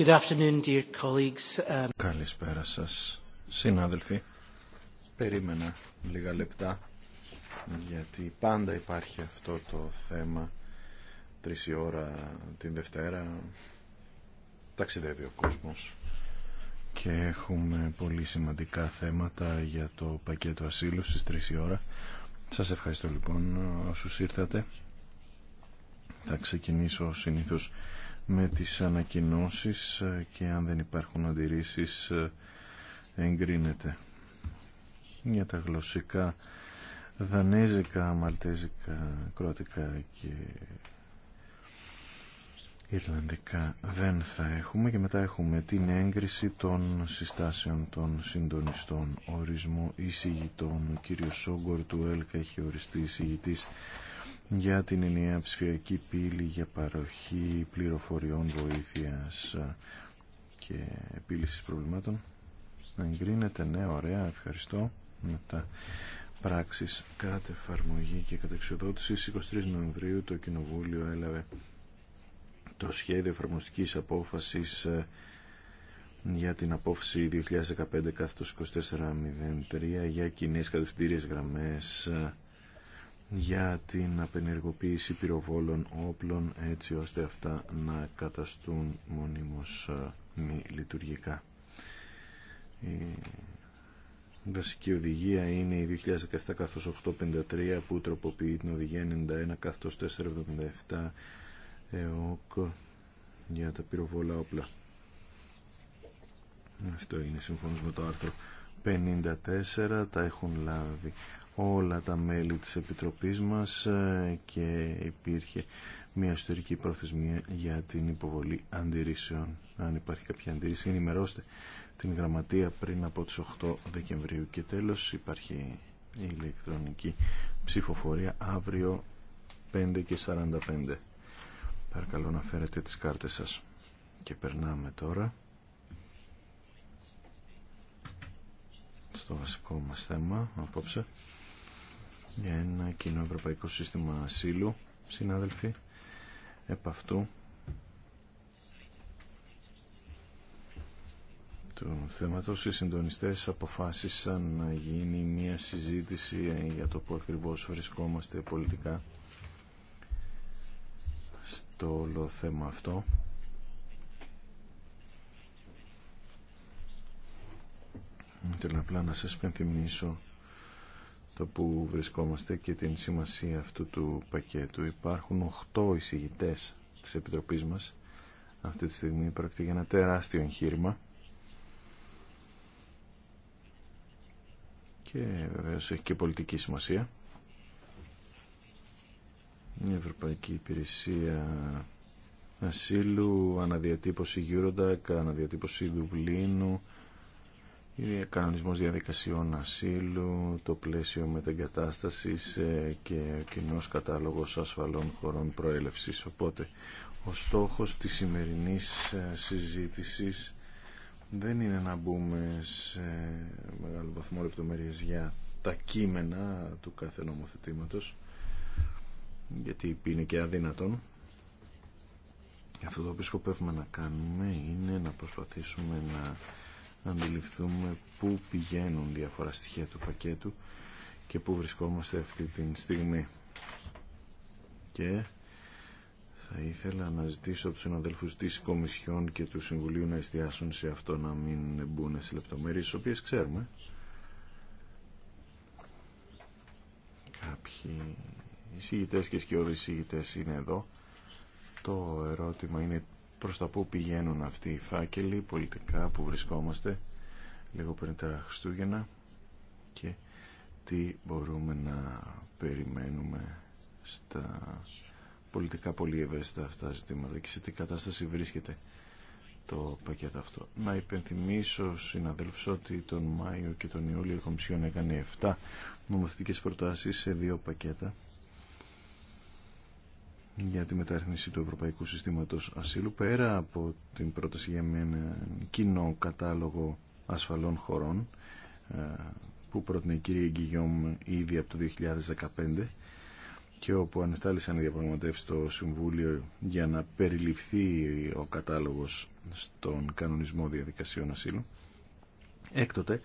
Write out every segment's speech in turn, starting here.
Um, Καλησπέρα σας, συνάδελφοι. Περίμενα λίγα λεπτά, γιατί πάντα υπάρχει αυτό το θέμα. Τρεις η ώρα την Δευτέρα ταξιδεύει ο κόσμος και έχουμε πολύ σημαντικά θέματα για το πακέτο ασύλου στις 3 η ώρα. Σας ευχαριστώ λοιπόν όσους ήρθατε. Θα ξεκινήσω συνήθως με τις ανακοινώσεις ε, και αν δεν υπάρχουν αντιρρήσεις ε, εγκρίνεται. Για τα γλωσσικά, δανέζικα, μαλτέζικα, κροατικά και Ιρλανδικά δεν θα έχουμε και μετά έχουμε την έγκριση των συστάσεων των συντονιστών ορισμό εισηγητών. Ο κύριος Σόγκορ του ΕΛΚΑ έχει οριστεί εισηγητής για την ενιαία ψηφιακή πύλη για παροχή πληροφοριών βοήθειας και επίλυσης προβλημάτων. Εγκρίνεται, ναι, ωραία, ευχαριστώ. Μετά πράξεις κατεφαρμογή εφαρμογή και κατεξοδότηση. 23 Νοεμβρίου το Κοινοβούλιο έλαβε το σχέδιο εφαρμοστικής απόφασης ε, για την απόφαση 2015-2403 για κοινές κατευθυντήριες γραμμές ε, για την απενεργοποίηση πυροβόλων όπλων έτσι ώστε αυτά να καταστούν μονίμως ε, μη λειτουργικά. Η βασική οδηγία είναι η 2017-853 που τροποποιεί την οδηγία 91-477 ΕΟΚ για τα πυροβόλα όπλα. Αυτό είναι σύμφωνος με το άρθρο 54, τα έχουν λάβει όλα τα μέλη της Επιτροπής μας ε, και υπήρχε μια ιστορική προθεσμία για την υποβολή αντιρρήσεων. Αν υπάρχει κάποια αντιρρήση, ενημερώστε την γραμματεία πριν από τις 8 Δεκεμβρίου. Και τέλος υπάρχει η ηλεκτρονική ψηφοφορία αύριο 5 και 45. Παρακαλώ να φέρετε τις κάρτες σας. Και περνάμε τώρα στο βασικό μας θέμα απόψε για ένα κοινό ευρωπαϊκό σύστημα ασύλου, συνάδελφοι, επ' αυτού του θέματος οι συντονιστές αποφάσισαν να γίνει μια συζήτηση για το που ακριβώς βρισκόμαστε πολιτικά στο όλο θέμα αυτό. Θέλω απλά να σας πενθυμίσω το που βρισκόμαστε και την σημασία αυτού του πακέτου. Υπάρχουν 8 εισηγητέ της Επιτροπής μας. Αυτή τη στιγμή πρόκειται για ένα τεράστιο εγχείρημα. Και βεβαίως έχει και πολιτική σημασία. Η Ευρωπαϊκή Υπηρεσία Ασύλου, αναδιατύπωση Eurodac, αναδιατύπωση Δουβλίνου, κανονισμός διαδικασιών ασύλου, το πλαίσιο μεταγκατάστασης ε, και ο κοινός κατάλογος ασφαλών χωρών προέλευσης. Οπότε, ο στόχος της σημερινής ε, συζήτησης δεν είναι να μπούμε σε μεγάλο βαθμό λεπτομέρειε για τα κείμενα του κάθε νομοθετήματος, γιατί είναι και αδύνατον. Αυτό το οποίο σκοπεύουμε να κάνουμε είναι να προσπαθήσουμε να αντιληφθούμε πού πηγαίνουν διάφορα στοιχεία του πακέτου και πού βρισκόμαστε αυτή τη στιγμή. Και θα ήθελα να ζητήσω από τους συναδελφούς της Κομισιόν και του Συμβουλίου να εστιάσουν σε αυτό να μην μπουν σε λεπτομέρειες τις οποίες ξέρουμε. Κάποιοι εισηγητές και σκιώδεις εισηγητές είναι εδώ. Το ερώτημα είναι προς τα πού πηγαίνουν αυτοί οι φάκελοι πολιτικά που βρισκόμαστε λίγο πριν τα Χριστούγεννα και τι μπορούμε να περιμένουμε στα πολιτικά πολύ ευαίσθητα αυτά ζητήματα και σε τι κατάσταση βρίσκεται το πακέτο αυτό. Να υπενθυμίσω συναδέλφους ότι τον Μάιο και τον Ιούλιο η Κομισιόν έκανε 7 νομοθετικές προτάσεις σε δύο πακέτα για τη μεταρρύθμιση του Ευρωπαϊκού Συστήματος Ασύλου πέρα από την πρόταση για ένα κοινό κατάλογο ασφαλών χωρών ε, που πρότεινε η κυρία Γκυγιόμ ήδη από το 2015 και όπου ανεστάλησαν οι διαπραγματεύσεις στο Συμβούλιο για να περιληφθεί ο κατάλογος στον κανονισμό διαδικασίων ασύλου. Έκτοτε,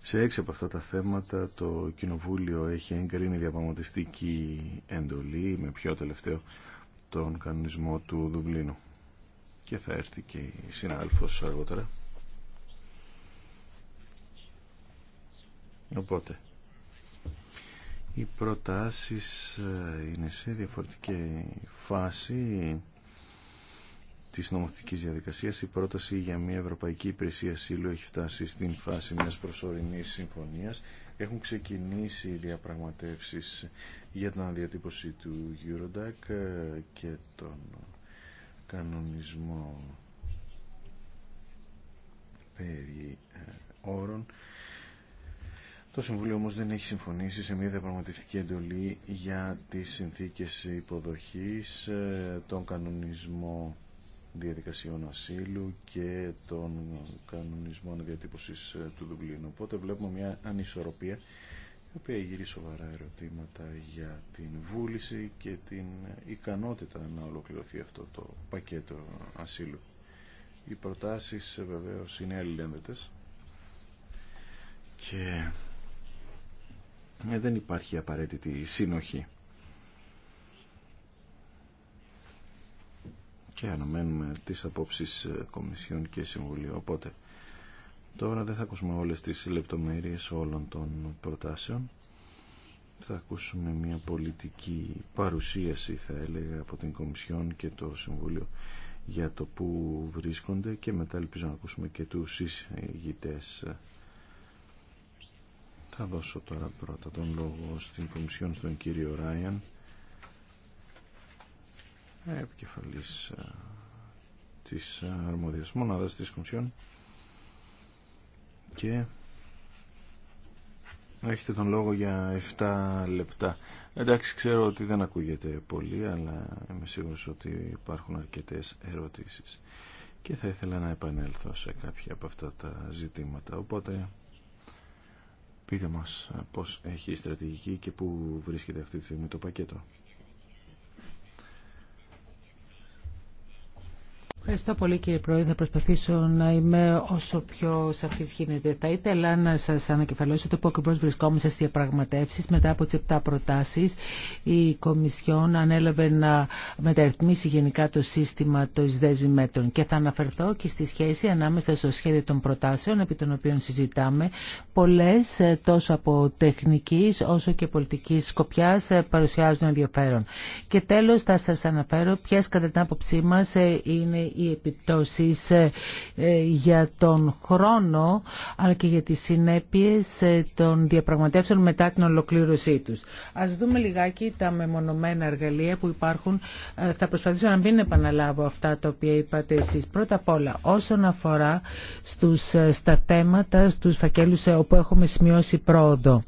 σε έξι από αυτά τα θέματα το Κοινοβούλιο έχει εγκρίνει διαπραγματευτική εντολή με πιο τελευταίο τον κανονισμό του Δουβλίνου. Και θα έρθει και η συνάδελφος αργότερα. Οπότε, οι προτάσεις ε, είναι σε διαφορετική φάση της νομοθετικής διαδικασίας. Η πρόταση για μια Ευρωπαϊκή Υπηρεσία Σύλλου έχει φτάσει στην φάση μιας προσωρινής συμφωνίας. Έχουν ξεκινήσει οι διαπραγματεύσεις για την αναδιατύπωση του Eurodac ε, και τον κανονισμό περί ε, όρων. Το Συμβούλιο όμως δεν έχει συμφωνήσει σε μια διαπραγματευτική εντολή για τις συνθήκες υποδοχής, ε, τον κανονισμό διαδικασιών ασύλου και των κανονισμών διατύπωσης του Δουβλίνου. Οπότε βλέπουμε μια ανισορροπία η οποία γυρεί σοβαρά ερωτήματα για την βούληση και την ικανότητα να ολοκληρωθεί αυτό το πακέτο ασύλου. Οι προτάσεις βεβαίως είναι αλληλένδετες και ε, δεν υπάρχει απαραίτητη σύνοχη. Και αναμένουμε τις απόψεις ε, Κομισιόν και Συμβουλίου. Οπότε Τώρα δεν θα ακούσουμε όλες τις λεπτομέρειες όλων των προτάσεων. Θα ακούσουμε μια πολιτική παρουσίαση, θα έλεγα, από την Κομισιόν και το Συμβούλιο για το που βρίσκονται και μετά ελπίζω να ακούσουμε και τους συζητητές. Θα δώσω τώρα πρώτα τον λόγο στην Κομισιόν στον κύριο Ράιαν, επικεφαλής ε, της αρμοδιασμόναδας της Κομισιόν και έχετε τον λόγο για 7 λεπτά. Εντάξει, ξέρω ότι δεν ακούγεται πολύ, αλλά είμαι σίγουρος ότι υπάρχουν αρκετές ερωτήσεις. Και θα ήθελα να επανέλθω σε κάποια από αυτά τα ζητήματα. Οπότε, πείτε μας πώς έχει η στρατηγική και πού βρίσκεται αυτή τη στιγμή το πακέτο. Ευχαριστώ πολύ κύριε Πρόεδρε. Θα προσπαθήσω να είμαι όσο πιο σαφή γίνεται. Θα ήθελα να σα ανακεφαλώσω το πού ακριβώ βρισκόμαστε στι διαπραγματεύσει. Μετά από τι 7 προτάσει, η Κομισιόν ανέλαβε να μεταρρυθμίσει γενικά το σύστημα των δέσμη μέτρων. Και θα αναφερθώ και στη σχέση ανάμεσα στο σχέδιο των προτάσεων, επί των οποίων συζητάμε. Πολλέ, ε, τόσο από τεχνική όσο και πολιτική σκοπιά, ε, παρουσιάζουν ενδιαφέρον. Και τέλο, θα σα αναφέρω ποιε κατά την άποψή μα ε, είναι οι επιπτώσεις ε, ε, για τον χρόνο αλλά και για τις συνέπειες ε, των διαπραγματεύσεων μετά την ολοκλήρωσή τους. Ας δούμε λιγάκι τα μεμονωμένα εργαλεία που υπάρχουν. Θα προσπαθήσω να μην επαναλάβω αυτά τα οποία είπατε εσείς. Πρώτα απ' όλα, όσον αφορά στους, στα θέματα, στους φακέλους όπου έχουμε σημειώσει πρόοδο.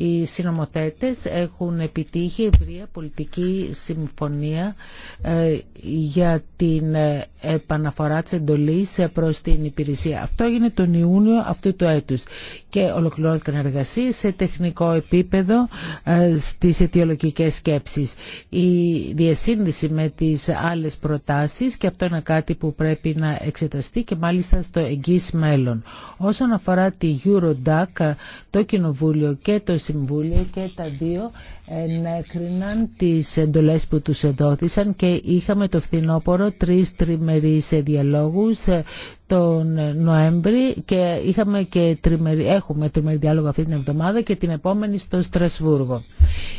Οι συνομοθέτες έχουν επιτύχει ευρεία πολιτική συμφωνία ε, για την ε, επαναφορά της εντολής προς την υπηρεσία. Αυτό έγινε τον Ιούνιο αυτού του έτους και ολοκληρώθηκαν εργασία σε τεχνικό επίπεδο ε, στις αιτιολογικές σκέψεις. Η διασύνδεση με τις άλλες προτάσεις και αυτό είναι κάτι που πρέπει να εξεταστεί και μάλιστα στο εγγύς μέλλον. Όσον αφορά τη Eurodac, το Κοινοβούλιο και το Συμβούλιο και τα δύο ενέκριναν τις εντολές που τους εδόθησαν και είχαμε το φθινόπωρο τρεις τριμερείς διαλόγους ε, τον Νοέμβρη και, είχαμε και τριμερι, έχουμε τριμερή διάλογο αυτή την εβδομάδα και την επόμενη στο Στρασβούργο.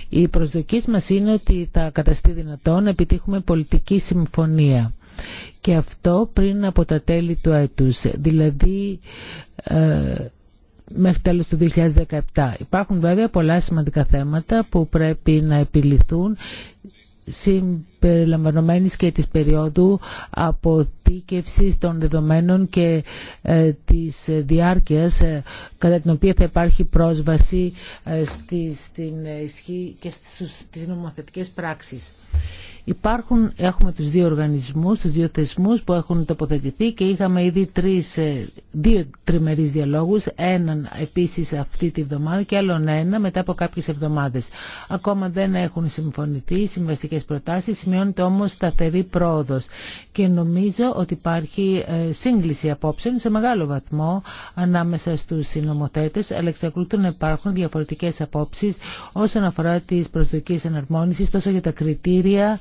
Οι προσδοκίες μας είναι ότι θα καταστεί δυνατόν να επιτύχουμε πολιτική συμφωνία και αυτό πριν από τα τέλη του έτους. Δηλαδή ε, μέχρι τέλος του 2017. Υπάρχουν βέβαια πολλά σημαντικά θέματα που πρέπει να επιληθούν συμπεριλαμβανομένης και της περίοδου αποθήκευσης των δεδομένων και ε, της διάρκειας ε, κατά την οποία θα υπάρχει πρόσβαση ε, στην ισχύ και στις νομοθετικές πράξεις. Υπάρχουν, έχουμε τους δύο οργανισμούς, τους δύο θεσμούς που έχουν τοποθετηθεί και είχαμε ήδη τρεις, ε, δύο τριμερείς διαλόγους, έναν επίσης αυτή τη βδομάδα και άλλον ένα μετά από κάποιες εβδομάδες. Ακόμα δεν έχουν συμφωνηθεί οι συμβαστικές προτάσεις, σημειώνεται όμως σταθερή πρόοδος και νομίζω ότι υπάρχει ε, σύγκληση απόψεων σε μεγάλο βαθμό ανάμεσα στους συνομοθέτες, αλλά εξακολουθούν να υπάρχουν διαφορετικές απόψεις όσον αφορά τις προσδοκίες εναρμόνισης τόσο για τα κριτήρια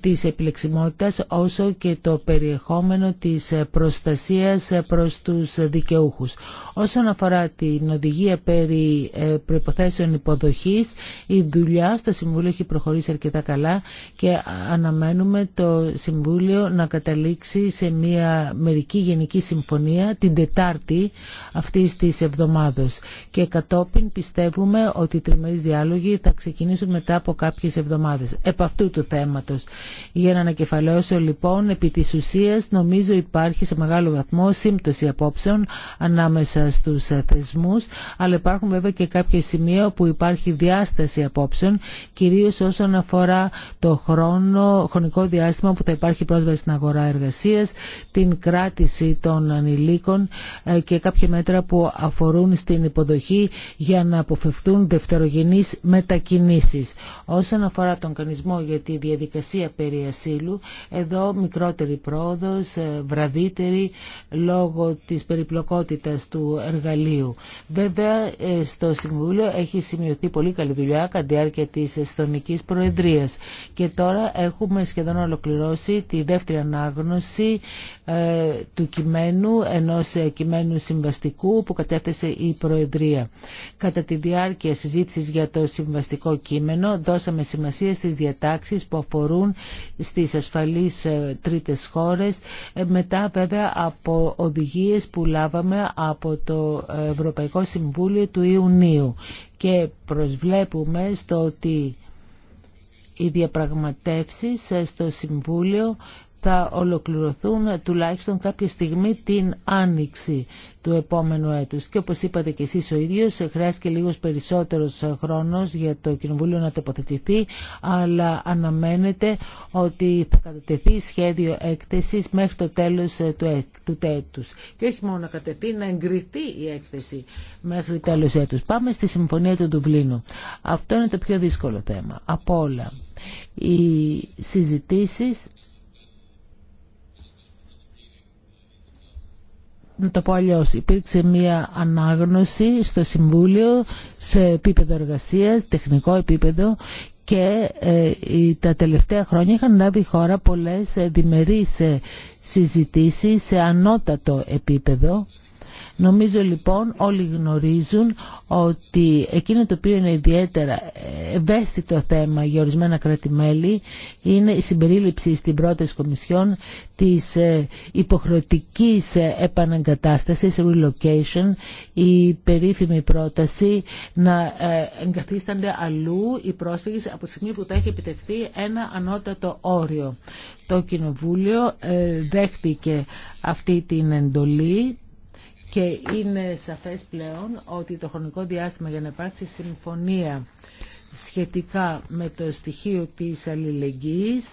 της επιλεξιμότητας όσο και το περιεχόμενο της προστασίας προς τους δικαιούχους. Όσον αφορά την οδηγία περί ε, προϋποθέσεων υποδοχής, η δουλειά στο Συμβούλιο έχει προχωρήσει αρκετά καλά και αναμένουμε το Συμβούλιο να καταλήξει σε μια μερική γενική συμφωνία την Τετάρτη αυτής της εβδομάδος. Και κατόπιν πιστεύουμε ότι οι τριμερείς διάλογοι θα ξεκινήσουν μετά από κάποιες εβδομάδες. Επ' αυτού του θέματος. Για να ανακεφαλαιώσω λοιπόν, επί της ουσίας νομίζω υπάρχει σε μεγάλο βαθμό σύμπτωση απόψεων ανάμεσα στους θεσμούς, αλλά υπάρχουν βέβαια και κάποια σημεία όπου υπάρχει διάσταση απόψεων, κυρίως όσον αφορά το χρόνο, χρονικό διάστημα που θα υπάρχει πρόσβαση στην αγορά εργασίας, την κράτηση των ανηλίκων ε, και κάποια μέτρα που αφορούν στην υποδοχή για να αποφευθούν δευτερογενείς μετακινήσεις. Όσον αφορά τον κανισμό για διαδικασία διαδικασία περί ασύλου. Εδώ μικρότερη πρόοδος, ε, βραδύτερη λόγω της περιπλοκότητας του εργαλείου. Βέβαια ε, στο Συμβούλιο έχει σημειωθεί πολύ καλή δουλειά κατά τη διάρκεια της Εστονικής Προεδρίας και τώρα έχουμε σχεδόν ολοκληρώσει τη δεύτερη ανάγνωση ε, του κειμένου, ενός κειμένου συμβαστικού που κατέθεσε η Προεδρία. Κατά τη διάρκεια συζήτησης για το συμβαστικό κείμενο δώσαμε σημασία στις διατάξεις που αφορούν Στι στις ασφαλείς ε, τρίτες χώρες ε, μετά βέβαια από οδηγίες που λάβαμε από το Ευρωπαϊκό Συμβούλιο του Ιουνίου και προσβλέπουμε στο ότι οι διαπραγματεύσεις ε, στο Συμβούλιο θα ολοκληρωθούν τουλάχιστον κάποια στιγμή την άνοιξη του επόμενου έτους. Και όπως είπατε και εσείς ο ίδιος, Χρειάζεται λίγος περισσότερος χρόνος για το Κοινοβούλιο να τοποθετηθεί, αλλά αναμένεται ότι θα κατατεθεί σχέδιο έκθεσης μέχρι το τέλος του, του Και όχι μόνο να κατεθεί να εγκριθεί η έκθεση μέχρι τέλος έτους. Πάμε στη Συμφωνία του Δουβλίνου. Αυτό είναι το πιο δύσκολο θέμα από όλα. Οι συζητήσεις να το πω αλλιώ, υπήρξε μια ανάγνωση στο Συμβούλιο σε επίπεδο εργασία, τεχνικό επίπεδο και ε, τα τελευταία χρόνια είχαν λάβει η χώρα πολλές ε, διμερείς ε, συζητήσεις σε ανώτατο επίπεδο Νομίζω λοιπόν όλοι γνωρίζουν ότι εκείνο το οποίο είναι ιδιαίτερα ευαίσθητο θέμα για ορισμένα κράτη-μέλη είναι η συμπερίληψη στην πρώτη κομισιόν της ε, υποχρεωτικής ε, επαναγκατάστασης, relocation, η περίφημη πρόταση να ε, εγκαθίστανται αλλού οι πρόσφυγες από τη στιγμή που τα έχει επιτευχθεί ένα ανώτατο όριο. Το Κοινοβούλιο δέχτηκε αυτή την εντολή και είναι σαφές πλέον ότι το χρονικό διάστημα για να υπάρξει συμφωνία σχετικά με το στοιχείο της αλληλεγγύης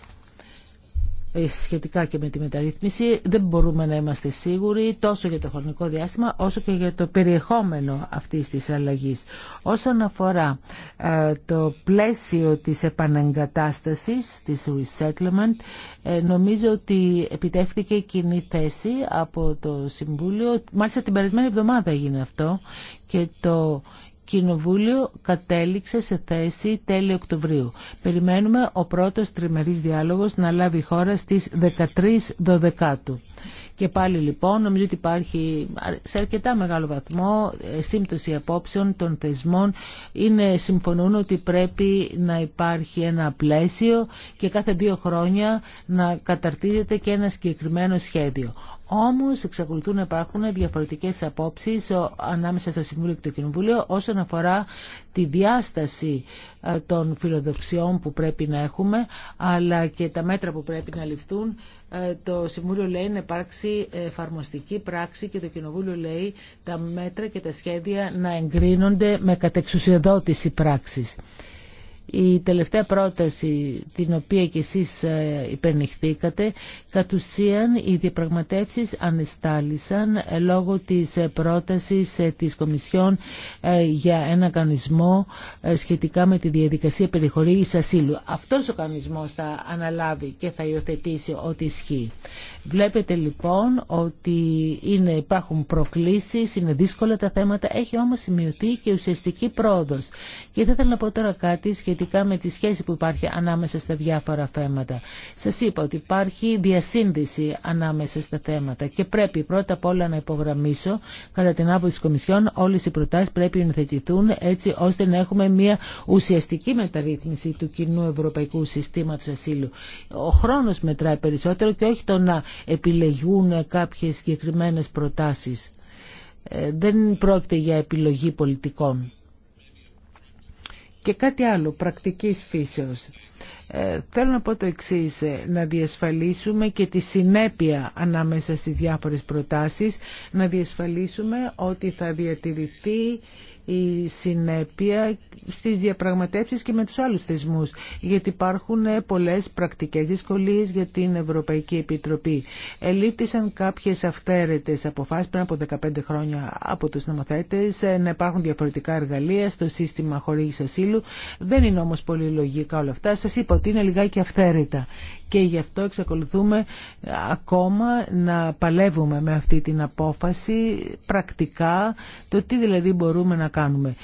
ε, σχετικά και με τη μεταρρύθμιση δεν μπορούμε να είμαστε σίγουροι τόσο για το χρονικό διάστημα όσο και για το περιεχόμενο αυτής της αλλαγής. Όσον αφορά ε, το πλαίσιο της επαναγκατάστασης, της resettlement, ε, νομίζω ότι επιτεύχθηκε κοινή θέση από το Συμβούλιο. Μάλιστα την περασμένη εβδομάδα έγινε αυτό και το Κοινοβούλιο κατέληξε σε θέση τέλη Οκτωβρίου. Περιμένουμε ο πρώτος τριμερής διάλογος να λάβει χώρα στις 13 Δοδεκάτου. Και πάλι λοιπόν νομίζω ότι υπάρχει σε αρκετά μεγάλο βαθμό ε, σύμπτωση απόψεων των θεσμών. Είναι, συμφωνούν ότι πρέπει να υπάρχει ένα πλαίσιο και κάθε δύο χρόνια να καταρτίζεται και ένα συγκεκριμένο σχέδιο. Όμως εξακολουθούν να υπάρχουν διαφορετικές απόψεις ανάμεσα στο Συμβούλιο και το Κοινοβούλιο όσον αφορά τη διάσταση ε, των φιλοδοξιών που πρέπει να έχουμε αλλά και τα μέτρα που πρέπει να ληφθούν. Ε, το Συμβούλιο λέει να υπάρξει εφαρμοστική πράξη και το Κοινοβούλιο λέει τα μέτρα και τα σχέδια να εγκρίνονται με κατεξουσιοδότηση πράξης. Η τελευταία πρόταση την οποία και εσείς ε, υπενεχθήκατε, κατ' ουσίαν οι διαπραγματεύσεις ανεστάλησαν ε, λόγω της ε, πρότασης της Κομισιόν για ένα κανονισμό σχετικά με τη διαδικασία περιχωρήγησης ασύλου. Αυτός ο κανονισμός θα αναλάβει και θα υιοθετήσει ό,τι ισχύει. Βλέπετε λοιπόν ότι είναι, υπάρχουν προκλήσεις, είναι δύσκολα τα θέματα, έχει όμως σημειωθεί και ουσιαστική πρόοδος. Και θα ήθελα να πω τώρα κάτι σχετικά με τη σχέση που υπάρχει ανάμεσα στα διάφορα θέματα. Σας είπα ότι υπάρχει διασύνδεση ανάμεσα στα θέματα και πρέπει πρώτα απ' όλα να υπογραμμίσω κατά την άποψη της Κομισιόν όλες οι προτάσεις πρέπει να θετηθούν έτσι ώστε να έχουμε μια ουσιαστική μεταρρύθμιση του κοινού ευρωπαϊκού συστήματος ασύλου. Ο χρόνος μετράει περισσότερο και όχι το να επιλεγούν κάποιες συγκεκριμένες προτάσεις. Ε, δεν πρόκειται για επιλογή πολιτικών. Και κάτι άλλο, πρακτικής φύσεως. Ε, θέλω να πω το εξή ε, να διασφαλίσουμε και τη συνέπεια ανάμεσα στις διάφορες προτάσεις, να διασφαλίσουμε ότι θα διατηρηθεί η συνέπεια στις διαπραγματεύσεις και με τους άλλους θεσμούς, γιατί υπάρχουν ε, πολλές πρακτικές δυσκολίες για την Ευρωπαϊκή Επιτροπή. Ελήφθησαν κάποιες αυθαίρετες αποφάσεις πριν από 15 χρόνια από τους νομοθέτες ε, να υπάρχουν διαφορετικά εργαλεία στο σύστημα χορήγησης ασύλου. Δεν είναι όμως πολύ λογικά όλα αυτά. Σας είπα ότι είναι λιγάκι αυθαίρετα και γι' αυτό εξακολουθούμε ε, ακόμα να παλεύουμε με αυτή την απόφαση πρακτικά το τι δηλαδή μπορούμε να κάνουμε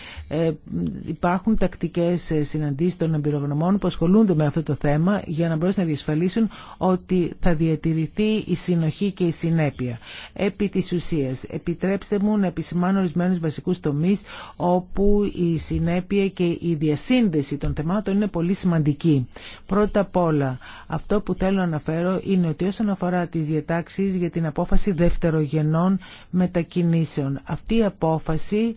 υπάρχουν τακτικές ε, συναντήσει των εμπειρογνωμών που ασχολούνται με αυτό το θέμα για να μπορέσουν να διασφαλίσουν ότι θα διατηρηθεί η συνοχή και η συνέπεια. Επί τη ουσία, επιτρέψτε μου να επισημάνω ορισμένου βασικούς τομείς όπου η συνέπεια και η διασύνδεση των θεμάτων είναι πολύ σημαντική. Πρώτα απ' όλα, αυτό που θέλω να αναφέρω είναι ότι όσον αφορά τι διατάξει για την απόφαση δευτερογενών μετακινήσεων, αυτή η απόφαση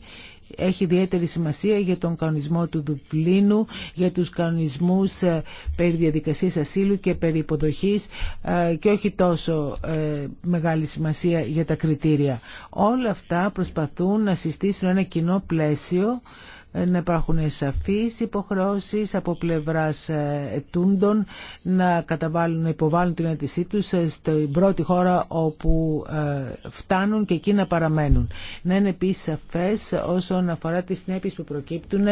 έχει ιδιαίτερη σημασία για τον κανονισμό του Δουβλίνου, για τους κανονισμούς ε, περί διαδικασίας ασύλου και περί υποδοχής ε, και όχι τόσο ε, μεγάλη σημασία για τα κριτήρια. Όλα αυτά προσπαθούν να συστήσουν ένα κοινό πλαίσιο να υπάρχουν σαφείς υποχρεώσεις από πλευράς ε, ετούντων να καταβάλουν, υποβάλουν την αίτησή τους ε, στην πρώτη χώρα όπου ε, φτάνουν και εκεί να παραμένουν. Να είναι επίσης σαφές όσον αφορά τις συνέπειες που προκύπτουν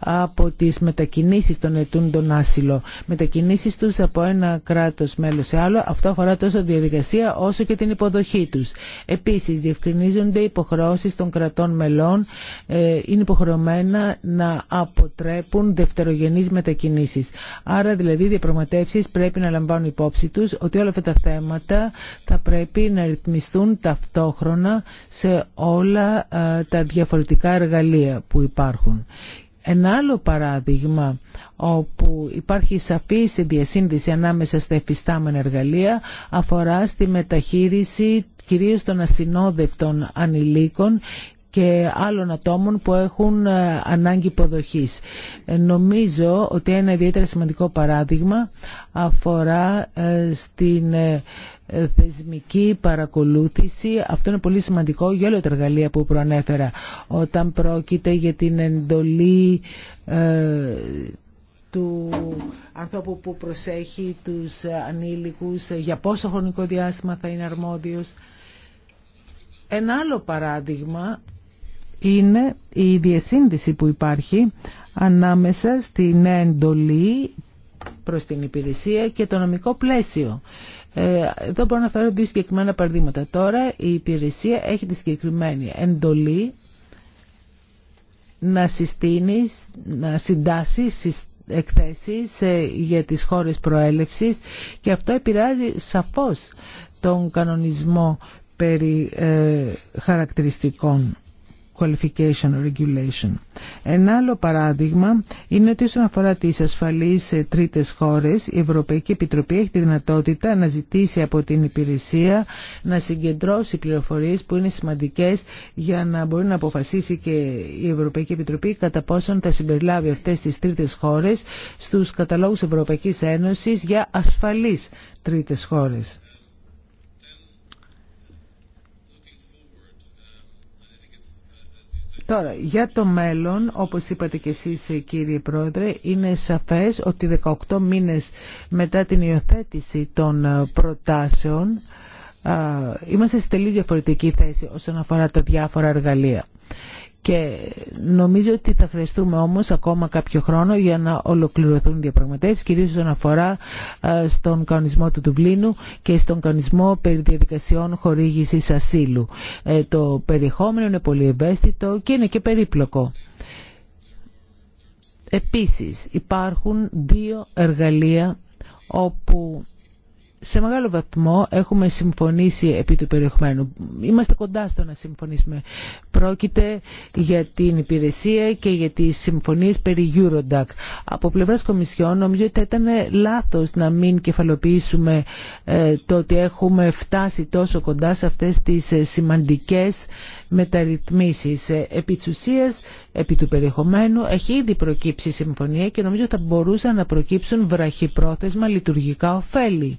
από τις μετακινήσεις των ετούντων άσυλο. Μετακινήσεις τους από ένα κράτος μέλος σε άλλο, αυτό αφορά τόσο διαδικασία όσο και την υποδοχή τους. Επίσης, διευκρινίζονται υποχρεώσεις των κρατών μελών, ε, είναι υποχρεωμένα να αποτρέπουν δευτερογενείς μετακινήσεις. Άρα, δηλαδή, οι διαπραγματεύσεις πρέπει να λαμβάνουν υπόψη τους ότι όλα αυτά τα θέματα θα πρέπει να ρυθμιστούν ταυτόχρονα σε όλα ε, τα διαφορετικά εργαλεία που υπάρχουν. Ένα άλλο παράδειγμα όπου υπάρχει σαφή διασύνδεση ανάμεσα στα εφιστάμενα εργαλεία αφορά στη μεταχείριση κυρίως των ασυνόδευτων ανηλίκων και άλλων ατόμων που έχουν ε, ανάγκη υποδοχής. Ε, νομίζω ότι ένα ιδιαίτερα σημαντικό παράδειγμα αφορά ε, στην ε, θεσμική παρακολούθηση. Αυτό είναι πολύ σημαντικό για όλα τα εργαλεία που προανέφερα. Όταν πρόκειται για την εντολή ε, του ανθρώπου που προσέχει τους ανήλικους, ε, για πόσο χρονικό διάστημα θα είναι αρμόδιος. Ένα άλλο παράδειγμα είναι η διασύνδεση που υπάρχει ανάμεσα στην εντολή προς την υπηρεσία και το νομικό πλαίσιο. Ε, εδώ μπορώ να φέρω δύο συγκεκριμένα παραδείγματα. Τώρα η υπηρεσία έχει τη συγκεκριμένη εντολή να συστήνει, να συντάσει εκθέσεις ε, για τις χώρες προέλευσης και αυτό επηρεάζει σαφώς τον κανονισμό περί ε, χαρακτηριστικών. Qualification Regulation. Ένα άλλο παράδειγμα είναι ότι όσον αφορά τις ασφαλείς σε τρίτες χώρες, η Ευρωπαϊκή Επιτροπή έχει τη δυνατότητα να ζητήσει από την υπηρεσία να συγκεντρώσει πληροφορίες που είναι σημαντικές για να μπορεί να αποφασίσει και η Ευρωπαϊκή Επιτροπή κατά πόσον θα συμπεριλάβει αυτές τις τρίτες χώρες στους καταλόγους Ευρωπαϊκής Ένωσης για ασφαλείς τρίτες χώρες. Τώρα, για το μέλλον, όπως είπατε και εσείς κύριε Πρόεδρε, είναι σαφές ότι 18 μήνες μετά την υιοθέτηση των προτάσεων είμαστε σε τελείως διαφορετική θέση όσον αφορά τα διάφορα εργαλεία. Και νομίζω ότι θα χρειαστούμε όμως ακόμα κάποιο χρόνο για να ολοκληρωθούν οι διαπραγματεύσεις, κυρίως όσον αφορά στον κανονισμό του Τουβλίνου και στον κανονισμό περί διαδικασιών χορήγησης ασύλου. Ε, το περιεχόμενο είναι πολύ ευαίσθητο και είναι και περίπλοκο. Επίσης υπάρχουν δύο εργαλεία όπου σε μεγάλο βαθμό έχουμε συμφωνήσει επί του περιεχομένου. Είμαστε κοντά στο να συμφωνήσουμε. Πρόκειται για την υπηρεσία και για τις συμφωνίες περί Eurodac. Από πλευράς Κομισιόν νομίζω ότι ήταν λάθος να μην κεφαλοποιήσουμε ε, το ότι έχουμε φτάσει τόσο κοντά σε αυτές τις ε, σημαντικές μεταρρυθμίσεις. Ε, επί της ουσίας, επί του περιεχομένου έχει ήδη προκύψει συμφωνία και νομίζω θα μπορούσαν να προκύψουν βραχυπρόθεσμα λειτουργικά ωφέλη.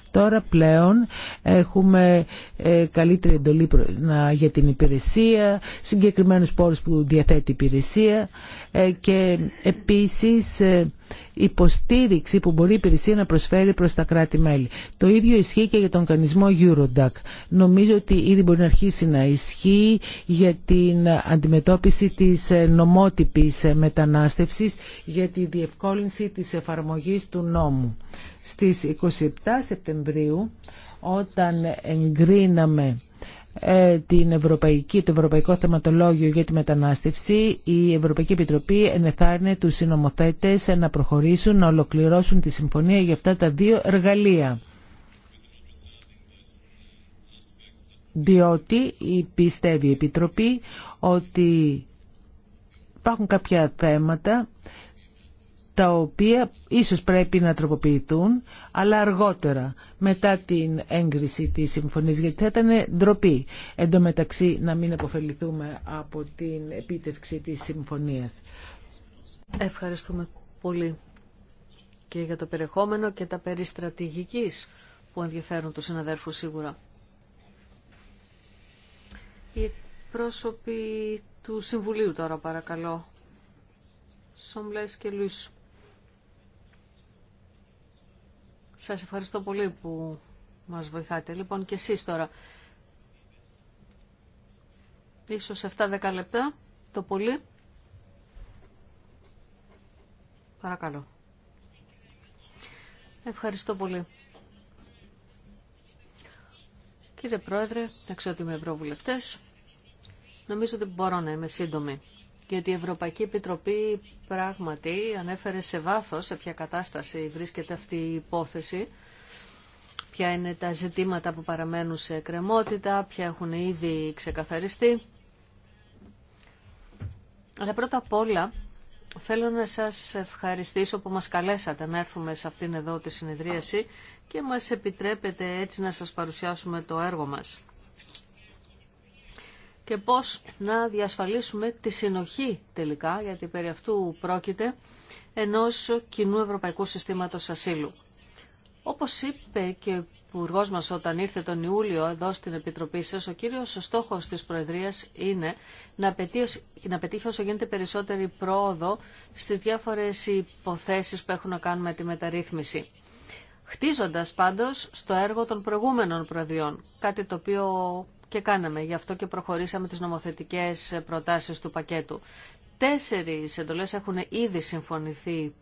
Τώρα πλέον έχουμε ε, καλύτερη εντολή για την υπηρεσία, συγκεκριμένους πόρους που διαθέτει η υπηρεσία ε, και επίσης ε, υποστήριξη που μπορεί η υπηρεσία να προσφέρει προς τα κράτη-μέλη. Το ίδιο ισχύει και για τον κανισμό Eurodac. Νομίζω ότι ήδη μπορεί να αρχίσει να ισχύει για την αντιμετώπιση της νομότυπης μετανάστευσης για τη διευκόλυνση της εφαρμογής του νόμου. Στις 27 Σεπτεμβρίου όταν εγκρίναμε ε, την Ευρωπαϊκή, το Ευρωπαϊκό Θεματολόγιο για τη Μετανάστευση, η Ευρωπαϊκή Επιτροπή ενεθάρνε τους συνομοθέτες να προχωρήσουν, να ολοκληρώσουν τη συμφωνία για αυτά τα δύο εργαλεία. Διότι πιστεύει η Επιτροπή ότι υπάρχουν κάποια θέματα τα οποία ίσως πρέπει να τροποποιηθούν, αλλά αργότερα, μετά την έγκριση της συμφωνίας, γιατί θα ήταν ντροπή εντωμεταξύ να μην αποφεληθούμε από την επίτευξη της συμφωνίας. Ευχαριστούμε πολύ και για το περιεχόμενο και τα περιστρατηγικής που ενδιαφέρουν τους συναδέρφους σίγουρα. Οι πρόσωποι του Συμβουλίου τώρα παρακαλώ. Σομπλές και Λουίσου. Σας ευχαριστώ πολύ που μας βοηθάτε. Λοιπόν και εσείς τώρα. Ίσως 7-10 λεπτά το πολύ. Παρακαλώ. Ευχαριστώ πολύ. Κύριε Πρόεδρε, αξιότιμοι Ευρωβουλευτές, νομίζω ότι μπορώ να είμαι σύντομη, γιατί η Ευρωπαϊκή Επιτροπή πράγματι ανέφερε σε βάθος σε ποια κατάσταση βρίσκεται αυτή η υπόθεση, ποια είναι τα ζητήματα που παραμένουν σε κρεμότητα, ποια έχουν ήδη ξεκαθαριστεί. Αλλά πρώτα απ' όλα θέλω να σας ευχαριστήσω που μας καλέσατε να έρθουμε σε αυτήν εδώ τη συνεδρίαση και μας επιτρέπετε έτσι να σας παρουσιάσουμε το έργο μας και πώς να διασφαλίσουμε τη συνοχή τελικά, γιατί περί αυτού πρόκειται, ενός κοινού ευρωπαϊκού συστήματος ασύλου. Όπως είπε και ο υπουργό μας όταν ήρθε τον Ιούλιο εδώ στην Επιτροπή σας, ο κύριος στόχος της Προεδρίας είναι να πετύχει, να πετύχει όσο γίνεται περισσότερη πρόοδο στις διάφορες υποθέσεις που έχουν να κάνουν με τη μεταρρύθμιση. Χτίζοντας πάντως στο έργο των προηγούμενων προεδριών, κάτι το οποίο και κάναμε. Γι' αυτό και προχωρήσαμε τις νομοθετικές προτάσεις του πακέτου. Τέσσερις εντολές έχουν ήδη συμφωνηθεί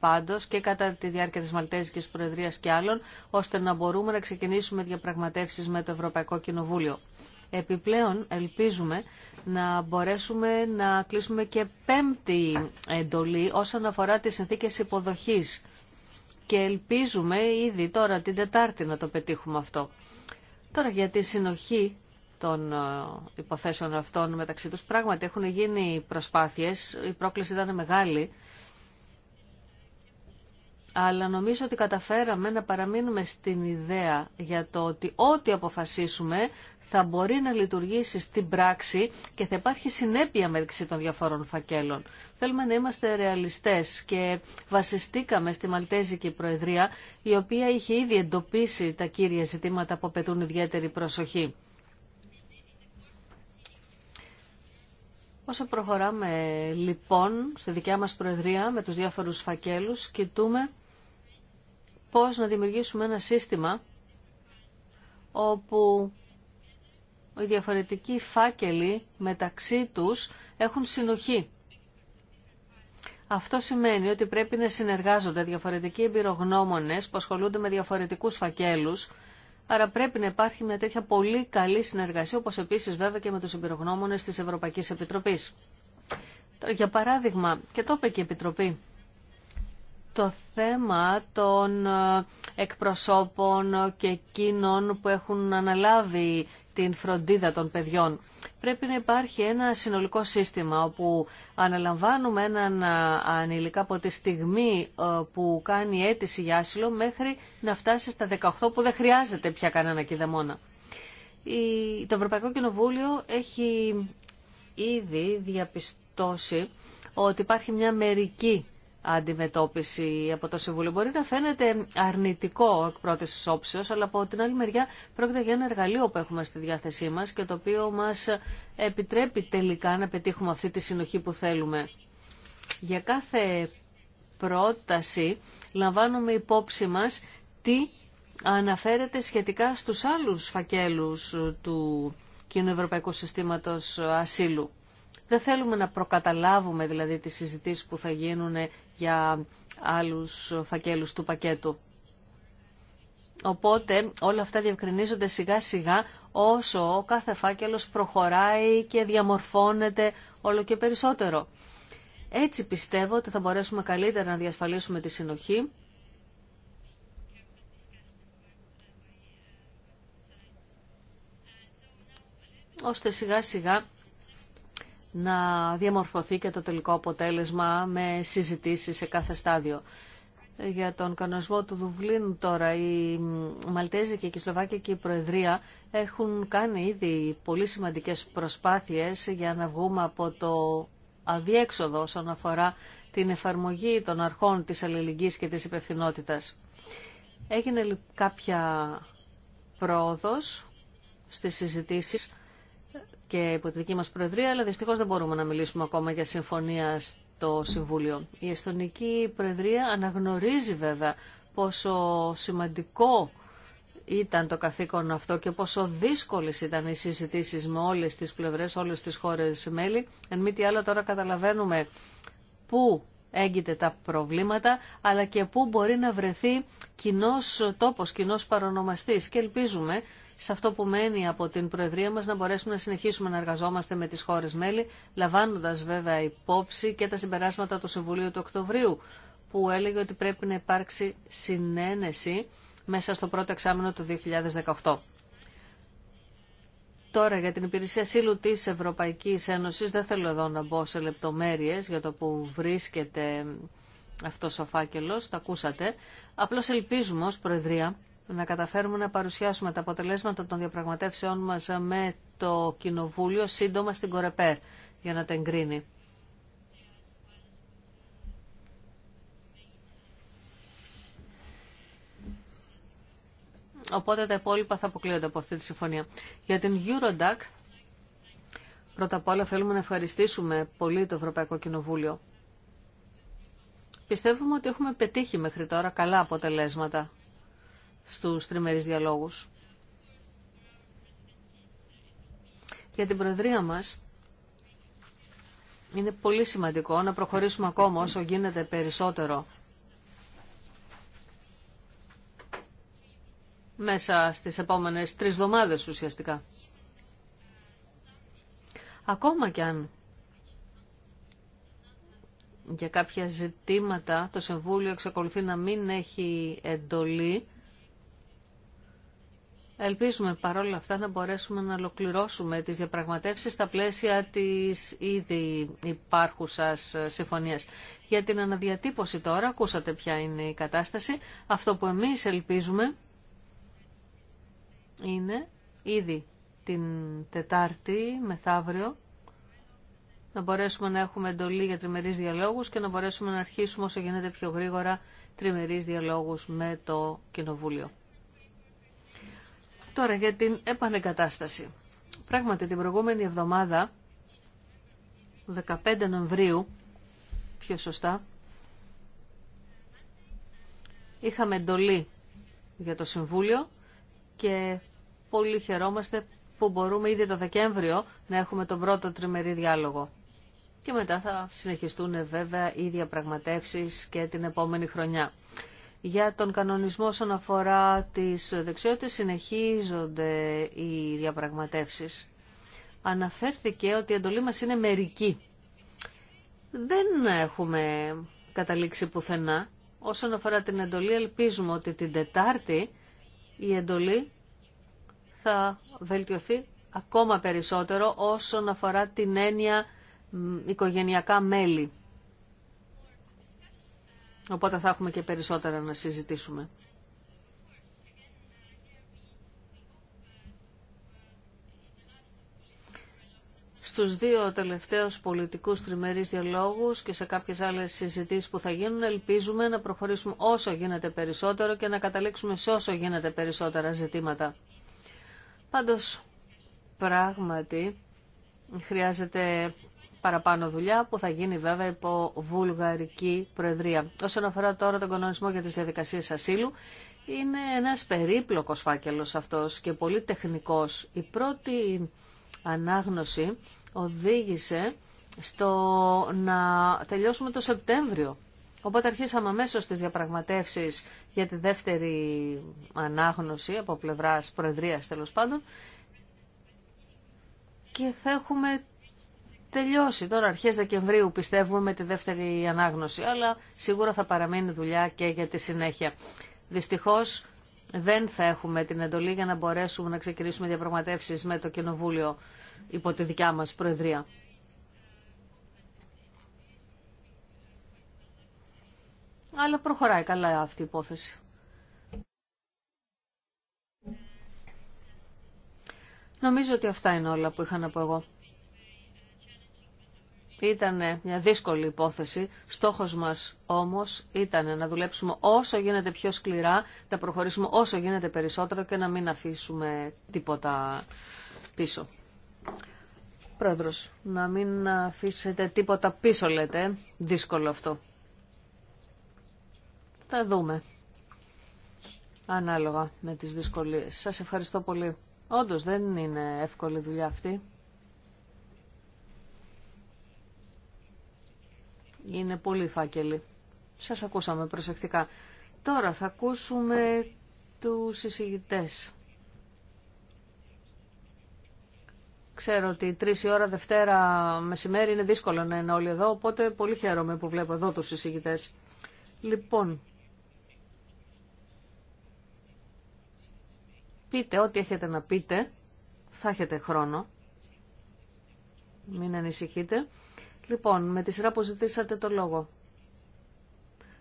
πάντως και κατά τη διάρκεια της Μαλτέζικης Προεδρίας και άλλων, ώστε να μπορούμε να ξεκινήσουμε διαπραγματεύσεις με το Ευρωπαϊκό Κοινοβούλιο. Επιπλέον ελπίζουμε να μπορέσουμε να κλείσουμε και πέμπτη εντολή όσον αφορά τις συνθήκες υποδοχής και ελπίζουμε ήδη τώρα την Τετάρτη να το πετύχουμε αυτό. Τώρα για τη συνοχή των ε, υποθέσεων αυτών μεταξύ τους. Πράγματι έχουν γίνει προσπάθειες, η πρόκληση ήταν μεγάλη, αλλά νομίζω ότι καταφέραμε να παραμείνουμε στην ιδέα για το ότι ό,τι αποφασίσουμε θα μπορεί να λειτουργήσει στην πράξη και θα υπάρχει συνέπεια μεταξύ των διαφόρων φακέλων. Θέλουμε να είμαστε ρεαλιστές και βασιστήκαμε στη Μαλτέζικη Προεδρία, η οποία είχε ήδη εντοπίσει τα κύρια ζητήματα που απαιτούν ιδιαίτερη προσοχή. Όσο προχωράμε λοιπόν στη δικιά μας Προεδρία με τους διάφορους φακέλους, κοιτούμε πώς να δημιουργήσουμε ένα σύστημα όπου οι διαφορετικοί φάκελοι μεταξύ τους έχουν συνοχή. Αυτό σημαίνει ότι πρέπει να συνεργάζονται διαφορετικοί εμπειρογνώμονες που ασχολούνται με διαφορετικούς φακέλους, άρα πρέπει να υπάρχει μια τέτοια πολύ καλή συνεργασία, όπως επίσης βέβαια και με τους εμπειρογνώμονες της Ευρωπαϊκής Επιτροπής. για παράδειγμα, και το είπε και η Επιτροπή, το θέμα των ε, εκπροσώπων και εκείνων που έχουν αναλάβει την φροντίδα των παιδιών. Πρέπει να υπάρχει ένα συνολικό σύστημα όπου αναλαμβάνουμε έναν ανηλικά από τη στιγμή που κάνει αίτηση για άσυλο μέχρι να φτάσει στα 18 που δεν χρειάζεται πια κανένα κηδεμόνα. Το Ευρωπαϊκό Κοινοβούλιο έχει ήδη διαπιστώσει ότι υπάρχει μια μερική αντιμετώπιση από το Συμβούλιο. Μπορεί να φαίνεται αρνητικό εκ πρώτη όψεω, αλλά από την άλλη μεριά πρόκειται για ένα εργαλείο που έχουμε στη διάθεσή μα και το οποίο μα επιτρέπει τελικά να πετύχουμε αυτή τη συνοχή που θέλουμε. Για κάθε πρόταση λαμβάνουμε υπόψη μας τι αναφέρεται σχετικά στους άλλους φακέλους του Κοινού Ευρωπαϊκού Συστήματος Ασύλου. Δεν θέλουμε να προκαταλάβουμε δηλαδή τις συζητήσεις που θα γίνουν για άλλους φακέλους του πακέτου. Οπότε όλα αυτά διευκρινίζονται σιγά σιγά όσο ο κάθε φάκελος προχωράει και διαμορφώνεται όλο και περισσότερο. Έτσι πιστεύω ότι θα μπορέσουμε καλύτερα να διασφαλίσουμε τη συνοχή ώστε σιγά σιγά να διαμορφωθεί και το τελικό αποτέλεσμα με συζητήσεις σε κάθε στάδιο. Για τον κανονισμό του Δουβλίνου τώρα, η Μαλτέζικη και η η Προεδρία έχουν κάνει ήδη πολύ σημαντικές προσπάθειες για να βγούμε από το αδιέξοδο όσον αφορά την εφαρμογή των αρχών της αλληλεγγύης και της υπευθυνότητας. Έγινε κάποια πρόοδος στις συζητήσεις και υπό τη δική μας Προεδρία, αλλά δυστυχώς δεν μπορούμε να μιλήσουμε ακόμα για συμφωνία στο Συμβούλιο. Η Εστονική Προεδρία αναγνωρίζει βέβαια πόσο σημαντικό ήταν το καθήκον αυτό και πόσο δύσκολες ήταν οι συζητήσεις με όλες τις πλευρές, όλες τις χώρες μέλη. Εν μη τι άλλο τώρα καταλαβαίνουμε πού έγκυται τα προβλήματα, αλλά και πού μπορεί να βρεθεί κοινός τόπος, κοινός παρονομαστής. Και ελπίζουμε σε αυτό που μένει από την Προεδρία μας να μπορέσουμε να συνεχίσουμε να εργαζόμαστε με τις χώρες μέλη, λαμβάνοντας βέβαια υπόψη και τα συμπεράσματα του Συμβουλίου του Οκτωβρίου, που έλεγε ότι πρέπει να υπάρξει συνένεση μέσα στο πρώτο εξάμεινο του 2018. Τώρα για την υπηρεσία σύλλου της Ευρωπαϊκής Ένωσης δεν θέλω εδώ να μπω σε λεπτομέρειες για το που βρίσκεται αυτός ο φάκελος, το ακούσατε. Απλώς ελπίζουμε ως Προεδρία να καταφέρουμε να παρουσιάσουμε τα αποτελέσματα των διαπραγματεύσεών μας με το Κοινοβούλιο σύντομα στην Κορεπέρ για να τα εγκρίνει. Οπότε τα υπόλοιπα θα αποκλείονται από αυτή τη συμφωνία. Για την Eurodac, πρώτα απ' όλα θέλουμε να ευχαριστήσουμε πολύ το Ευρωπαϊκό Κοινοβούλιο. Πιστεύουμε ότι έχουμε πετύχει μέχρι τώρα καλά αποτελέσματα στους τριμερείς διαλόγους. Για την Προεδρία μας είναι πολύ σημαντικό να προχωρήσουμε ακόμα όσο γίνεται περισσότερο μέσα στις επόμενες τρεις εβδομάδες ουσιαστικά. Ακόμα κι αν για κάποια ζητήματα το Συμβούλιο εξακολουθεί να μην έχει εντολή Ελπίζουμε παρόλα αυτά να μπορέσουμε να ολοκληρώσουμε τις διαπραγματεύσεις στα πλαίσια της ήδη υπάρχουσας ε, συμφωνίας. Για την αναδιατύπωση τώρα, ακούσατε ποια είναι η κατάσταση, αυτό που εμείς ελπίζουμε είναι ήδη την Τετάρτη μεθαύριο να μπορέσουμε να έχουμε εντολή για τριμερείς διαλόγους και να μπορέσουμε να αρχίσουμε όσο γίνεται πιο γρήγορα τριμερείς διαλόγους με το Κοινοβούλιο. Τώρα για την επανεγκατάσταση. Πράγματι την προηγούμενη εβδομάδα, 15 Νοεμβρίου, πιο σωστά, είχαμε εντολή για το Συμβούλιο και πολύ χαιρόμαστε που μπορούμε ήδη το Δεκέμβριο να έχουμε τον πρώτο τριμερή διάλογο. Και μετά θα συνεχιστούν βέβαια οι διαπραγματεύσεις και την επόμενη χρονιά. Για τον κανονισμό όσον αφορά τις δεξιότητες συνεχίζονται οι διαπραγματεύσεις. Αναφέρθηκε ότι η εντολή μας είναι μερική. Δεν έχουμε καταλήξει πουθενά. Όσον αφορά την εντολή ελπίζουμε ότι την Τετάρτη η εντολή θα βελτιωθεί ακόμα περισσότερο όσον αφορά την έννοια οικογενειακά μέλη. Οπότε θα έχουμε και περισσότερα να συζητήσουμε. στους δύο τελευταίους πολιτικούς τριμερείς διαλόγους και σε κάποιες άλλες συζητήσεις που θα γίνουν ελπίζουμε να προχωρήσουμε όσο γίνεται περισσότερο και να καταλήξουμε σε όσο γίνεται περισσότερα ζητήματα. Πάντως, πράγματι, χρειάζεται παραπάνω δουλειά που θα γίνει βέβαια υπό βουλγαρική προεδρία. Όσον αφορά τώρα τον κανονισμό για τις διαδικασίες ασύλου, είναι ένας περίπλοκος φάκελος αυτός και πολύ τεχνικός. Η πρώτη ανάγνωση οδήγησε στο να τελειώσουμε το Σεπτέμβριο. Οπότε αρχίσαμε αμέσως τις διαπραγματεύσεις για τη δεύτερη ανάγνωση από πλευράς Προεδρίας τέλος πάντων και θα έχουμε τελειώσει τώρα αρχές Δεκεμβρίου πιστεύουμε με τη δεύτερη ανάγνωση, αλλά σίγουρα θα παραμείνει δουλειά και για τη συνέχεια. Δυστυχώς δεν θα έχουμε την εντολή για να μπορέσουμε να ξεκινήσουμε διαπραγματεύσεις με το Κοινοβούλιο υπό τη δικιά μας Προεδρία. Αλλά προχωράει καλά αυτή η υπόθεση. Νομίζω ότι αυτά είναι όλα που είχα να πω εγώ. Ήταν μια δύσκολη υπόθεση. Στόχος μας όμως ήταν να δουλέψουμε όσο γίνεται πιο σκληρά, να προχωρήσουμε όσο γίνεται περισσότερο και να μην αφήσουμε τίποτα πίσω. Πρόεδρο, να μην αφήσετε τίποτα πίσω λέτε. Δύσκολο αυτό. Θα δούμε. Ανάλογα με τις δυσκολίες. Σας ευχαριστώ πολύ. Όντως δεν είναι εύκολη δουλειά αυτή. Είναι πολύ φάκελοι. Σας ακούσαμε προσεκτικά. Τώρα θα ακούσουμε τους εισηγητές. Ξέρω ότι τρεις η ώρα Δευτέρα μεσημέρι είναι δύσκολο να είναι όλοι εδώ, οπότε πολύ χαίρομαι που βλέπω εδώ τους εισηγητές. Λοιπόν, πείτε ό,τι έχετε να πείτε, θα έχετε χρόνο, μην ανησυχείτε. Λοιπόν, με τη σειρά που ζητήσατε το λόγο.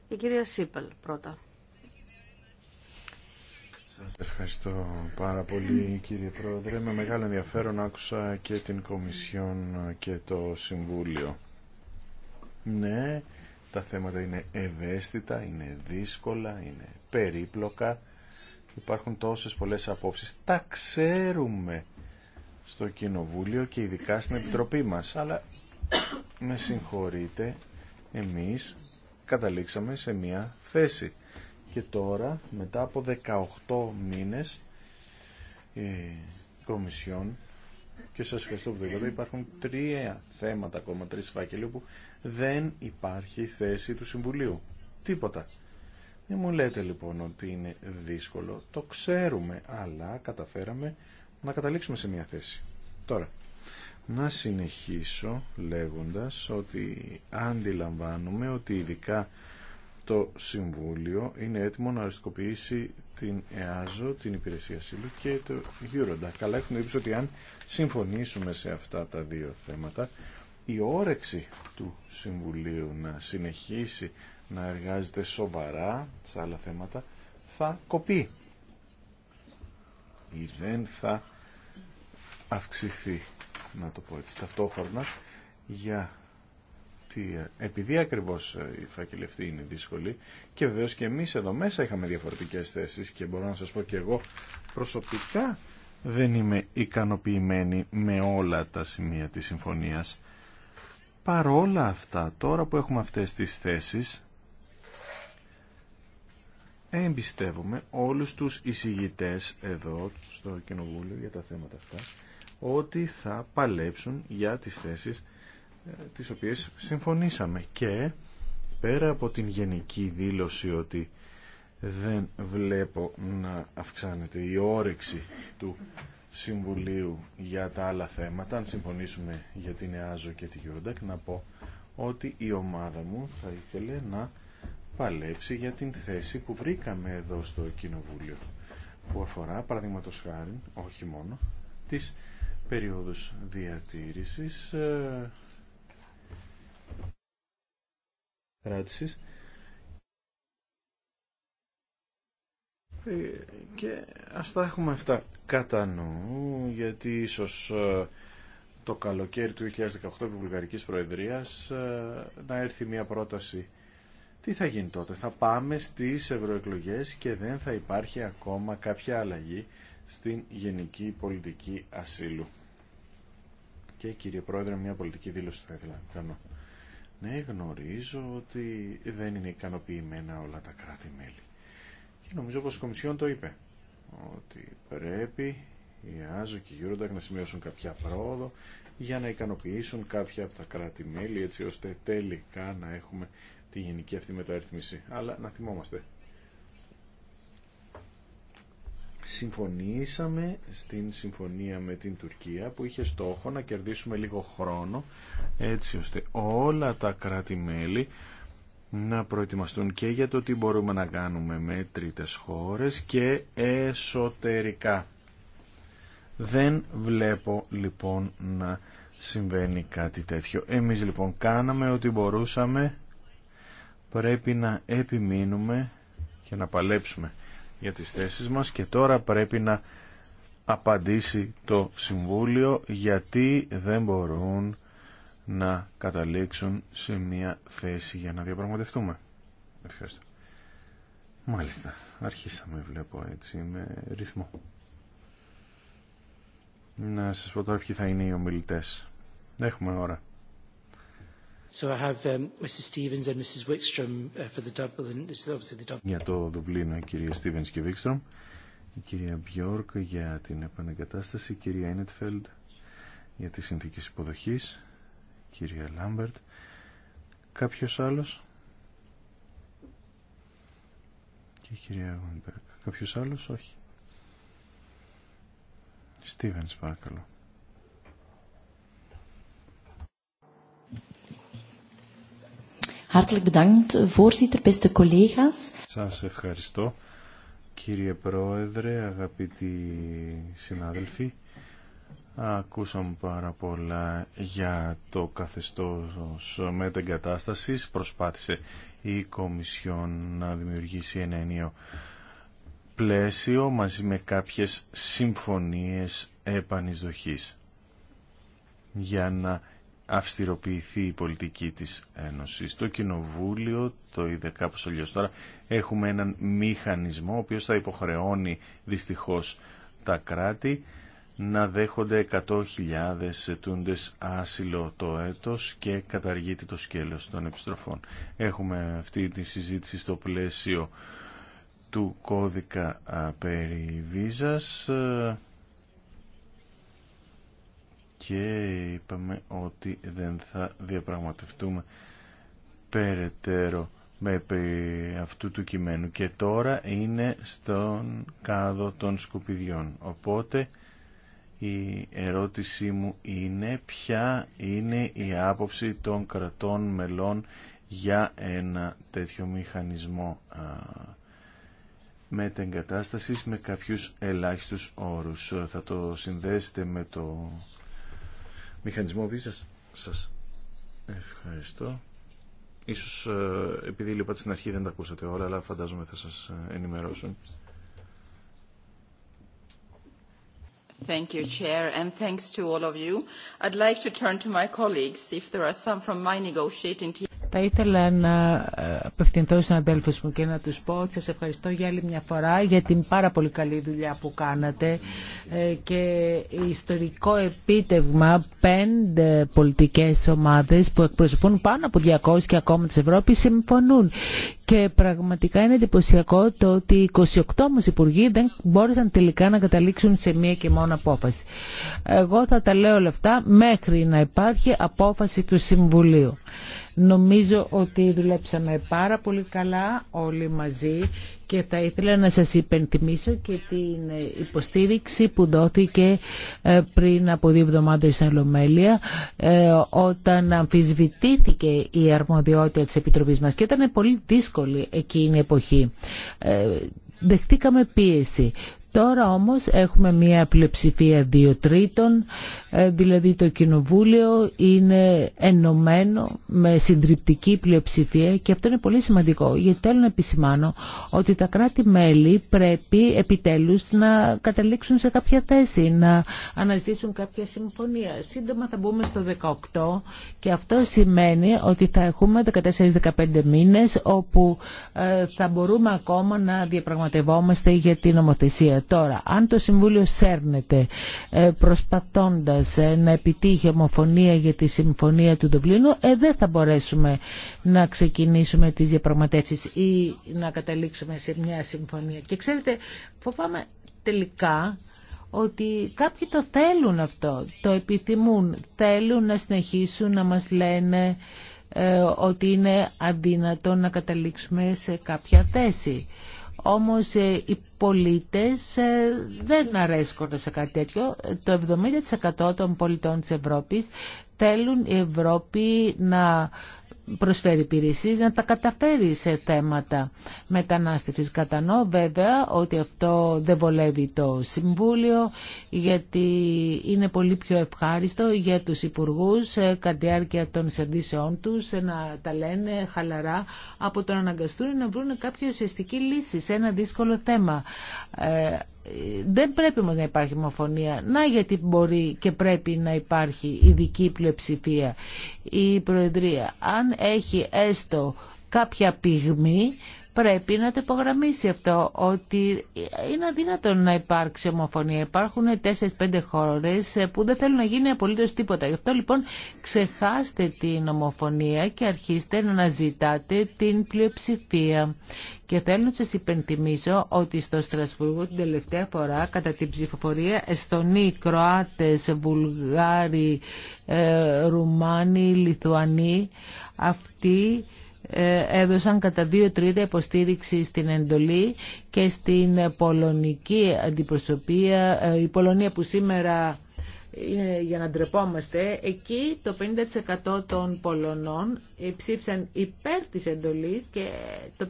Η κυρία Σίπελ πρώτα. Σας ευχαριστώ πάρα πολύ κύριε Πρόεδρε. Με μεγάλο ενδιαφέρον άκουσα και την Κομισιόν και το Συμβούλιο. Ναι, τα θέματα είναι ευαίσθητα, είναι δύσκολα, είναι περίπλοκα. Υπάρχουν τόσες πολλές απόψεις. Τα ξέρουμε στο Κοινοβούλιο και ειδικά στην Επιτροπή μας. Αλλά με συγχωρείτε, εμείς καταλήξαμε σε μία θέση. Και τώρα, μετά από 18 μήνες, η Κομισιόν, και σας ευχαριστώ που το υπάρχουν τρία θέματα ακόμα, τρεις φάκελοι, που δεν υπάρχει θέση του Συμβουλίου. Τίποτα. Δεν μου λέτε λοιπόν ότι είναι δύσκολο. Το ξέρουμε, αλλά καταφέραμε να καταλήξουμε σε μια θεση και τωρα μετα απο 18 μηνες ε, κομισιον και σας ευχαριστω που το υπαρχουν τρια θεματα ακομα τρεις φακελοι που δεν υπαρχει θεση του συμβουλιου τιποτα μην μου λετε λοιπον οτι ειναι δυσκολο το ξερουμε αλλα καταφεραμε να καταληξουμε σε μια θεση τωρα να συνεχίσω λέγοντας ότι αντιλαμβάνουμε ότι ειδικά το Συμβούλιο είναι έτοιμο να οριστικοποιήσει την ΕΑΖΟ, την Υπηρεσία Σύλλου και το ΓΥΡΟΝΤΑ. Καλά έχουμε δείξει ότι αν συμφωνήσουμε σε αυτά τα δύο θέματα, η όρεξη του Συμβουλίου να συνεχίσει να εργάζεται σοβαρά σε άλλα θέματα θα κοπεί ή δεν θα αυξηθεί να το πω έτσι, ταυτόχρονα για ε, επειδή ακριβώς ε, η φάκελη είναι δύσκολη και βεβαίως και εμείς εδώ μέσα είχαμε διαφορετικές θέσεις και μπορώ να σας πω και εγώ προσωπικά δεν είμαι ικανοποιημένη με όλα τα σημεία της συμφωνίας. Παρόλα αυτά, τώρα που έχουμε αυτές τις θέσεις, εμπιστεύομαι όλους τους εισηγητές εδώ στο Κοινοβούλιο για τα θέματα αυτά ότι θα παλέψουν για τις θέσεις ε, τις οποίες συμφωνήσαμε και πέρα από την γενική δήλωση ότι δεν βλέπω να αυξάνεται η όρεξη του Συμβουλίου για τα άλλα θέματα αν συμφωνήσουμε για την ΕΑΖΟ και τη Γιόντακ να πω ότι η ομάδα μου θα ήθελε να παλέψει για την θέση που βρήκαμε εδώ στο Κοινοβούλιο που αφορά παραδείγματο χάρη όχι μόνο τις περίοδους διατήρησης ε, κράτησης ε, και ας τα έχουμε αυτά κατά νου γιατί ίσως ε, το καλοκαίρι του 2018 της Βουλγαρικής Προεδρίας να έρθει μια πρόταση τι θα γίνει τότε, θα πάμε στις ευρωεκλογές και δεν θα υπάρχει ακόμα κάποια αλλαγή στην γενική πολιτική ασύλου. Και κύριε Πρόεδρε, μια πολιτική δήλωση θα ήθελα να κάνω. Ναι, γνωρίζω ότι δεν είναι ικανοποιημένα όλα τα κράτη-μέλη. Και νομίζω πως η Κομισιόν το είπε, ότι πρέπει οι Άζο και η Eurodac να σημειώσουν κάποια πρόοδο για να ικανοποιήσουν κάποια από τα κράτη-μέλη, έτσι ώστε τελικά να έχουμε τη γενική αυτή μεταρρύθμιση. Αλλά να θυμόμαστε συμφωνήσαμε στην συμφωνία με την Τουρκία που είχε στόχο να κερδίσουμε λίγο χρόνο έτσι ώστε όλα τα κράτη-μέλη να προετοιμαστούν και για το τι μπορούμε να κάνουμε με τρίτες χώρες και εσωτερικά. Δεν βλέπω λοιπόν να συμβαίνει κάτι τέτοιο. Εμείς λοιπόν κάναμε ό,τι μπορούσαμε. Πρέπει να επιμείνουμε και να παλέψουμε για τις θέσεις μας και τώρα πρέπει να απαντήσει το Συμβούλιο γιατί δεν μπορούν να καταλήξουν σε μια θέση για να διαπραγματευτούμε. Ευχαριστώ. Μάλιστα, αρχίσαμε βλέπω έτσι με ρυθμό. Να σας πω τώρα ποιοι θα είναι οι ομιλητές. Έχουμε ώρα. Για το Δουβλίνο, η κυρία Stevens και Wickstrom. Η κυρία Μπιόρκ για την επανεγκατάσταση, η κυρία Ίνετφελντ για τις συνθήκες υποδοχής, η κυρία Λάμπερτ. Κάποιος άλλος. Και η κυρία Γονμπέρκ. Κάποιος άλλος, όχι. Στίβενς, παρακαλώ. Hartelijk bedankt, voorzitter, beste collega's. Σας ευχαριστώ, κύριε Πρόεδρε, αγαπητοί συνάδελφοι. Ακούσαμε πάρα πολλά για το καθεστώς κατάσταση. Προσπάθησε η Κομισιόν να δημιουργήσει ένα ενίο πλαίσιο μαζί με κάποιες συμφωνίες επανεισδοχής για να αυστηροποιηθεί η πολιτική της Ένωσης. Το Κοινοβούλιο, το είδε κάπως αλλιώ τώρα, έχουμε έναν μηχανισμό ο οποίος θα υποχρεώνει δυστυχώς τα κράτη να δέχονται 100.000 ετούντες άσυλο το έτος και καταργείται το σκέλος των επιστροφών. Έχουμε αυτή τη συζήτηση στο πλαίσιο του κώδικα περί βίζας και είπαμε ότι δεν θα διαπραγματευτούμε περαιτέρω με αυτού του κειμένου και τώρα είναι στον κάδο των σκουπιδιών. Οπότε η ερώτησή μου είναι ποια είναι η άποψη των κρατών μελών για ένα τέτοιο μηχανισμό μετεγκατάστασης με κάποιους ελάχιστους όρους. Θα το συνδέσετε με το μηχανισμό βίζας. Σας ευχαριστώ. Ίσως ε, επειδή λείπα στην αρχή δεν τα ακούσατε όλα, αλλά φαντάζομαι θα σας ε, ενημερώσουν. Thank you, Chair, and thanks to all of you. I'd like to turn to my colleagues if there are some from my negotiating team. Θα ήθελα να ε, απευθυνθώ στους αδέλφους μου και να τους πω ότι σας ευχαριστώ για άλλη μια φορά για την πάρα πολύ καλή δουλειά που κάνατε ε, και ιστορικό επίτευγμα πέντε πολιτικές ομάδες που εκπροσωπούν πάνω από 200 και ακόμα της Ευρώπης συμφωνούν. Και πραγματικά είναι εντυπωσιακό το ότι 28 όμως υπουργοί δεν μπόρεσαν τελικά να καταλήξουν σε μία και μόνο απόφαση. Εγώ θα τα λέω όλα αυτά μέχρι να υπάρχει απόφαση του Συμβουλίου. Νομίζω ότι δουλέψαμε πάρα πολύ καλά όλοι μαζί και θα ήθελα να σας υπενθυμίσω και την υποστήριξη που δόθηκε ε, πριν από δύο εβδομάδες στην Ολομέλεια ε, όταν αμφισβητήθηκε η αρμοδιότητα της Επιτροπής μας και ήταν πολύ δύσκολη εκείνη η εποχή ε, δεχτήκαμε πίεση. Τώρα όμως έχουμε μια πλειοψηφία δύο τρίτων, ε, δηλαδή το Κοινοβούλιο είναι ενωμένο με συντριπτική πλειοψηφία και αυτό είναι πολύ σημαντικό γιατί θέλω να επισημάνω ότι τα κράτη-μέλη πρέπει επιτέλους να καταλήξουν σε κάποια θέση, να αναζητήσουν κάποια συμφωνία. Σύντομα θα μπούμε στο 18 και αυτό σημαίνει ότι θα έχουμε 14-15 μήνες όπου ε, θα μπορούμε ακόμα να διαπραγματευόμαστε για την νομοθεσία Τώρα, αν το Συμβούλιο σέρνεται ε, προσπαθώντας ε, να επιτύχει ομοφωνία για τη Συμφωνία του Δουβλίνου, ε, δεν θα μπορέσουμε να ξεκινήσουμε τις διαπραγματεύσεις ή να καταλήξουμε σε μια συμφωνία. Και ξέρετε, φοβάμαι τελικά ότι κάποιοι το θέλουν αυτό, το επιθυμούν, θέλουν να συνεχίσουν να μας λένε ε, ότι είναι αδύνατο να καταλήξουμε σε κάποια θέση. Όμως ε, οι πολίτες ε, δεν αρέσκονται σε κάτι τέτοιο. Το 70% των πολιτών της Ευρώπης θέλουν η Ευρώπη να προσφέρει υπηρεσίε να τα καταφέρει σε θέματα μετανάστευσης. Κατανοώ βέβαια ότι αυτό δεν βολεύει το Συμβούλιο γιατί είναι πολύ πιο ευχάριστο για του υπουργού ε, κατά τη διάρκεια των συνδύσεών τους ε, να τα λένε χαλαρά από το να αναγκαστούν να βρουν κάποια ουσιαστική λύση σε ένα δύσκολο θέμα. Ε, δεν πρέπει όμως να υπάρχει μοφωνία. Να γιατί μπορεί και πρέπει να υπάρχει ειδική πλειοψηφία. Η Προεδρία αν έχει έστω κάποια πυγμή πρέπει να το υπογραμμίσει αυτό, ότι είναι αδύνατο να υπάρξει ομοφωνία. Υπάρχουν 4-5 χώρες που δεν θέλουν να γίνει απολύτως τίποτα. Γι' αυτό λοιπόν ξεχάστε την ομοφωνία και αρχίστε να αναζητάτε την πλειοψηφία. Και θέλω να σας υπενθυμίσω ότι στο Στρασβούργο την τελευταία φορά κατά την ψηφοφορία Εστονοί, Κροάτες, Βουλγάροι, ε, Ρουμάνοι, Λιθουανοί αυτοί ε, έδωσαν κατά δύο τρίτα υποστήριξη στην εντολή και στην πολωνική αντιπροσωπεία, ε, η Πολωνία που σήμερα είναι για να ντρεπόμαστε, εκεί το 50% των Πολωνών ψήφισαν υπέρ της εντολής και το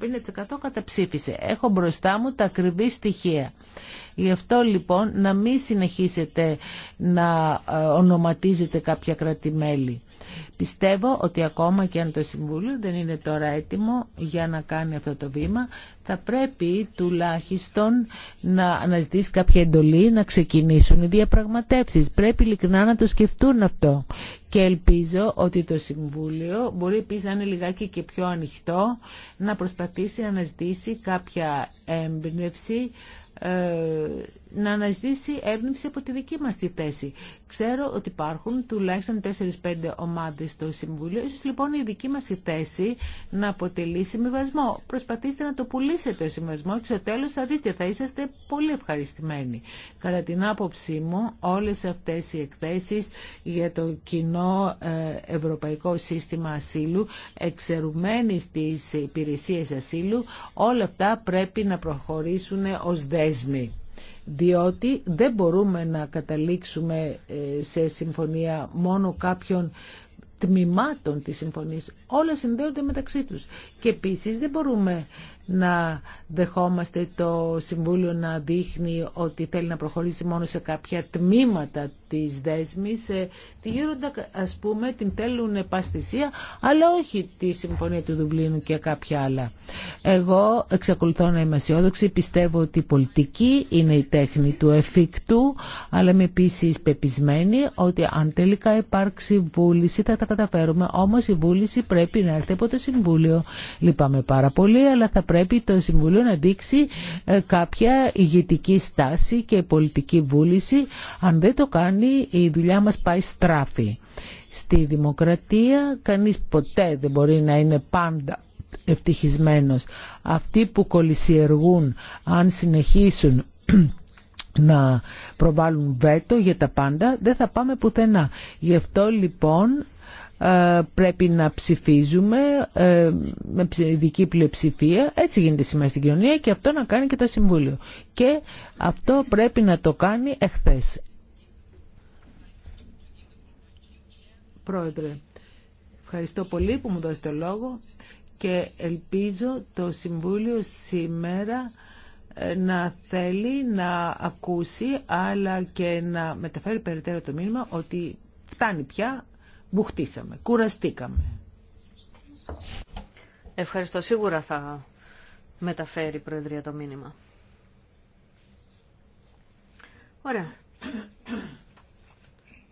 50% καταψήφισε. Έχω μπροστά μου τα ακριβή στοιχεία. Γι' αυτό λοιπόν να μην συνεχίσετε να ε, ονοματίζετε κρατημέλη. Πιστεύω ότι ακόμα και αν το Συμβούλιο δεν είναι τώρα έτοιμο για να κάνει αυτό το βήμα, θα πρέπει τουλάχιστον να αναζητήσει κάποια εντολή να ξεκινήσουν οι διαπραγματεύσεις. Πρέπει ειλικρινά να το σκεφτούν αυτό. Και ελπίζω ότι το Συμβούλιο μπορεί επίση να είναι λιγάκι και πιο ανοιχτό να προσπαθήσει να αναζητήσει κάποια έμπνευση ε, να αναζητήσει έμπνευση από τη δική μας θέση. Ξέρω ότι υπάρχουν τουλάχιστον 4-5 ομάδες στο Συμβούλιο. Ίσως λοιπόν η δική μας η θέση να αποτελεί συμβιβασμό. Προσπαθήστε να το πουλήσετε ο συμβιβασμό και στο τέλος θα δείτε, θα είσαστε πολύ ευχαριστημένοι. Κατά την άποψή μου, όλες αυτές οι εκθέσεις για το κοινό ε, ευρωπαϊκό σύστημα ασύλου, εξαιρουμένη στις υπηρεσίες ασύλου, όλα αυτά πρέπει να προχωρήσουν ως δέσμοι διότι δεν μπορούμε να καταλήξουμε ε, σε συμφωνία μόνο κάποιων τμήματων της συμφωνίας. Όλα συνδέονται μεταξύ τους. Και επίσης δεν μπορούμε να δεχόμαστε το Συμβούλιο να δείχνει ότι θέλει να προχωρήσει μόνο σε κάποια τμήματα της δέσμης. Ε, τη γύροντα, ας πούμε, την θέλουν επαστησία, αλλά όχι τη Συμφωνία του Δουβλίνου και κάποια άλλα. Εγώ εξακολουθώ να είμαι αισιόδοξη. Πιστεύω ότι η πολιτική είναι η τέχνη του εφικτού, αλλά είμαι επίση πεπισμένη ότι αν τελικά υπάρξει βούληση θα τα καταφέρουμε. Όμως η βούληση πρέπει να έρθει από το Συμβούλιο. Λυπάμαι πάρα πολύ, αλλά θα πρέπει πρέπει το Συμβουλίο να δείξει ε, κάποια ηγετική στάση και πολιτική βούληση. Αν δεν το κάνει η δουλειά μας πάει στράφη. Στη δημοκρατία κανείς ποτέ δεν μπορεί να είναι πάντα ευτυχισμένος. Αυτοί που κολυσιεργούν αν συνεχίσουν να προβάλλουν βέτο για τα πάντα, δεν θα πάμε πουθενά. Γι' αυτό λοιπόν ε, πρέπει να ψηφίζουμε ε, με ειδική πλειοψηφία. Έτσι γίνεται σήμερα στην κοινωνία και αυτό να κάνει και το Συμβούλιο. Και αυτό πρέπει να το κάνει εχθές. Πρόεδρε, ευχαριστώ πολύ που μου δώσετε το λόγο και ελπίζω το Συμβούλιο σήμερα ε, να θέλει να ακούσει αλλά και να μεταφέρει περαιτέρω το μήνυμα ότι φτάνει πια μπουχτίσαμε, κουραστήκαμε. Ευχαριστώ. Σίγουρα θα μεταφέρει η Προεδρία το μήνυμα. Ωραία.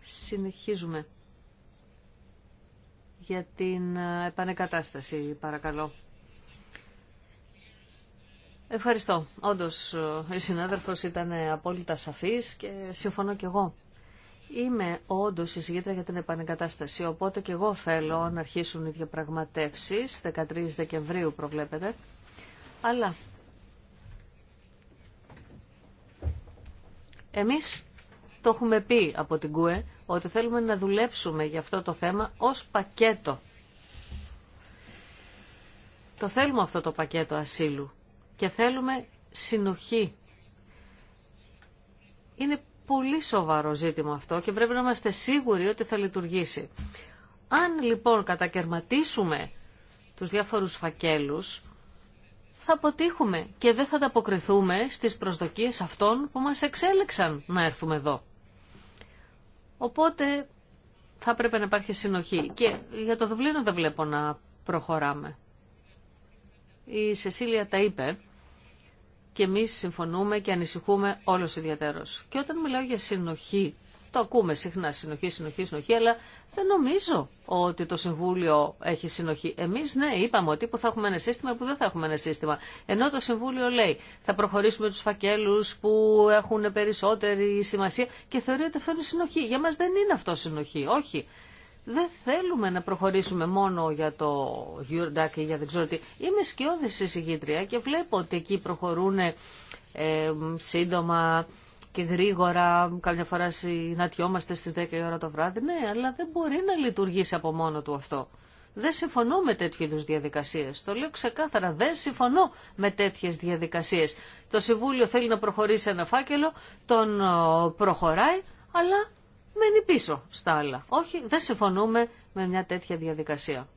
Συνεχίζουμε. Για την ε, επανεκατάσταση, παρακαλώ. Ευχαριστώ. Όντως, ε, η συνάδελφος ήταν απόλυτα σαφής και συμφωνώ κι εγώ. Είμαι όντω εισηγήτρια για την επανεγκατάσταση, οπότε και εγώ θέλω να αρχίσουν οι διαπραγματεύσει. 13 Δεκεμβρίου προβλέπεται. Αλλά εμείς το έχουμε πει από την ΚΟΕ ότι θέλουμε να δουλέψουμε για αυτό το θέμα ως πακέτο. Το θέλουμε αυτό το πακέτο ασύλου και θέλουμε συνοχή. Είναι πολύ σοβαρό ζήτημα αυτό και πρέπει να είμαστε σίγουροι ότι θα λειτουργήσει. Αν λοιπόν κατακαιρματίσουμε τους διάφορους φακέλους, θα αποτύχουμε και δεν θα ανταποκριθούμε στις προσδοκίες αυτών που μας εξέλεξαν να έρθουμε εδώ. Οπότε θα πρέπει να υπάρχει συνοχή. Και για το Δουβλίνο δεν βλέπω να προχωράμε. Η Σεσίλια τα είπε και εμείς συμφωνούμε και ανησυχούμε όλος ιδιαίτερος. Και όταν μιλάω για συνοχή, το ακούμε συχνά συνοχή, συνοχή, συνοχή, αλλά δεν νομίζω ότι το Συμβούλιο έχει συνοχή. Εμείς ναι, είπαμε ότι που θα έχουμε ένα σύστημα ή που δεν θα έχουμε ένα σύστημα. Ενώ το Συμβούλιο λέει θα προχωρήσουμε τους φακέλους που έχουν περισσότερη σημασία και θεωρεί ότι είναι συνοχή. Για μας δεν είναι αυτό συνοχή, όχι δεν θέλουμε να προχωρήσουμε μόνο για το Γιούρντά ή για δεν ξέρω τι. Είμαι σκιώδης εισηγήτρια και βλέπω ότι εκεί προχωρούν ε, σύντομα και γρήγορα. Καμιά φορά συνατιόμαστε στις 10 η ώρα το βράδυ. Ναι, αλλά δεν μπορεί να λειτουργήσει από μόνο του αυτό. Δεν συμφωνώ με τέτοιου είδου διαδικασίε. Το λέω ξεκάθαρα. Δεν συμφωνώ με τέτοιε διαδικασίε. Το Συμβούλιο θέλει να προχωρήσει ένα φάκελο, τον ε, προχωράει, αλλά μένει πίσω στα άλλα. Όχι, δεν συμφωνούμε με μια τέτοια διαδικασία.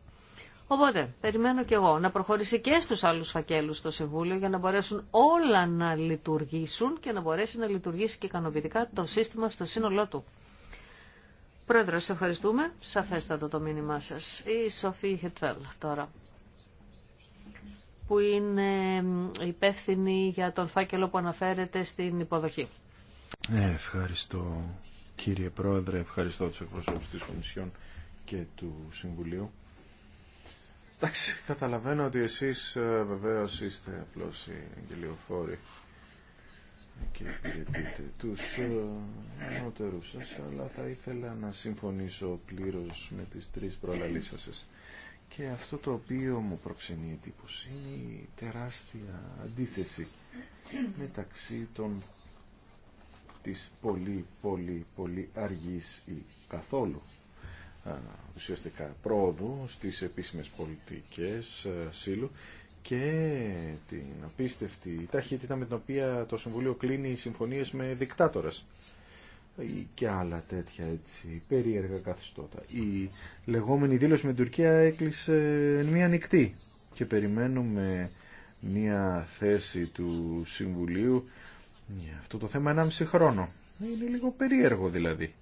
Οπότε, περιμένω και εγώ να προχωρήσει και στους άλλους φακέλους στο Συμβούλιο για να μπορέσουν όλα να λειτουργήσουν και να μπορέσει να λειτουργήσει και ικανοποιητικά το σύστημα στο σύνολό του. Πρόεδρο, σε ευχαριστούμε. Σαφέστατο το μήνυμά σας. Η Σοφή Χετφέλ τώρα που είναι υπεύθυνη για τον φάκελο που αναφέρεται στην υποδοχή. Ε, ευχαριστώ κύριε Πρόεδρε, ευχαριστώ τους εκπροσώπους της Κομισιόν και του Συμβουλίου. Εντάξει, καταλαβαίνω ότι εσείς ε, βεβαίως είστε απλώς οι αγγελιοφόροι και υπηρετείτε τους ε, νότερους σας, αλλά θα ήθελα να συμφωνήσω πλήρως με τις τρεις προλαλήσεις σας. Και αυτό το οποίο μου προξενεί εντύπωση είναι η τεράστια αντίθεση μεταξύ των της πολύ πολύ πολύ αργής ή καθόλου ουσιαστικά πρόοδου στις επίσημες πολιτικές σύλλου και την απίστευτη ταχύτητα με την οποία το Συμβουλίο κλείνει συμφωνίες με δικτάτορας και άλλα τέτοια έτσι, περίεργα καθιστώτα. Η λεγόμενη δήλωση με την Τουρκία έκλεισε μία νυχτή και περιμένουμε μία θέση του Συμβουλίου ναι, αυτό το θέμα 1,5 χρόνο. Είναι λίγο περίεργο δηλαδή.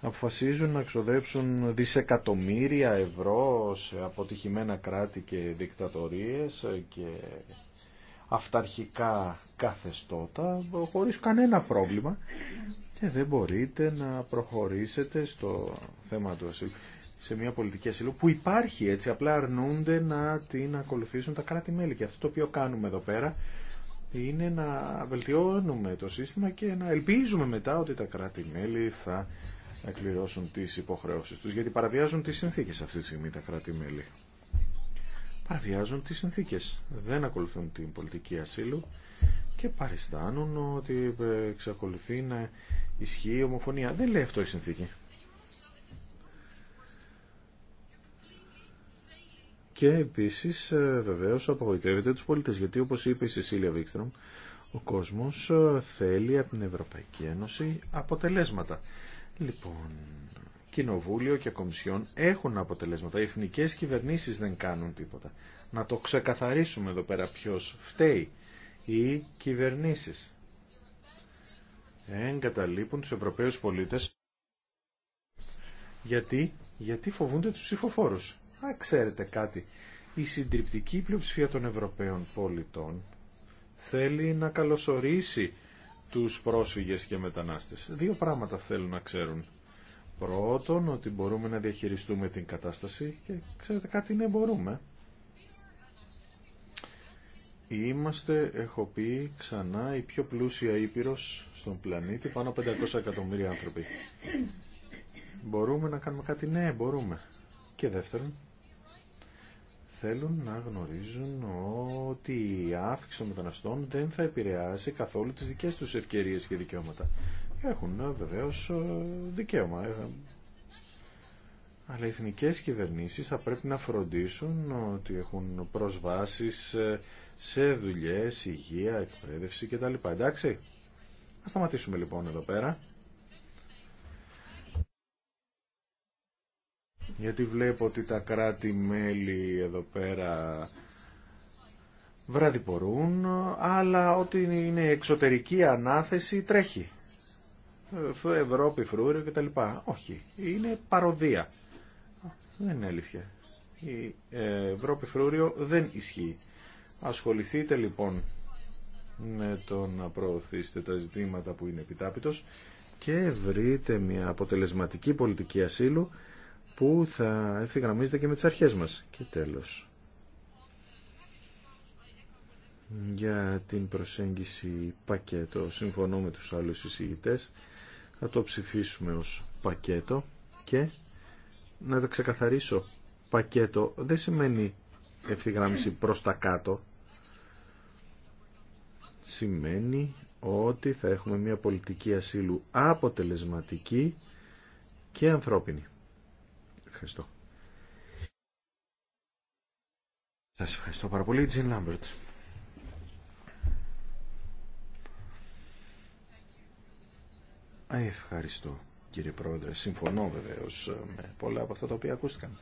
Αποφασίζουν να ξοδέψουν δισεκατομμύρια ευρώ σε αποτυχημένα κράτη και δικτατορίες και αυταρχικά καθεστώτα χωρίς κανένα πρόβλημα και δεν μπορείτε να προχωρήσετε στο θέμα του ασύλου σε μια πολιτική ασύλου που υπάρχει έτσι απλά αρνούνται να την ακολουθήσουν τα κράτη-μέλη και αυτό το οποίο κάνουμε εδώ πέρα είναι να βελτιώνουμε το σύστημα και να ελπίζουμε μετά ότι τα κράτη-μέλη θα εκπληρώσουν τις υποχρεώσεις τους, γιατί παραβιάζουν τις συνθήκες αυτή τη στιγμή τα κράτη-μέλη. Παραβιάζουν τις συνθήκες, δεν ακολουθούν την πολιτική ασύλου και παριστάνουν ότι εξακολουθεί να ισχύει η ομοφωνία. Δεν λέει αυτό η συνθήκη. και επίσης ε, βεβαίω απογοητεύεται τους πολίτες γιατί όπως είπε η Σεσίλια Βίξτρομ ο κόσμος ε, θέλει από την Ευρωπαϊκή Ένωση αποτελέσματα. Λοιπόν, Κοινοβούλιο και Κομισιόν έχουν αποτελέσματα. Οι εθνικές κυβερνήσεις δεν κάνουν τίποτα. Να το ξεκαθαρίσουμε εδώ πέρα ποιο φταίει. Οι κυβερνήσει. εγκαταλείπουν τους Ευρωπαίου πολίτε, γιατί, γιατί φοβούνται τους ψηφοφόρους. Α, ξέρετε κάτι. Η συντριπτική πλειοψηφία των Ευρωπαίων πολιτών θέλει να καλωσορίσει τους πρόσφυγες και μετανάστες. Δύο πράγματα θέλουν να ξέρουν. Πρώτον, ότι μπορούμε να διαχειριστούμε την κατάσταση και ξέρετε κάτι ναι μπορούμε. Είμαστε, έχω πει ξανά, η πιο πλούσια Ήπειρος στον πλανήτη, πάνω 500 εκατομμύρια άνθρωποι. Μπορούμε να κάνουμε κάτι, ναι, μπορούμε. Και δεύτερον, θέλουν να γνωρίζουν ότι η αύξηση των μεταναστών δεν θα επηρεάσει καθόλου τις δικές τους ευκαιρίες και δικαιώματα. Έχουν ε, βεβαίω ε, δικαίωμα. Ε, αλλά οι εθνικές κυβερνήσεις θα πρέπει να φροντίσουν ότι έχουν προσβάσεις σε δουλειές, υγεία, εκπαίδευση κτλ. Εντάξει, ας σταματήσουμε λοιπόν εδώ πέρα. γιατί βλέπω ότι τα κράτη-μέλη εδώ πέρα βραδιπορούν, αλλά ότι είναι εξωτερική ανάθεση τρέχει. Ευρώπη, Φρούριο κτλ. Όχι, είναι παροδία. Δεν είναι αλήθεια. Η ε, Ευρώπη, Φρούριο δεν ισχύει. Ασχοληθείτε λοιπόν με το να προωθήσετε τα ζητήματα που είναι επιτάπητος και βρείτε μια αποτελεσματική πολιτική ασύλου που θα ευθυγραμμίζεται και με τις αρχές μας. Και τέλος, για την προσέγγιση πακέτο, συμφωνώ με τους άλλους εισηγητές, θα το ψηφίσουμε ως πακέτο και να τα ξεκαθαρίσω, πακέτο δεν σημαίνει ευθυγράμμιση προς τα κάτω, σημαίνει ότι θα έχουμε μια πολιτική ασύλου αποτελεσματική και ανθρώπινη. Ευχαριστώ. Σας ευχαριστώ πάρα πολύ, Τζιν Λάμπερτ. Ευχαριστώ, κύριε Πρόεδρε. Συμφωνώ βεβαίω ε, με πολλά από αυτά τα οποία ακούστηκαν.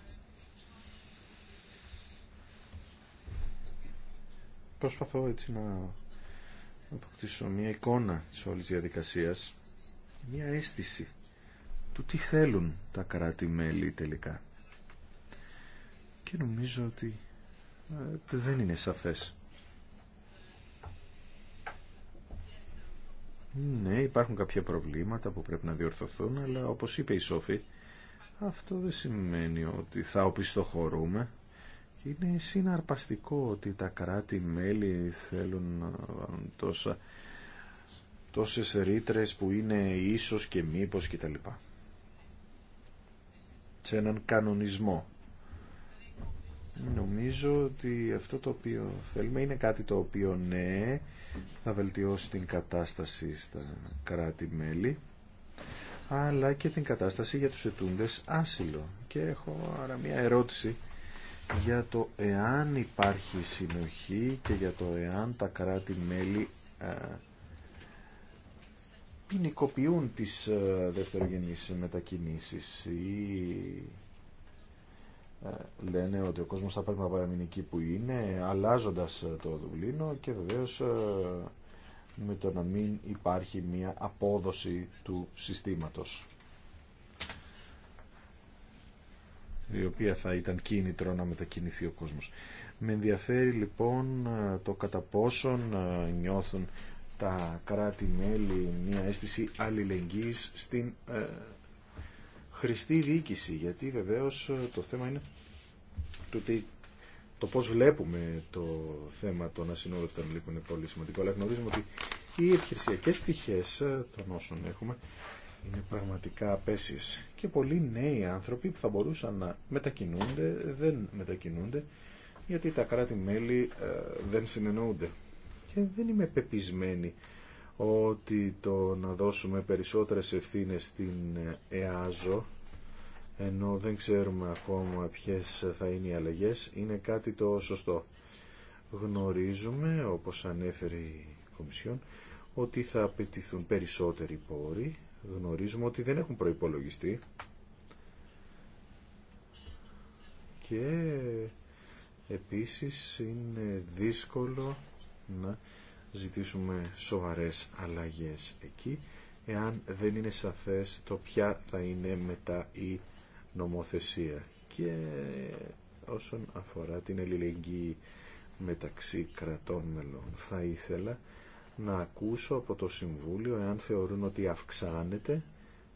Προσπαθώ έτσι να αποκτήσω μια εικόνα της όλης διαδικασίας, μια αίσθηση του τι θέλουν τα κράτη-μέλη τελικά. Και νομίζω ότι ε, δεν είναι σαφές. Ναι, υπάρχουν κάποια προβλήματα που πρέπει να διορθωθούν, αλλά όπως είπε η Σόφη, αυτό δεν σημαίνει ότι θα οπισθοχωρούμε. Είναι συναρπαστικό ότι τα κράτη-μέλη θέλουν να τόσα, τόσες ρήτρες που είναι ίσως και μήπως κτλ σε έναν κανονισμό. Νομίζω ότι αυτό το οποίο θέλουμε είναι κάτι το οποίο ναι θα βελτιώσει την κατάσταση στα κράτη-μέλη αλλά και την κατάσταση για τους ετούντες άσυλο. Και έχω άρα μια ερώτηση για το εάν υπάρχει συνοχή και για το εάν τα κράτη-μέλη ε, ποινικοποιούν τις ε, δευτερογενείς μετακινήσεις ή ε, λένε ότι ο κόσμος θα πρέπει να παραμείνει που είναι αλλάζοντας ε, το Δουβλίνο και βεβαίως με το να μην υπάρχει μια απόδοση του συστήματος η οποία θα ήταν κίνητρο να μετακινηθεί ο κόσμος. Με ενδιαφέρει λοιπόν το κατά πόσον νιώθουν τα κράτη-μέλη μια αίσθηση αλληλεγγύης στην ε, χρηστή διοίκηση. Γιατί βεβαίως ε, το θέμα είναι το, ότι, το πώς βλέπουμε το θέμα των ασυνόδευτων λύκων λοιπόν, είναι πολύ σημαντικό. Αλλά γνωρίζουμε ότι οι επιχειρησιακές πτυχές ε, των όσων έχουμε είναι πραγματικά απέσιες. Και πολλοί νέοι άνθρωποι που θα μπορούσαν να μετακινούνται δεν μετακινούνται γιατί τα κράτη-μέλη ε, δεν συνεννοούνται και δεν είμαι πεπισμένη ότι το να δώσουμε περισσότερες ευθύνες στην ΕΑΖΟ ενώ δεν ξέρουμε ακόμα ποιες θα είναι οι αλλαγές είναι κάτι το σωστό. Γνωρίζουμε, όπως ανέφερε η Κομισιόν, ότι θα απαιτηθούν περισσότεροι πόροι. Γνωρίζουμε ότι δεν έχουν προϋπολογιστεί και επίσης είναι δύσκολο να ζητήσουμε σοβαρές αλλαγές εκεί, εάν δεν είναι σαφές το ποια θα είναι μετά η νομοθεσία. Και όσον αφορά την ελληνική μεταξύ κρατών μελών, θα ήθελα να ακούσω από το Συμβούλιο εάν θεωρούν ότι αυξάνεται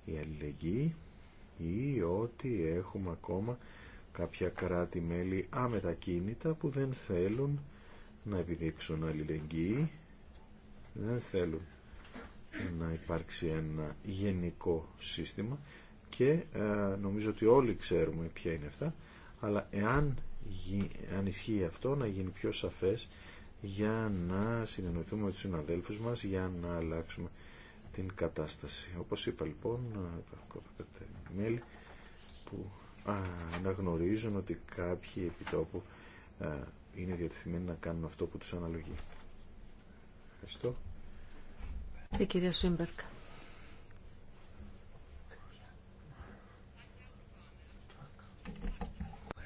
η αλληλεγγύη ή ότι έχουμε ακόμα κάποια κράτη-μέλη αμετακίνητα που δεν θέλουν να επιδείξουν αλληλεγγύη. Δεν θέλουν να υπάρξει ένα γενικό σύστημα και ε, νομίζω ότι όλοι ξέρουμε ποια είναι αυτά, αλλά εάν αν ισχύει αυτό να γίνει πιο σαφές για να συνεννοηθούμε με τους συναδέλφους μας για να αλλάξουμε την κατάσταση. Όπως είπα λοιπόν, ε, υπάρχουν μέλη που αναγνωρίζουν ότι κάποιοι επιτόπου ε, είναι διατεθειμένοι να κάνουν αυτό που τους αναλογεί. Ευχαριστώ. Η κυρία Σούιμπερκ.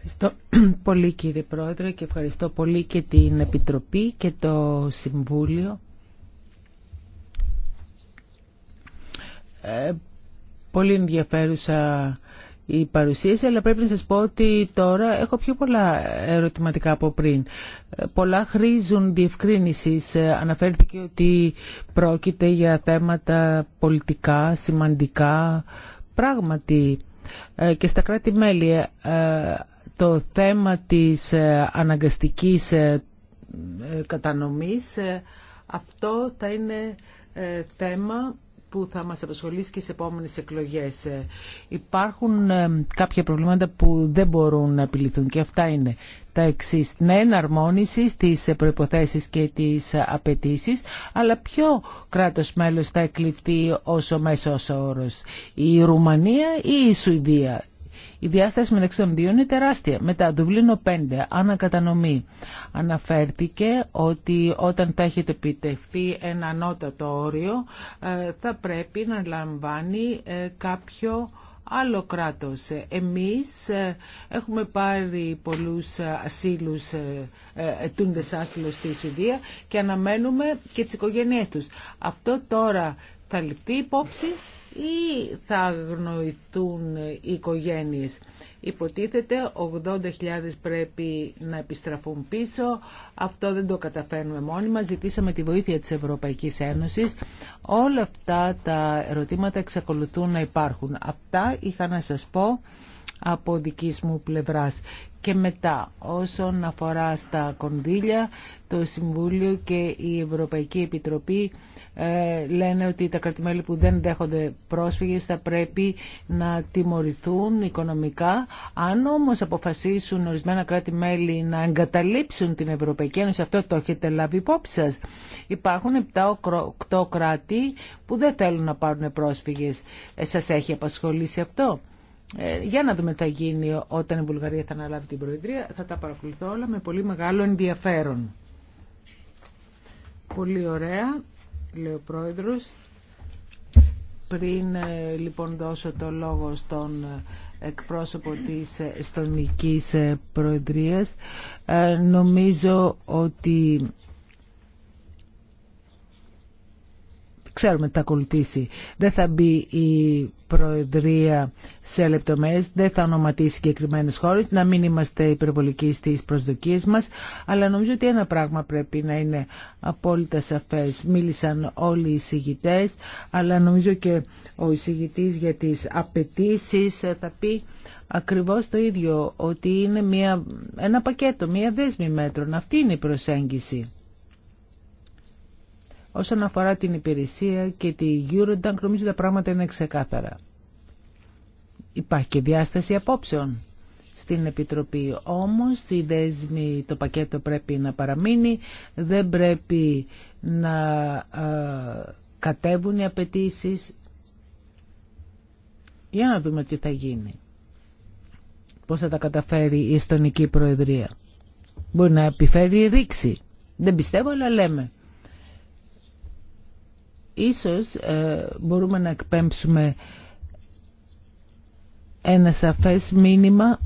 Ευχαριστώ πολύ κύριε Πρόεδρε και ευχαριστώ πολύ και την Επιτροπή και το Συμβούλιο. Ε, πολύ ενδιαφέρουσα η παρουσίαση, αλλά πρέπει να σας πω ότι τώρα έχω πιο πολλά ερωτηματικά από πριν. Πολλά χρήζουν διευκρίνησης. Αναφέρθηκε ότι πρόκειται για θέματα πολιτικά, σημαντικά, πράγματι ε, και στα κράτη-μέλη ε, το θέμα της ε, αναγκαστικής κατανομής αυτό θα είναι θέμα που θα μας απασχολήσει και σε επόμενες εκλογές. Ε, υπάρχουν ε, κάποια προβλήματα που δεν μπορούν να επιληθούν και αυτά είναι τα εξή. Ναι, εναρμόνιση στις προϋποθέσεις και τις απαιτήσει, αλλά ποιο κράτος μέλος θα εκλειφθεί όσο μέσο όρο. όρος, η Ρουμανία ή η Σουηδία. Η διάσταση μεταξύ των δύο είναι τεράστια. Μετά, Δουβλίνο 5, ανακατανομή. Αναφέρθηκε ότι όταν θα έχετε επιτευχθεί ένα ανώτατο όριο, ε, θα πρέπει να λαμβάνει ε, κάποιο άλλο κράτος. Εμείς ε, έχουμε πάρει πολλούς ασύλους, ετούντες άσυλος στη Σουδία, και αναμένουμε και τις οικογένειές τους. Αυτό τώρα θα ληφθεί υπόψη ή θα αγνοηθούν οι οικογένειες. Υποτίθεται 80.000 πρέπει να επιστραφούν πίσω. Αυτό δεν το καταφέρνουμε μόνοι μας. Ζητήσαμε τη βοήθεια της Ευρωπαϊκής Ένωσης. Όλα αυτά τα ερωτήματα εξακολουθούν να υπάρχουν. Αυτά είχα να σας πω από δικής μου πλευράς. Και μετά, όσον αφορά στα κονδύλια, το Συμβούλιο και η Ευρωπαϊκή Επιτροπή ε, λένε ότι τα κράτη-μέλη που δεν δέχονται πρόσφυγες θα πρέπει να τιμωρηθούν οικονομικά. Αν όμως αποφασίσουν ορισμένα κράτη-μέλη να εγκαταλείψουν την Ευρωπαϊκή Ένωση, αυτό το έχετε λάβει υπόψη σας. Υπάρχουν 7-8 κράτη που δεν θέλουν να πάρουν πρόσφυγες. Ε, σας έχει απασχολήσει αυτό. Ε, για να δούμε τι θα γίνει όταν η Βουλγαρία θα αναλάβει την Προεδρία. Θα τα παρακολουθώ όλα με πολύ μεγάλο ενδιαφέρον. Πολύ ωραία, λέει ο Πρόεδρος. Πριν ε, λοιπόν δώσω το λόγο στον ε, εκπρόσωπο της Εστονικής Προεδρίας, νομίζω ότι Ξέρουμε τι θα ακολουθήσει. Δεν θα μπει η Προεδρία σε λεπτομέρειες, δεν θα ονοματίσει συγκεκριμένες χώρες, να μην είμαστε υπερβολικοί στις προσδοκίες μας, αλλά νομίζω ότι ένα πράγμα πρέπει να είναι απόλυτα σαφές. Μίλησαν όλοι οι συγητές, αλλά νομίζω και ο εισηγητής για τις απαιτήσει θα πει ακριβώς το ίδιο, ότι είναι μια, ένα πακέτο, μια δέσμη μέτρων. Αυτή είναι η προσέγγιση. Όσον αφορά την υπηρεσία και τη Eurodank, νομίζω τα πράγματα είναι ξεκάθαρα. Υπάρχει και διάσταση απόψεων στην Επιτροπή. Όμως δέσμη, το πακέτο πρέπει να παραμείνει, δεν πρέπει να κατέβουν οι απαιτήσει. Για να δούμε τι θα γίνει. Πώς θα τα καταφέρει η Εστονική Προεδρία. Μπορεί να επιφέρει ρήξη. Δεν πιστεύω, αλλά λέμε. Ίσως ε, μπορούμε να εκπέμψουμε ένα σαφές μήνυμα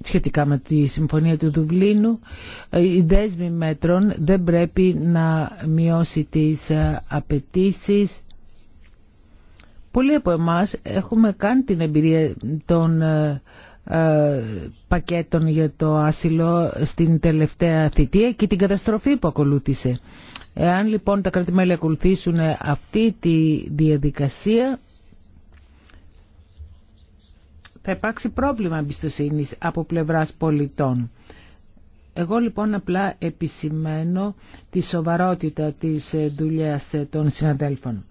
σχετικά με τη Συμφωνία του Δουβλίνου, ε, η δέσμη μέτρων δεν πρέπει να μειώσει τις ε, απαιτήσει. Πολλοί από εμάς έχουμε κάνει την εμπειρία των ε, πακέτων για το άσυλο στην τελευταία θητεία και την καταστροφή που ακολούθησε. Εάν λοιπόν τα κρατημέλη ακολουθήσουν αυτή τη διαδικασία θα υπάρξει πρόβλημα εμπιστοσύνη από πλευράς πολιτών. Εγώ λοιπόν απλά επισημαίνω τη σοβαρότητα της δουλειάς των συναδέλφων.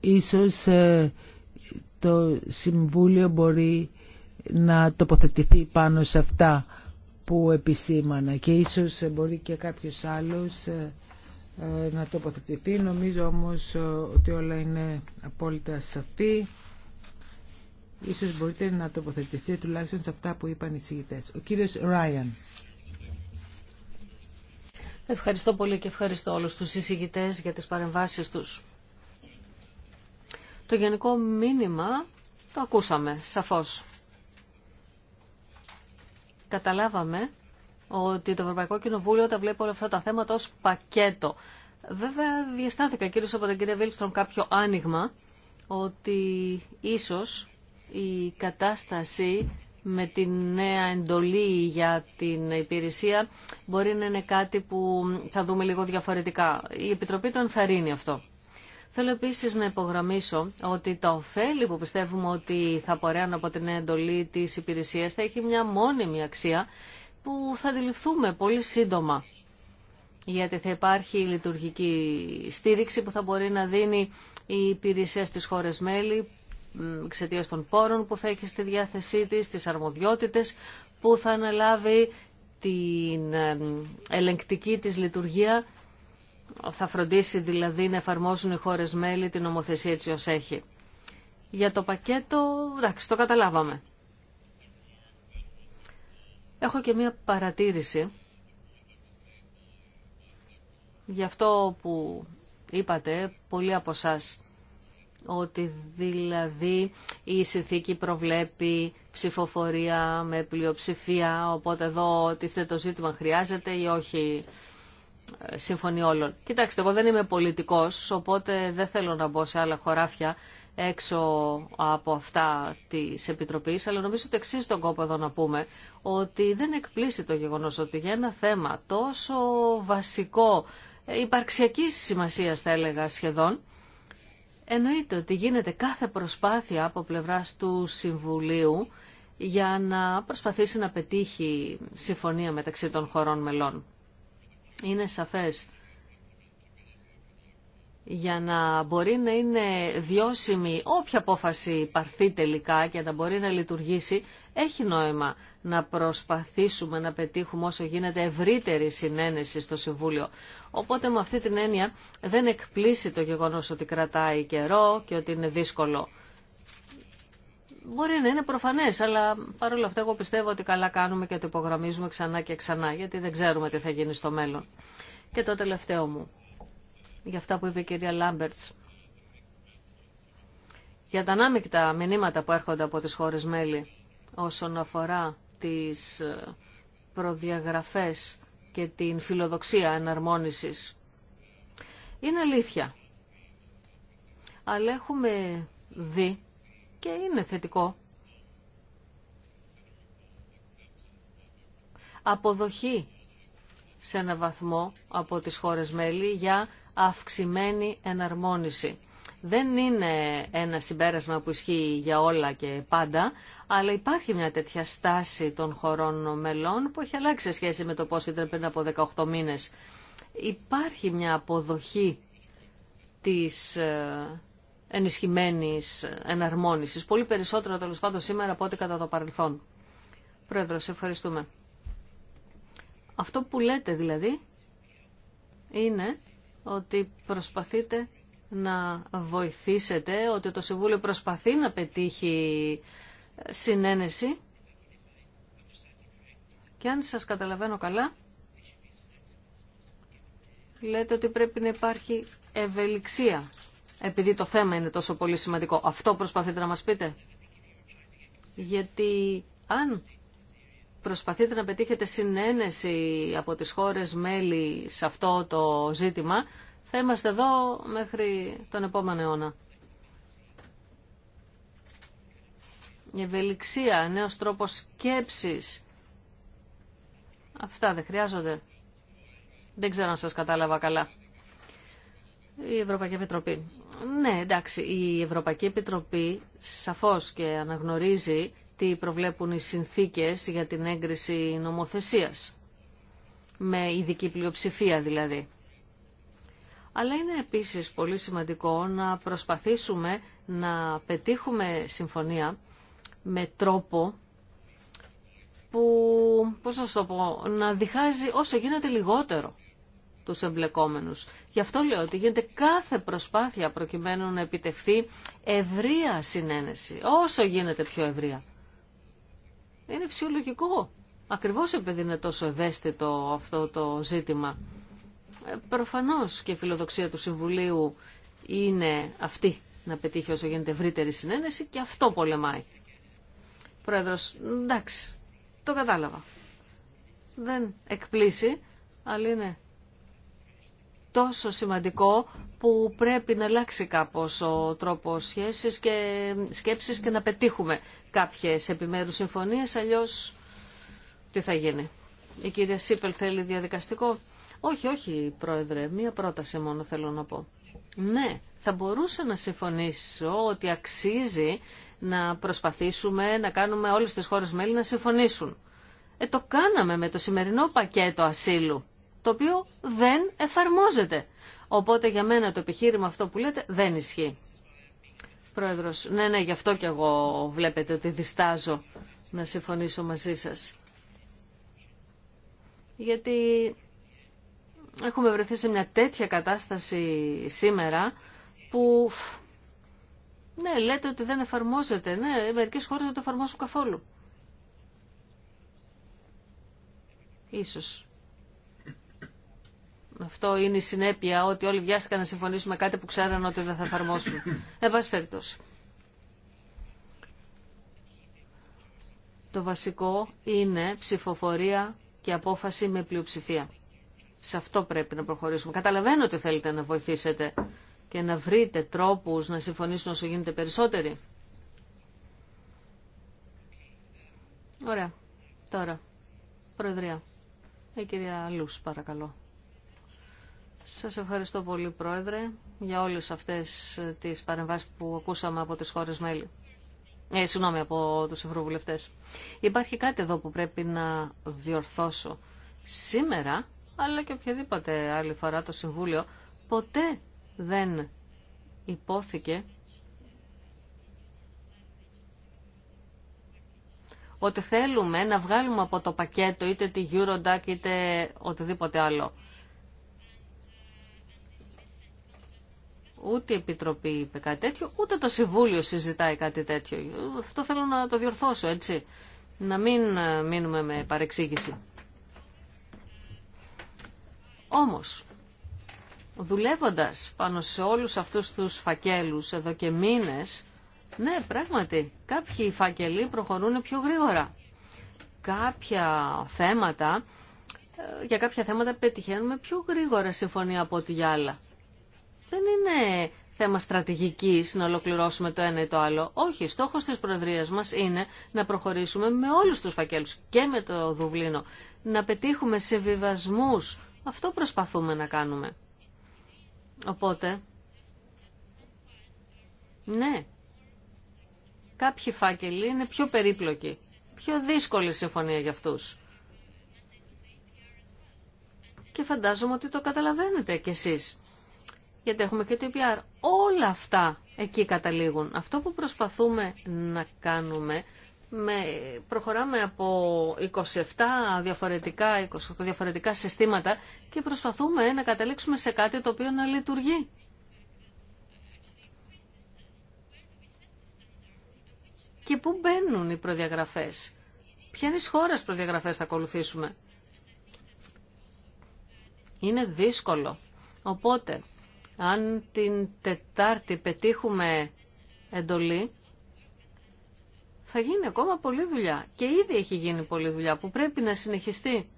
Ίσως ε, το Συμβούλιο μπορεί να τοποθετηθεί πάνω σε αυτά που επισήμανα και ίσως μπορεί και κάποιος άλλος ε, ε, να τοποθετηθεί. Νομίζω όμως ε, ότι όλα είναι απόλυτα σαφή. Ίσως μπορείτε να τοποθετηθεί τουλάχιστον σε αυτά που είπαν οι συγητές. Ο κύριος Ράιαν. Ευχαριστώ πολύ και ευχαριστώ όλους τους συζητητές για τις παρεμβάσεις τους. Το γενικό μήνυμα το ακούσαμε σαφώς. Καταλάβαμε ότι το Ευρωπαϊκό Κοινοβούλιο τα βλέπει όλα αυτά τα θέματα ως πακέτο. Βέβαια διαστάθηκα κύριος από τον κυρία Βίλστρομ κάποιο άνοιγμα ότι ίσως η κατάσταση με τη νέα εντολή για την υπηρεσία μπορεί να είναι κάτι που θα δούμε λίγο διαφορετικά. Η Επιτροπή το ενθαρρύνει αυτό. Θέλω επίση να υπογραμμίσω ότι το ωφέλη που πιστεύουμε ότι θα πορεύουν από την εντολή τη υπηρεσία θα έχει μια μόνιμη αξία που θα αντιληφθούμε πολύ σύντομα. Γιατί θα υπάρχει η λειτουργική στήριξη που θα μπορεί να δίνει η υπηρεσία στι χώρε μέλη εξαιτία των πόρων που θα έχει στη διάθεσή τη, τι αρμοδιότητες που θα αναλάβει την ε, ελεγκτική της λειτουργία θα φροντίσει δηλαδή να εφαρμόσουν οι χώρες μέλη την νομοθεσία έτσι ως έχει. Για το πακέτο, εντάξει, το καταλάβαμε. Έχω και μία παρατήρηση. για αυτό που είπατε πολλοί από εσά ότι δηλαδή η συνθήκη προβλέπει ψηφοφορία με πλειοψηφία, οπότε εδώ τίθεται το ζήτημα χρειάζεται ή όχι συμφωνεί όλων. Κοιτάξτε, εγώ δεν είμαι πολιτικός, οπότε δεν θέλω να μπω σε άλλα χωράφια έξω από αυτά της Επιτροπής, αλλά νομίζω ότι εξή τον κόπο εδώ να πούμε, ότι δεν εκπλήσει το γεγονός ότι για ένα θέμα τόσο βασικό, υπαρξιακή σημασία θα έλεγα σχεδόν, εννοείται ότι γίνεται κάθε προσπάθεια από πλευράς του Συμβουλίου για να προσπαθήσει να πετύχει συμφωνία μεταξύ των χωρών μελών είναι σαφές. Για να μπορεί να είναι βιώσιμη όποια απόφαση παρθεί τελικά και να μπορεί να λειτουργήσει, έχει νόημα να προσπαθήσουμε να πετύχουμε όσο γίνεται ευρύτερη συνένεση στο Συμβούλιο. Οπότε με αυτή την έννοια δεν εκπλήσει το γεγονός ότι κρατάει καιρό και ότι είναι δύσκολο. Μπορεί να είναι προφανές, αλλά παρόλα αυτά εγώ πιστεύω ότι καλά κάνουμε και το υπογραμμίζουμε ξανά και ξανά, γιατί δεν ξέρουμε τι θα γίνει στο μέλλον. Και το τελευταίο μου, για αυτά που είπε η κυρία Λάμπερτ. για τα ανάμεικτα μηνύματα που έρχονται από τις χώρες μέλη όσον αφορά τις ε, προδιαγραφές και την φιλοδοξία εναρμόνισης. Είναι αλήθεια. Αλλά έχουμε δει και είναι θετικό. Αποδοχή σε ένα βαθμό από τις χώρες μέλη για αυξημένη εναρμόνιση. Δεν είναι ένα συμπέρασμα που ισχύει για όλα και πάντα, αλλά υπάρχει μια τέτοια στάση των χωρών μελών που έχει αλλάξει σε σχέση με το πώς ήταν πριν από 18 μήνες. Υπάρχει μια αποδοχή της ε, Ενισχυμένη εναρμόνισης. Πολύ περισσότερο τέλο πάντων σήμερα από ό,τι κατά το παρελθόν. σε ευχαριστούμε. Αυτό που λέτε δηλαδή είναι ότι προσπαθείτε να βοηθήσετε, ότι το Συμβούλιο προσπαθεί να πετύχει ε, συνένεση. Και αν σας καταλαβαίνω καλά, λέτε ότι πρέπει να υπάρχει ευελιξία επειδή το θέμα είναι τόσο πολύ σημαντικό. Αυτό προσπαθείτε να μας πείτε. Γιατί αν προσπαθείτε να πετύχετε συνένεση από τις χώρες μέλη σε αυτό το ζήτημα, θα είμαστε εδώ μέχρι τον επόμενο αιώνα. Η ευελιξία, νέος τρόπος σκέψης. Αυτά δεν χρειάζονται. Δεν ξέρω αν σας κατάλαβα καλά η Ευρωπαϊκή Επιτροπή. Ναι, εντάξει, η Ευρωπαϊκή Επιτροπή σαφώς και αναγνωρίζει τι προβλέπουν οι συνθήκες για την έγκριση νομοθεσίας. Με ειδική πλειοψηφία δηλαδή. Αλλά είναι επίσης πολύ σημαντικό να προσπαθήσουμε να πετύχουμε συμφωνία με τρόπο που, πώς να το πω, να διχάζει όσο γίνεται λιγότερο τους εμπλεκόμενους. Γι' αυτό λέω ότι γίνεται κάθε προσπάθεια προκειμένου να επιτευχθεί ευρεία συνένεση, όσο γίνεται πιο ευρεία. Είναι φυσιολογικό. Ακριβώς επειδή είναι τόσο ευαίσθητο αυτό το ζήτημα. Ε, προφανώς και η φιλοδοξία του Συμβουλίου είναι αυτή να πετύχει όσο γίνεται ευρύτερη συνένεση και αυτό πολεμάει. Πρόεδρος, εντάξει, το κατάλαβα. Δεν εκπλήσει, αλλά είναι τόσο σημαντικό που πρέπει να αλλάξει κάπως ο τρόπος σχέσης και σκέψης και να πετύχουμε κάποιες επιμέρους συμφωνίες, αλλιώς τι θα γίνει. Η κυρία Σίπελ θέλει διαδικαστικό. Όχι, όχι, πρόεδρε, μία πρόταση μόνο θέλω να πω. Ναι, θα μπορούσα να συμφωνήσω ότι αξίζει να προσπαθήσουμε να κάνουμε όλες τις χώρες μέλη να συμφωνήσουν. Ε, το κάναμε με το σημερινό πακέτο ασύλου το οποίο δεν εφαρμόζεται. Οπότε για μένα το επιχείρημα αυτό που λέτε δεν ισχύει. Πρόεδρος, ναι, ναι, γι' αυτό κι εγώ βλέπετε ότι διστάζω να συμφωνήσω μαζί σας. Γιατί έχουμε βρεθεί σε μια τέτοια κατάσταση σήμερα που... Ναι, λέτε ότι δεν εφαρμόζεται. Ναι, μερικές χώρες δεν το εφαρμόσουν καθόλου. Ίσως αυτό είναι η συνέπεια ότι όλοι βιάστηκαν να συμφωνήσουμε κάτι που ξέραν ότι δεν θα εφαρμόσουν. Εν πάση Το βασικό είναι ψηφοφορία και απόφαση με πλειοψηφία. Σε αυτό πρέπει να προχωρήσουμε. Καταλαβαίνω ότι θέλετε να βοηθήσετε και να βρείτε τρόπους να συμφωνήσουν όσο γίνεται περισσότεροι. Ωραία. Τώρα. Προεδρία. Η κυρία Λούς, παρακαλώ. Σας ευχαριστώ πολύ Πρόεδρε για όλες αυτές τις παρεμβάσεις που ακούσαμε από τις χώρες μέλη. Ε, συγγνώμη, από τους ευρωβουλευτές. Υπάρχει κάτι εδώ που πρέπει να διορθώσω. Σήμερα, αλλά και οποιαδήποτε άλλη φορά το Συμβούλιο, ποτέ δεν υπόθηκε ότι θέλουμε να βγάλουμε από το πακέτο είτε τη Eurodac είτε οτιδήποτε άλλο Ούτε η Επιτροπή είπε κάτι τέτοιο, ούτε το Συμβούλιο συζητάει κάτι τέτοιο. Αυτό θέλω να το διορθώσω, έτσι. Να μην ε, μείνουμε με παρεξήγηση. Όμως, δουλεύοντας πάνω σε όλους αυτούς τους φακέλους εδώ και μήνες, ναι, πράγματι, κάποιοι φακελοί προχωρούν πιο γρήγορα. Κάποια θέματα, ε, για κάποια θέματα πετυχαίνουμε πιο γρήγορα συμφωνία από ό,τι για άλλα δεν είναι θέμα στρατηγικής να ολοκληρώσουμε το ένα ή το άλλο. Όχι, στόχος της προεδρία μας είναι να προχωρήσουμε με όλους τους φακέλους και με το Δουβλίνο, να πετύχουμε σε βιβασμούς. Αυτό προσπαθούμε να κάνουμε. Οπότε, ναι, κάποιοι φάκελοι είναι πιο περίπλοκοι, πιο δύσκολη συμφωνία για αυτούς. Και φαντάζομαι ότι το καταλαβαίνετε κι εσείς γιατί έχουμε και το EPR. Όλα αυτά εκεί καταλήγουν. Αυτό που προσπαθούμε να κάνουμε, με, προχωράμε από 27 διαφορετικά, 28 διαφορετικά συστήματα και προσπαθούμε να καταλήξουμε σε κάτι το οποίο να λειτουργεί. Και πού μπαίνουν οι προδιαγραφές. Ποια είναι προδιαγραφές θα ακολουθήσουμε. Είναι δύσκολο. Οπότε αν την Τετάρτη πετύχουμε εντολή, θα γίνει ακόμα πολλή δουλειά. Και ήδη έχει γίνει πολλή δουλειά που πρέπει να συνεχιστεί.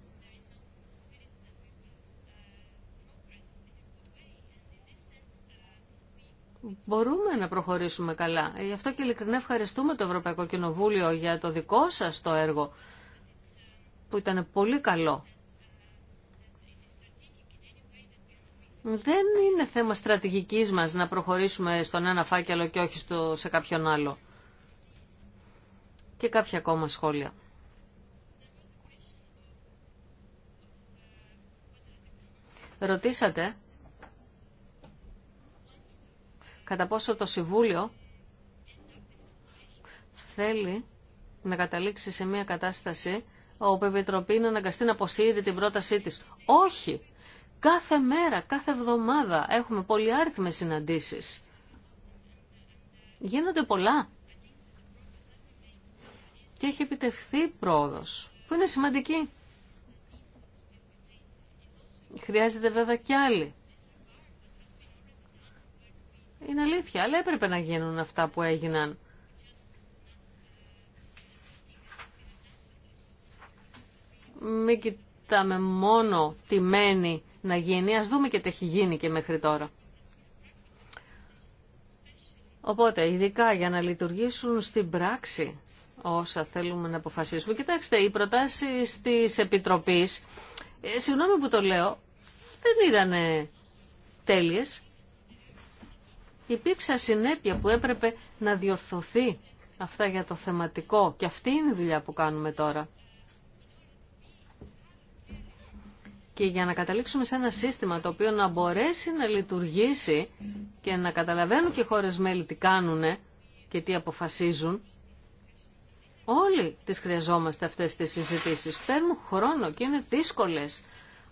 μπορούμε να προχωρήσουμε καλά. Γι' αυτό και ειλικρινά ευχαριστούμε το Ευρωπαϊκό Κοινοβούλιο για το δικό σας το έργο που ήταν πολύ καλό Δεν είναι θέμα στρατηγικής μας να προχωρήσουμε στον ένα φάκελο και όχι στο, σε κάποιον άλλο. Και κάποια ακόμα σχόλια. Ρωτήσατε κατά πόσο το Συμβούλιο θέλει να καταλήξει σε μια κατάσταση όπου η Επιτροπή να αναγκαστή να αποσύρει την πρότασή της. Όχι! Κάθε μέρα, κάθε εβδομάδα έχουμε πολυάριθμες συναντήσεις. Γίνονται πολλά. Και έχει επιτευχθεί πρόοδος, που είναι σημαντική. Χρειάζεται βέβαια κι άλλη. Είναι αλήθεια, αλλά έπρεπε να γίνουν αυτά που έγιναν. Μην κοιτάμε μόνο τι μένει να γίνει. Ας δούμε και τι έχει γίνει και μέχρι τώρα. Οπότε, ειδικά για να λειτουργήσουν στην πράξη όσα θέλουμε να αποφασίσουμε. Κοιτάξτε, οι προτάσεις της Επιτροπής, ε, συγγνώμη που το λέω, δεν ήταν ε, τέλειες. Υπήρξε συνέπεια που έπρεπε να διορθωθεί αυτά για το θεματικό και αυτή είναι η δουλειά που κάνουμε τώρα. Και για να καταλήξουμε σε ένα σύστημα το οποίο να μπορέσει να λειτουργήσει και να καταλαβαίνουν και οι χώρες μέλη τι κάνουν και τι αποφασίζουν, όλοι τις χρειαζόμαστε αυτές τις συζητήσεις. Παίρνουν χρόνο και είναι δύσκολες,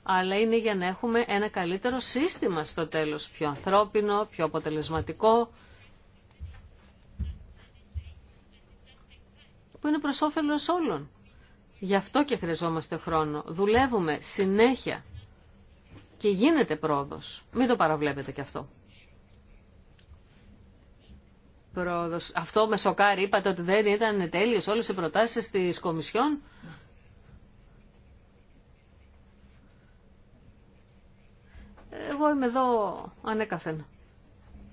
αλλά είναι για να έχουμε ένα καλύτερο σύστημα στο τέλος, πιο ανθρώπινο, πιο αποτελεσματικό, που είναι προς όφελος όλων. Γι' αυτό και χρειαζόμαστε χρόνο. Δουλεύουμε συνέχεια και γίνεται πρόοδος. Μην το παραβλέπετε κι αυτό. Πρόοδος. Αυτό με σοκάρει, είπατε ότι δεν ήταν τέλειος όλες οι προτάσεις της Κομισιόν. Εγώ είμαι εδώ ανέκαθεν.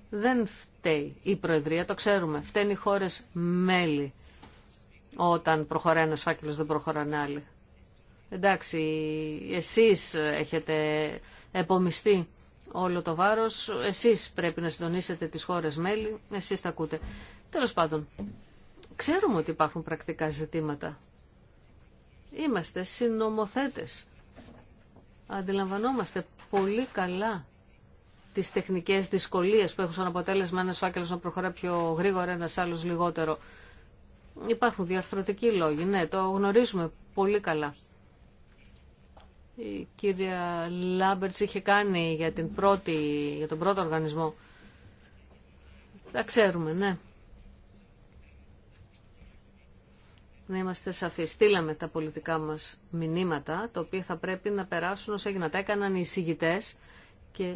Δεν φταίει η Προεδρία, το ξέρουμε. Φταίνει οι χώρες μέλη όταν προχωράει ένας φάκελος δεν προχωράνε άλλοι. Εντάξει, εσείς έχετε επομιστεί όλο το βάρος, εσείς πρέπει να συντονίσετε τις χώρες μέλη, εσείς τα ακούτε. Τέλος πάντων, ξέρουμε ότι υπάρχουν πρακτικά ζητήματα. Είμαστε συνομοθέτες. Αντιλαμβανόμαστε πολύ καλά τις τεχνικές δυσκολίες που έχουν σαν αποτέλεσμα ένας φάκελος να προχωρά πιο γρήγορα, ένας άλλος λιγότερο. Υπάρχουν διαρθρωτικοί λόγοι, ναι, το γνωρίζουμε πολύ καλά. Η κυρία Λάμπερτς είχε κάνει για, την πρώτη, για τον πρώτο οργανισμό. Τα ξέρουμε, ναι. Να είμαστε σαφείς. Στείλαμε τα πολιτικά μας μηνύματα, τα οποία θα πρέπει να περάσουν όσο έγιναν. Τα έκαναν οι εισηγητέ και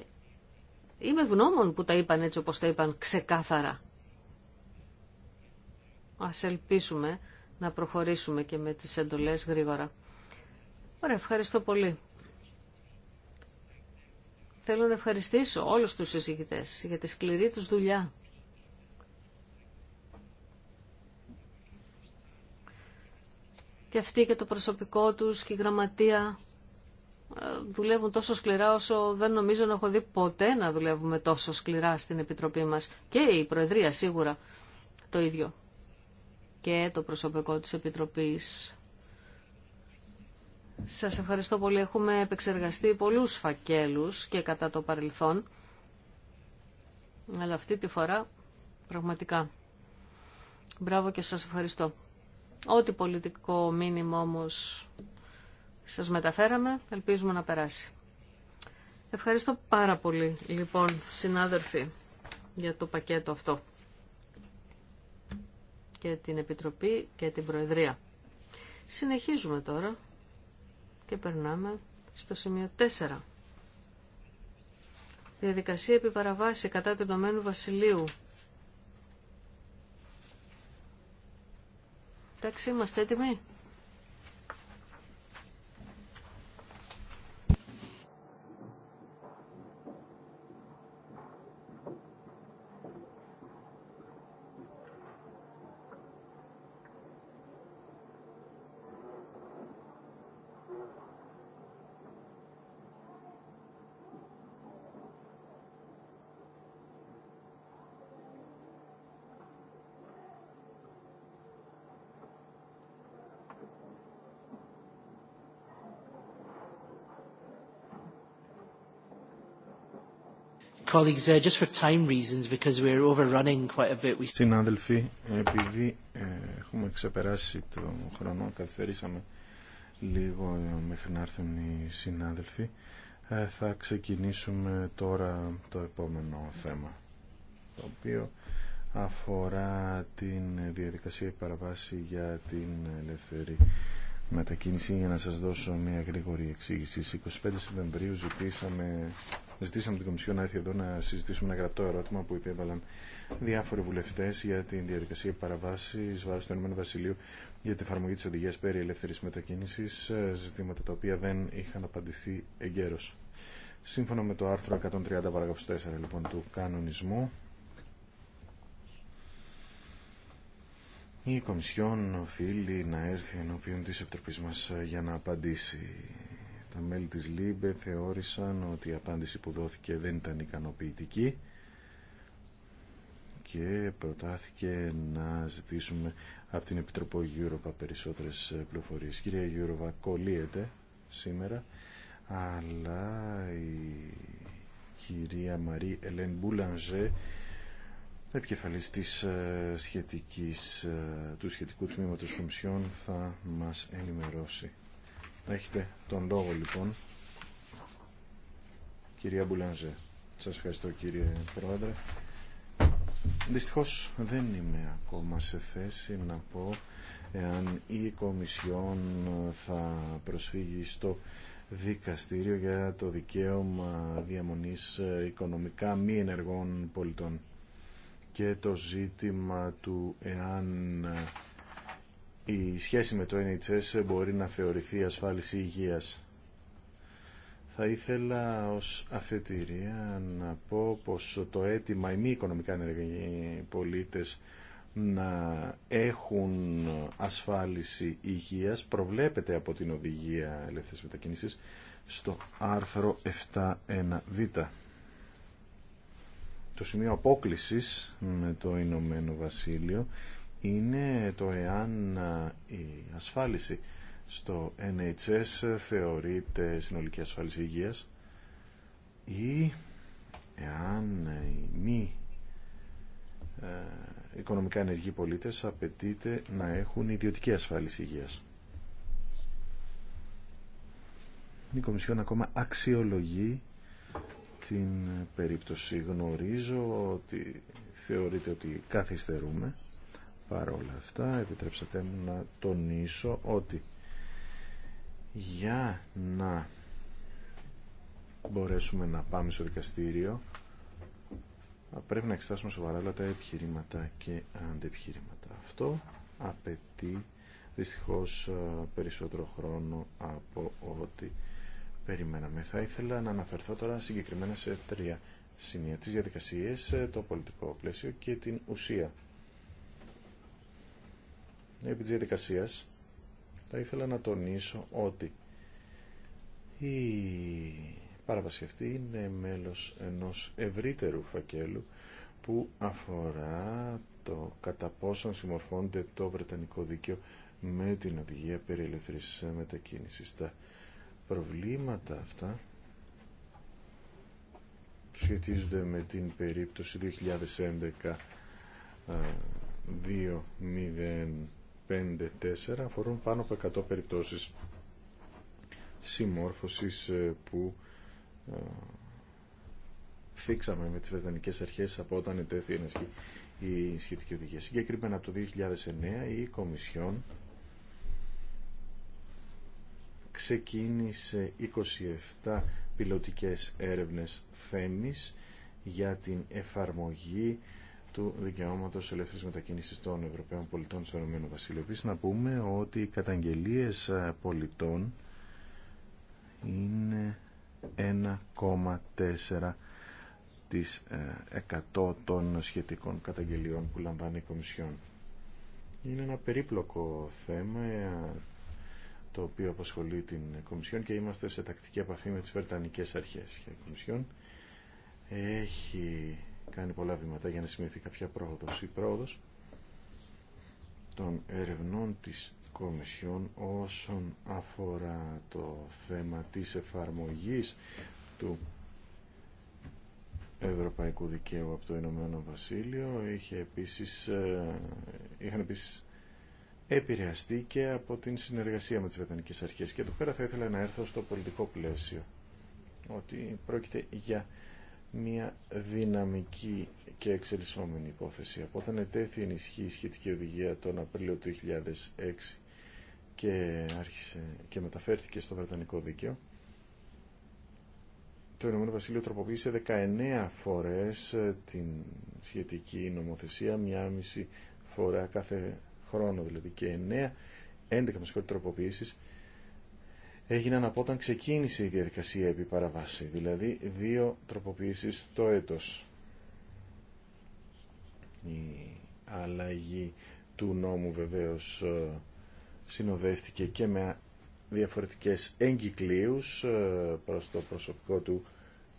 είμαι γνώμων που τα είπαν έτσι όπως τα είπαν ξεκάθαρα. Ας ελπίσουμε να προχωρήσουμε και με τις εντολές γρήγορα. Ωραία, ευχαριστώ πολύ. Θέλω να ευχαριστήσω όλους τους συζητητές για τη σκληρή τους δουλειά. Και αυτοί και το προσωπικό τους και η γραμματεία ε, δουλεύουν τόσο σκληρά όσο δεν νομίζω να έχω δει ποτέ να δουλεύουμε τόσο σκληρά στην Επιτροπή μας. Και η Προεδρία σίγουρα το ίδιο και το προσωπικό της Επιτροπής. Σας ευχαριστώ πολύ. Έχουμε επεξεργαστεί πολλούς φακέλους και κατά το παρελθόν. Αλλά αυτή τη φορά πραγματικά. Μπράβο και σας ευχαριστώ. Ό,τι πολιτικό μήνυμα όμως σας μεταφέραμε, ελπίζουμε να περάσει. Ευχαριστώ πάρα πολύ λοιπόν συνάδελφοι για το πακέτο αυτό και την Επιτροπή και την Προεδρία. Συνεχίζουμε τώρα και περνάμε στο σημείο 4. Διαδικασία επιπαραβάση κατά του Ηνωμένου Βασιλείου. Εντάξει, είμαστε έτοιμοι. Συνάδελφοι, επειδή ε, έχουμε ξεπεράσει το χρόνο, καθυστερήσαμε λίγο ε, μέχρι να έρθουν οι συνάδελφοι, ε, θα ξεκινήσουμε τώρα το επόμενο θέμα, το οποίο αφορά την διαδικασία παραβάση για την ελευθερή μετακίνηση. Για να σας δώσω μια γρήγορη εξήγηση. Στις 25 Σεπτεμβρίου ζητήσαμε Ζητήσαμε την Κομισιόν να έρθει εδώ να συζητήσουμε ένα γραπτό ερώτημα που υπέβαλαν διάφοροι βουλευτέ για την διαδικασία παραβάση βάρου του ΕΒ Βασιλείου για την εφαρμογή τη οδηγία περί ελεύθερη μετακίνηση, ε, ζητήματα τα οποία δεν είχαν απαντηθεί εγκαίρω. Σύμφωνα με το άρθρο 130 παραγραφος 4 λοιπόν του κανονισμού, η Κομισιόν οφείλει να έρθει ενώπιον της Επιτροπής μας ε, για να απαντήσει. Τα μέλη της ΛΥΜΠΕ θεώρησαν ότι η απάντηση που δόθηκε δεν ήταν ικανοποιητική και προτάθηκε να ζητήσουμε από την Επιτροπό Γιούροβα περισσότερες πληροφορίες. κυρία Γιούροβα κολλείεται σήμερα, αλλά η κυρία Μαρή Ελέν Μπούλανζε επικεφαλής της ε, σχετικής, ε, του σχετικού τμήματος Κομισιών, θα μας ενημερώσει. Έχετε τον λόγο λοιπόν. Κυρία Μπουλάνζε, σας ευχαριστώ κύριε Πρόεδρε. Δυστυχώς δεν είμαι ακόμα σε θέση να πω εάν η Κομισιόν θα προσφύγει στο δικαστήριο για το δικαίωμα διαμονής οικονομικά μη ενεργών πολιτών και το ζήτημα του εάν η σχέση με το NHS μπορεί να θεωρηθεί ασφάλιση υγείας. Θα ήθελα ως αφετηρία να πω πως το αίτημα οι μη οικονομικά ενεργοί πολίτες να έχουν ασφάλιση υγείας προβλέπεται από την Οδηγία Ελεύθερης Μετακίνησης στο αρθρο 7.1.Β. Το σημείο απόκλησης με το Ηνωμένο Βασίλειο είναι το εάν η ασφάλιση στο NHS θεωρείται συνολική ασφάλιση υγείας ή εάν οι μη οικονομικά ενεργοί πολίτες απαιτείται να έχουν ιδιωτική ασφάλιση υγείας. Η Κομισιόν ακόμα αξιολογεί την περίπτωση. Γνωρίζω ότι θεωρείται ότι καθυστερούμε Παρ' όλα αυτά επιτρέψατε μου να τονίσω ότι για να μπορέσουμε να πάμε στο δικαστήριο πρέπει να εξετάσουμε σοβαρά τα επιχειρήματα και αντεπιχειρήματα. Αυτό απαιτεί δυστυχώς ε, περισσότερο χρόνο από ό,τι περιμέναμε. Θα ήθελα να αναφερθώ τώρα συγκεκριμένα σε τρία σημεία. Τις διαδικασίες, ε, το πολιτικό πλαίσιο και την ουσία επί της διαδικασίας θα ήθελα να τονίσω ότι η παράβαση αυτή είναι μέλος ενός ευρύτερου φακέλου που αφορά το κατά πόσον συμμορφώνεται το Βρετανικό Δίκαιο με την οδηγία περί ελευθερής μετακίνησης. Τα προβλήματα αυτά σχετίζονται με την περίπτωση 2011 2.0 αφορούν πάνω από 100 περιπτώσεις συμμόρφωσης ε, που ε, θίξαμε με τις Βρετανικές Αρχές από όταν ετέθη η σχετική οδηγία. Συγκεκριμένα από το 2009 η Κομισιόν ξεκίνησε 27 πιλωτικές έρευνες θέμης για την εφαρμογή του δικαιώματος ελεύθερη μετακίνηση των Ευρωπαίων πολιτών στο Ηνωμένο Βασίλειο. να πούμε ότι οι καταγγελίες ε, πολιτών είναι 1,4 ε, των σχετικών καταγγελιών που λαμβάνει η Κομισιόν. Είναι ένα περίπλοκο θέμα ε, το οποίο απασχολεί την Κομισιόν και είμαστε σε τακτική επαφή με τις Βρετανικές Αρχές. Η Κομισιόν έχει κάνει πολλά βήματα για να σημειωθεί κάποια πρόοδος. Η πρόοδος των ερευνών της Κομισιόν όσον αφορά το θέμα της εφαρμογής του Ευρωπαϊκού Δικαίου από το Ηνωμένο Βασίλειο είχε επίσης, ε, είχαν επίσης επηρεαστεί και από την συνεργασία με τις Βρετανικές Αρχές. Και εδώ πέρα θα ήθελα να έρθω στο πολιτικό πλαίσιο, ότι πρόκειται για μια δυναμική και εξελισσόμενη υπόθεση. Από όταν ετέθη ενισχύ η σχετική οδηγία τον Απρίλιο του 2006 και, άρχισε, και μεταφέρθηκε στο Βρετανικό Δίκαιο, το Ηνωμένο Βασίλειο τροποποίησε 19 φορές ε, την σχετική νομοθεσία, μία μισή φορά κάθε χρόνο δηλαδή και 9, 11 με τροποποίησης έγιναν από όταν ξεκίνησε η διαδικασία επί παραβάση, δηλαδή δύο τροποποιήσεις το έτος. Η αλλαγή του νόμου βεβαίως ε, συνοδεύτηκε και με διαφορετικές εγκυκλίους ε, προς το προσωπικό του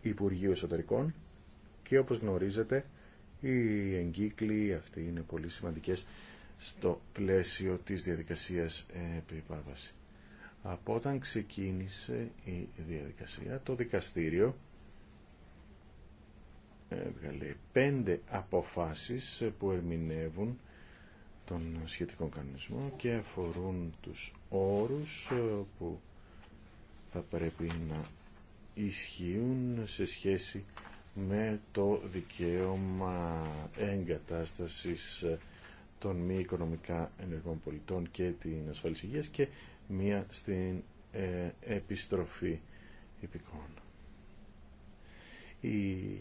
Υπουργείου Εσωτερικών και όπως γνωρίζετε οι εγκύκλοι αυτοί είναι πολύ σημαντικές στο πλαίσιο της διαδικασίας επί παραβάση. Από όταν ξεκίνησε η διαδικασία, το δικαστήριο έβγαλε πέντε αποφάσεις που ερμηνεύουν τον σχετικό κανονισμό και αφορούν τους όρους που θα πρέπει να ισχύουν σε σχέση με το δικαίωμα εγκατάστασης των μη οικονομικά ενεργών πολιτών και την ασφαλής υγείας και μία στην ε, επιστροφή υπηκών. Οι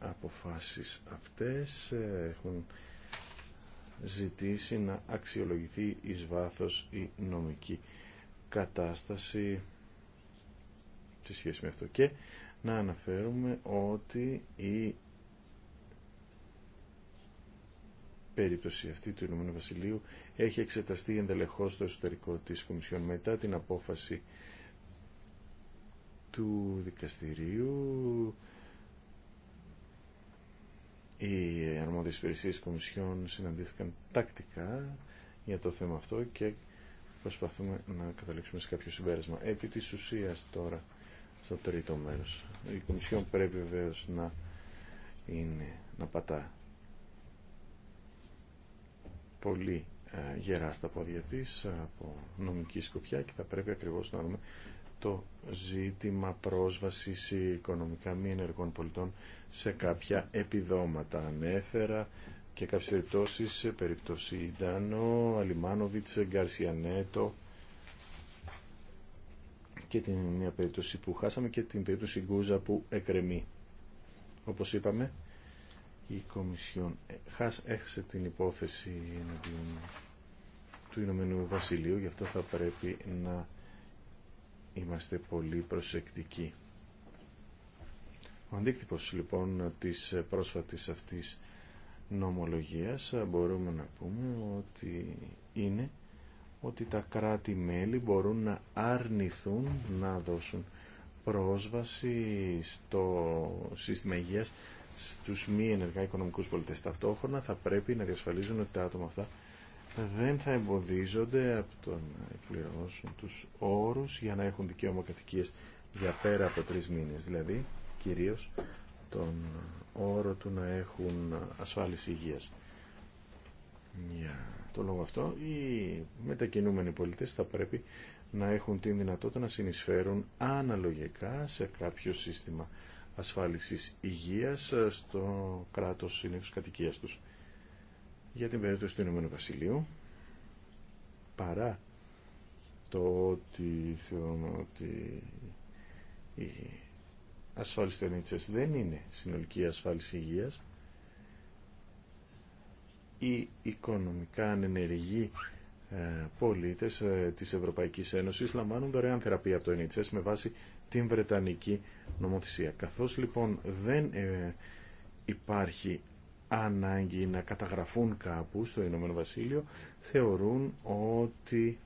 αποφάσεις αυτές ε, έχουν ζητήσει να αξιολογηθεί εις βάθος η νομική κατάσταση σε σχέση με αυτό και να αναφέρουμε ότι η περίπτωση αυτή του Ηνωμένου Βασιλείου έχει εξεταστεί εντελεχώς στο εσωτερικό της Κομισιόν μετά την απόφαση του δικαστηρίου οι αρμόδιες υπηρεσίες Κομισιόν συναντήθηκαν τακτικά για το θέμα αυτό και προσπαθούμε να καταλήξουμε σε κάποιο συμπέρασμα. Επί τη ουσίας τώρα στο τρίτο μέρο. Η Κομισιόν πρέπει βεβαίω να, είναι, να πατά πολύ γερά στα πόδια της από νομική σκοπιά και θα πρέπει ακριβώς να δούμε το ζήτημα πρόσβασης οικονομικά μη ενεργών πολιτών σε κάποια επιδόματα. Ανέφερα και κάποιες περιπτώσει σε περίπτωση Ιντάνο, Αλιμάνοβιτς, Γκαρσιανέτο και την μια περίπτωση που χάσαμε και την περίπτωση Γκούζα που εκρεμεί. Όπως είπαμε, η Κομισιόν έχασε την υπόθεση του Ηνωμένου Βασιλείου, γι' αυτό θα πρέπει να είμαστε πολύ προσεκτικοί. Ο αντίκτυπος λοιπόν της πρόσφατης αυτής νομολογίας μπορούμε να πούμε ότι είναι ότι τα κράτη-μέλη μπορούν να αρνηθούν να δώσουν πρόσβαση στο σύστημα υγείας στους μη ενεργά οικονομικού πολιτές. Ταυτόχρονα θα πρέπει να διασφαλίζουν ότι τα άτομα αυτά δεν θα εμποδίζονται από το να εκπληρώσουν τους όρους για να έχουν δικαίωμα κατοικίε για πέρα από τρει μήνες. Δηλαδή, κυρίως τον όρο του να έχουν ασφάλιση υγείας. Για το λόγο αυτό, οι μετακινούμενοι πολιτέ θα πρέπει να έχουν την δυνατότητα να συνεισφέρουν αναλογικά σε κάποιο σύστημα ασφάλισης υγείας ε, στο κράτος συνήθως κατοικία τους. Για την περίπτωση του Ηνωμένου Βασιλείου, παρά το ότι θεωρούμε ότι η ασφάλιση του NHS δεν είναι συνολική ασφάλιση υγείας, οι οικονομικά ανενεργοί ε, πολίτες ε, της Ευρωπαϊκής Ένωσης λαμβάνουν δωρεάν θεραπεία από το NHS με βάση την Βρετανική νομοθεσία. Καθώς λοιπόν δεν ε, υπάρχει ανάγκη να καταγραφούν κάπου στο Ηνωμένο Βασίλειο, θεωρούν ότι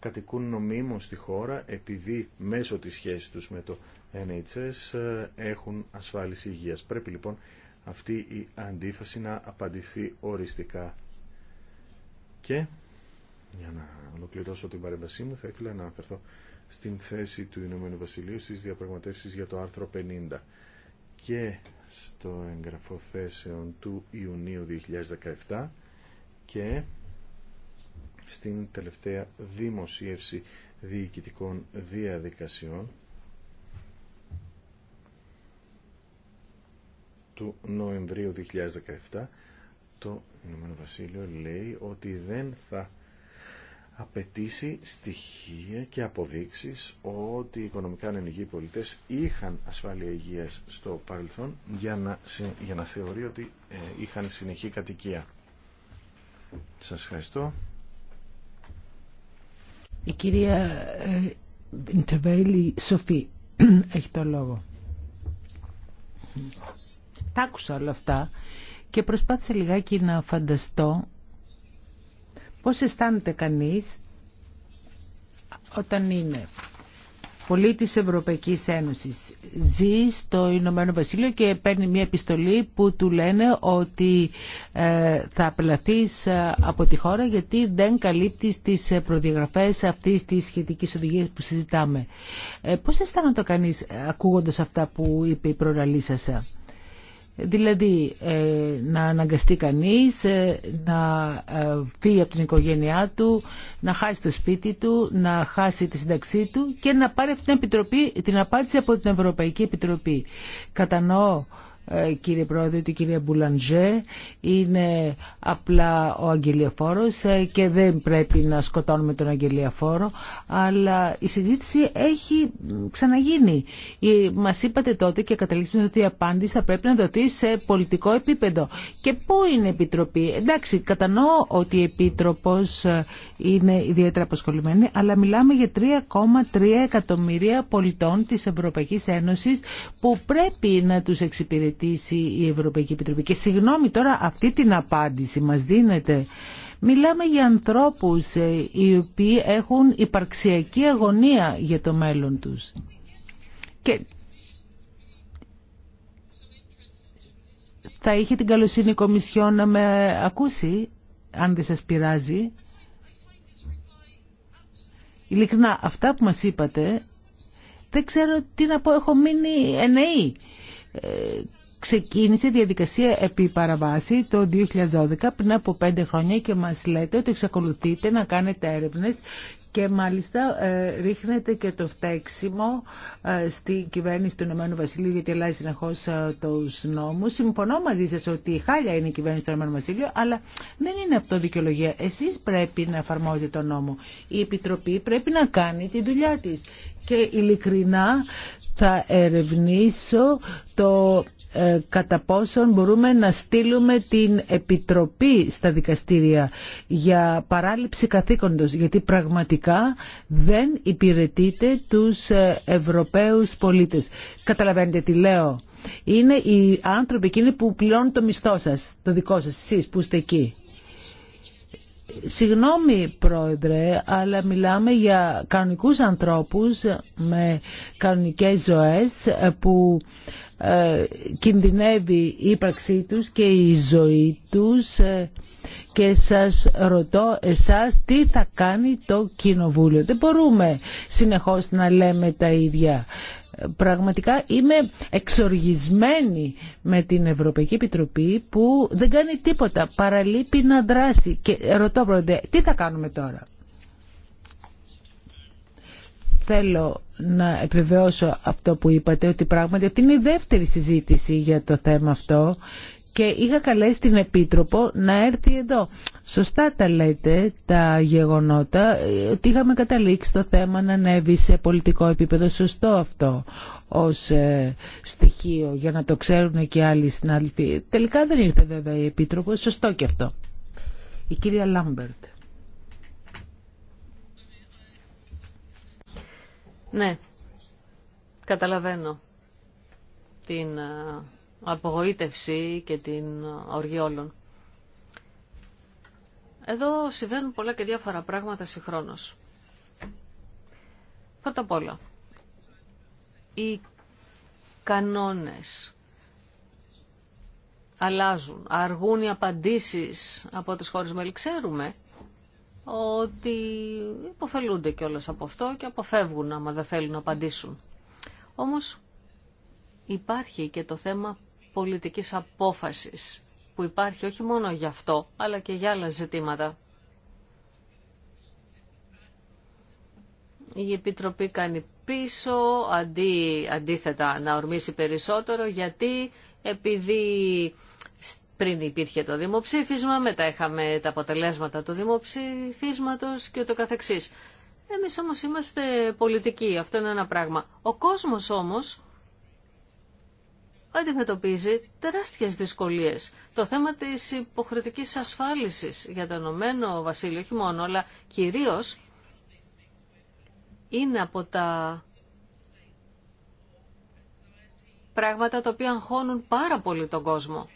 κατοικούν νομίμως στη χώρα επειδή μέσω της σχέσης τους με το NHS ε, έχουν ασφάλιση υγείας. Πρέπει λοιπόν αυτή η αντίφαση να απαντηθεί οριστικά. Και για να ολοκληρώσω την παρέμβασή μου θα ήθελα να αναφερθώ στην θέση του Ηνωμένου Βασιλείου στις διαπραγματεύσεις για το άρθρο 50 και στο εγγραφό θέσεων του Ιουνίου 2017 και στην τελευταία δημοσίευση διοικητικών διαδικασιών του Νοεμβρίου 2017 το Ηνωμένο Βασίλειο λέει ότι δεν θα απαιτήσει στοιχεία και αποδείξεις ότι οι οικονομικά ανενεργοί πολίτες είχαν ασφάλεια υγείας στο παρελθόν για να, για θεωρεί ότι ε, είχαν συνεχή κατοικία. Σας ευχαριστώ. Η κυρία Βιντεβέλη ε, Σοφή έχει το λόγο. Τα άκουσα όλα αυτά και προσπάθησα λιγάκι να φανταστώ Πώς αισθάνεται κανείς όταν είναι πολίτης Ευρωπαϊκής Ένωσης ζει στο Ηνωμένο Βασίλειο και παίρνει μια επιστολή που του λένε ότι ε, θα απελαθείς ε, από τη χώρα γιατί δεν καλύπτεις τις ε, προδιαγραφές αυτής της σχετικής οδηγίας που συζητάμε. Πώς αισθάνονται κανείς ακούγοντας αυτά που είπε η σας. Δηλαδή ε, να αναγκαστεί κανείς ε, να ε, φύγει από την οικογένειά του, να χάσει το σπίτι του, να χάσει τη σύνταξή του και να πάρει αυτή την, επιτροπή, την απάντηση από την Ευρωπαϊκή Επιτροπή. Κατανοώ ε, κύριε Πρόεδρε, ότι η κυρία Μπουλαντζέ είναι απλά ο αγγελιαφόρος ε, και δεν πρέπει να σκοτώνουμε τον αγγελιαφόρο, αλλά η συζήτηση έχει ξαναγίνει. Μας είπατε τότε και καταλήξαμε ότι η απάντηση θα πρέπει να δοθεί σε πολιτικό επίπεδο. Και πού είναι η Επιτροπή. Εντάξει, κατανοώ ότι η Επίτροπος ε, είναι ιδιαίτερα αποσχολημένη, αλλά μιλάμε για 3,3 εκατομμύρια πολιτών της Ευρωπαϊκής Ένωσης που πρέπει να τους εξυπηρετήσουν ζητήσει η Ευρωπαϊκή Επιτροπή. Και συγγνώμη τώρα αυτή την απάντηση μας δίνεται. Μιλάμε για ανθρώπους ε, οι οποίοι έχουν υπαρξιακή αγωνία για το μέλλον τους. Και θα είχε την καλοσύνη η να με ακούσει, αν δεν σας πειράζει. Ειλικρινά, αυτά που μας είπατε, δεν ξέρω τι να πω, έχω μείνει εννοεί. Ε, ξεκίνησε διαδικασία επί παραβάση το 2012 πριν από πέντε χρόνια και μας λέτε ότι εξακολουθείτε να κάνετε έρευνες και μάλιστα ε, και το φταίξιμο ε, στην κυβέρνηση του Ηνωμένου Βασιλείου γιατί αλλάζει συνεχώ ε, του νόμου. Συμφωνώ μαζί σα ότι η χάλια είναι η κυβέρνηση του Ηνωμένου Βασιλείου, αλλά δεν είναι αυτό δικαιολογία. Εσεί πρέπει να εφαρμόζετε τον νόμο. Η Επιτροπή πρέπει να κάνει τη δουλειά τη. Και ειλικρινά θα ερευνήσω το ε, κατά πόσον μπορούμε να στείλουμε την Επιτροπή στα δικαστήρια για παράληψη καθήκοντος, γιατί πραγματικά δεν υπηρετείτε τους ε, Ευρωπαίους πολίτες. Καταλαβαίνετε τι λέω. Είναι οι άνθρωποι εκείνοι που πληρώνουν το μισθό σας, το δικό σας, εσείς που είστε εκεί. Συγγνώμη πρόεδρε, αλλά μιλάμε για κανονικούς ανθρώπους με κανονικές ζωές που ε, κινδυνεύει η ύπαρξή τους και η ζωή τους ε, και σας ρωτώ εσάς τι θα κάνει το Κοινοβούλιο. Δεν μπορούμε συνεχώς να λέμε τα ίδια πραγματικά είμαι εξοργισμένη με την Ευρωπαϊκή Επιτροπή που δεν κάνει τίποτα, παραλείπει να δράσει. Και ρωτώ πρώτα, τι θα κάνουμε τώρα. Θέλω να επιβεβαιώσω αυτό που είπατε, ότι πράγματι αυτή είναι η δεύτερη συζήτηση για το θέμα αυτό και είχα καλέσει την Επίτροπο να έρθει εδώ. Σωστά τα λέτε τα γεγονότα, ότι είχαμε καταλήξει το θέμα να ανέβει σε πολιτικό επίπεδο. Σωστό αυτό ως ε, στοιχείο για να το ξέρουν και άλλοι συνάδελφοι. Τελικά δεν ήρθε βέβαια η Επίτροπο, σωστό και αυτό. Η κυρία Λάμπερτ. Ναι, καταλαβαίνω την ε, απογοήτευση και την οργή όλων. Εδώ συμβαίνουν πολλά και διάφορα πράγματα συγχρόνως. Πρώτα απ' όλα, οι κανόνες αλλάζουν, αργούν οι απαντήσεις από τις χώρες μέλη. Ξέρουμε ότι υποφελούνται κιόλας από αυτό και αποφεύγουν άμα δεν θέλουν να απαντήσουν. Όμως υπάρχει και το θέμα πολιτικής απόφασης που υπάρχει όχι μόνο για αυτό, αλλά και για άλλα ζητήματα. Η Επιτροπή κάνει πίσω, αντί, αντίθετα να ορμήσει περισσότερο, γιατί επειδή πριν υπήρχε το δημοψήφισμα, μετά είχαμε τα αποτελέσματα του δημοψήφισματος και το καθεξής. Εμείς όμως είμαστε πολιτικοί, αυτό είναι ένα πράγμα. Ο κόσμος όμως αντιμετωπίζει τεράστιες δυσκολίες. Το θέμα της υποχρεωτικής ασφάλισης για το Ενωμένο Βασίλειο, όχι μόνο, αλλά κυρίως είναι από τα πράγματα τα οποία αγχώνουν πάρα πολύ τον κόσμο.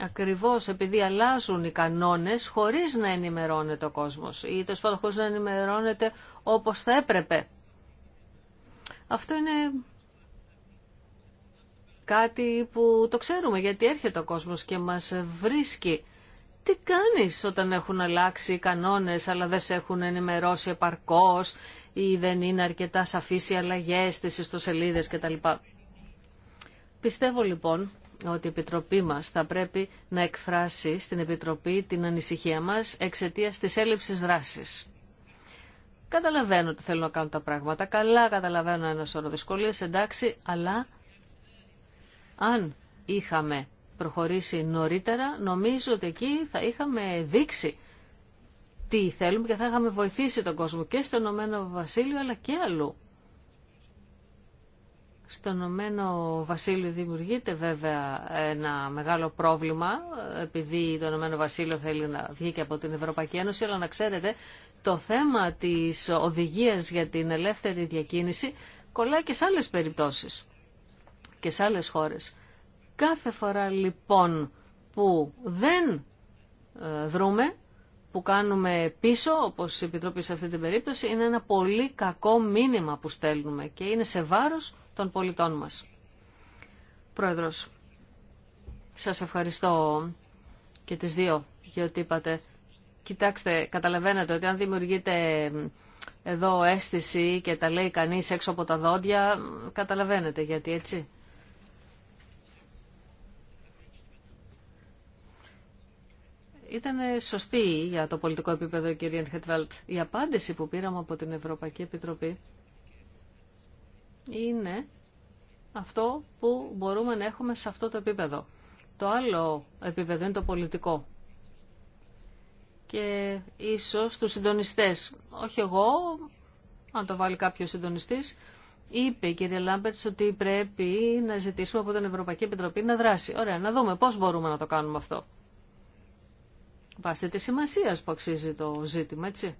Ακριβώς επειδή αλλάζουν οι κανόνες χωρίς να ενημερώνεται ο κόσμος ή το χωρίς να ενημερώνεται όπως θα έπρεπε. Αυτό είναι Κάτι που το ξέρουμε γιατί έρχεται ο κόσμος και μας βρίσκει. Τι κάνεις όταν έχουν αλλάξει οι κανόνες αλλά δεν σε έχουν ενημερώσει επαρκώς ή δεν είναι αρκετά σαφείς οι αλλαγές στις ιστοσελίδες κτλ. Πιστεύω λοιπόν ότι η Επιτροπή μας θα πρέπει να εκφράσει στην Επιτροπή την ανησυχία μας εξαιτία της έλλειψης δράσης. Καταλαβαίνω ότι θέλω να κάνω τα πράγματα καλά, καταλαβαίνω ένα σώρο δυσκολίες, εντάξει, αλλά αν είχαμε προχωρήσει νωρίτερα, νομίζω ότι εκεί θα είχαμε δείξει τι θέλουμε και θα είχαμε βοηθήσει τον κόσμο και στον Ηνωμένο Βασίλειο αλλά και αλλού. Στον Ηνωμένο δημιουργείται βέβαια ένα μεγάλο πρόβλημα επειδή το Ηνωμένο Βασίλειο θέλει να βγει και από την Ευρωπαϊκή Ένωση αλλά να ξέρετε το θέμα της οδηγίας για την ελεύθερη διακίνηση κολλάει και σε άλλες περιπτώσεις και σε άλλες χώρες. Κάθε φορά λοιπόν που δεν ε, δρούμε, που κάνουμε πίσω, όπως η Επιτροπή σε αυτή την περίπτωση, είναι ένα πολύ κακό μήνυμα που στέλνουμε και είναι σε βάρος των πολιτών μας. Πρόεδρος, σας ευχαριστώ και τις δύο για ό,τι είπατε. Κοιτάξτε, καταλαβαίνετε ότι αν δημιουργείται εδώ αίσθηση και τα λέει κανείς έξω από τα δόντια, καταλαβαίνετε γιατί έτσι. Ήταν σωστή για το πολιτικό επίπεδο, κυρία Χετβέλτ. Η απάντηση που πήραμε από την Ευρωπαϊκή Επιτροπή είναι αυτό που μπορούμε να έχουμε σε αυτό το επίπεδο. Το άλλο επίπεδο είναι το πολιτικό. Και ίσως τους συντονιστές. Όχι εγώ, αν το βάλει κάποιος συντονιστής, είπε η κυρία Λάμπερτς ότι πρέπει να ζητήσουμε από την Ευρωπαϊκή Επιτροπή να δράσει. Ωραία, να δούμε πώς μπορούμε να το κάνουμε αυτό βάσει της σημασίας που αξίζει το ζήτημα, έτσι.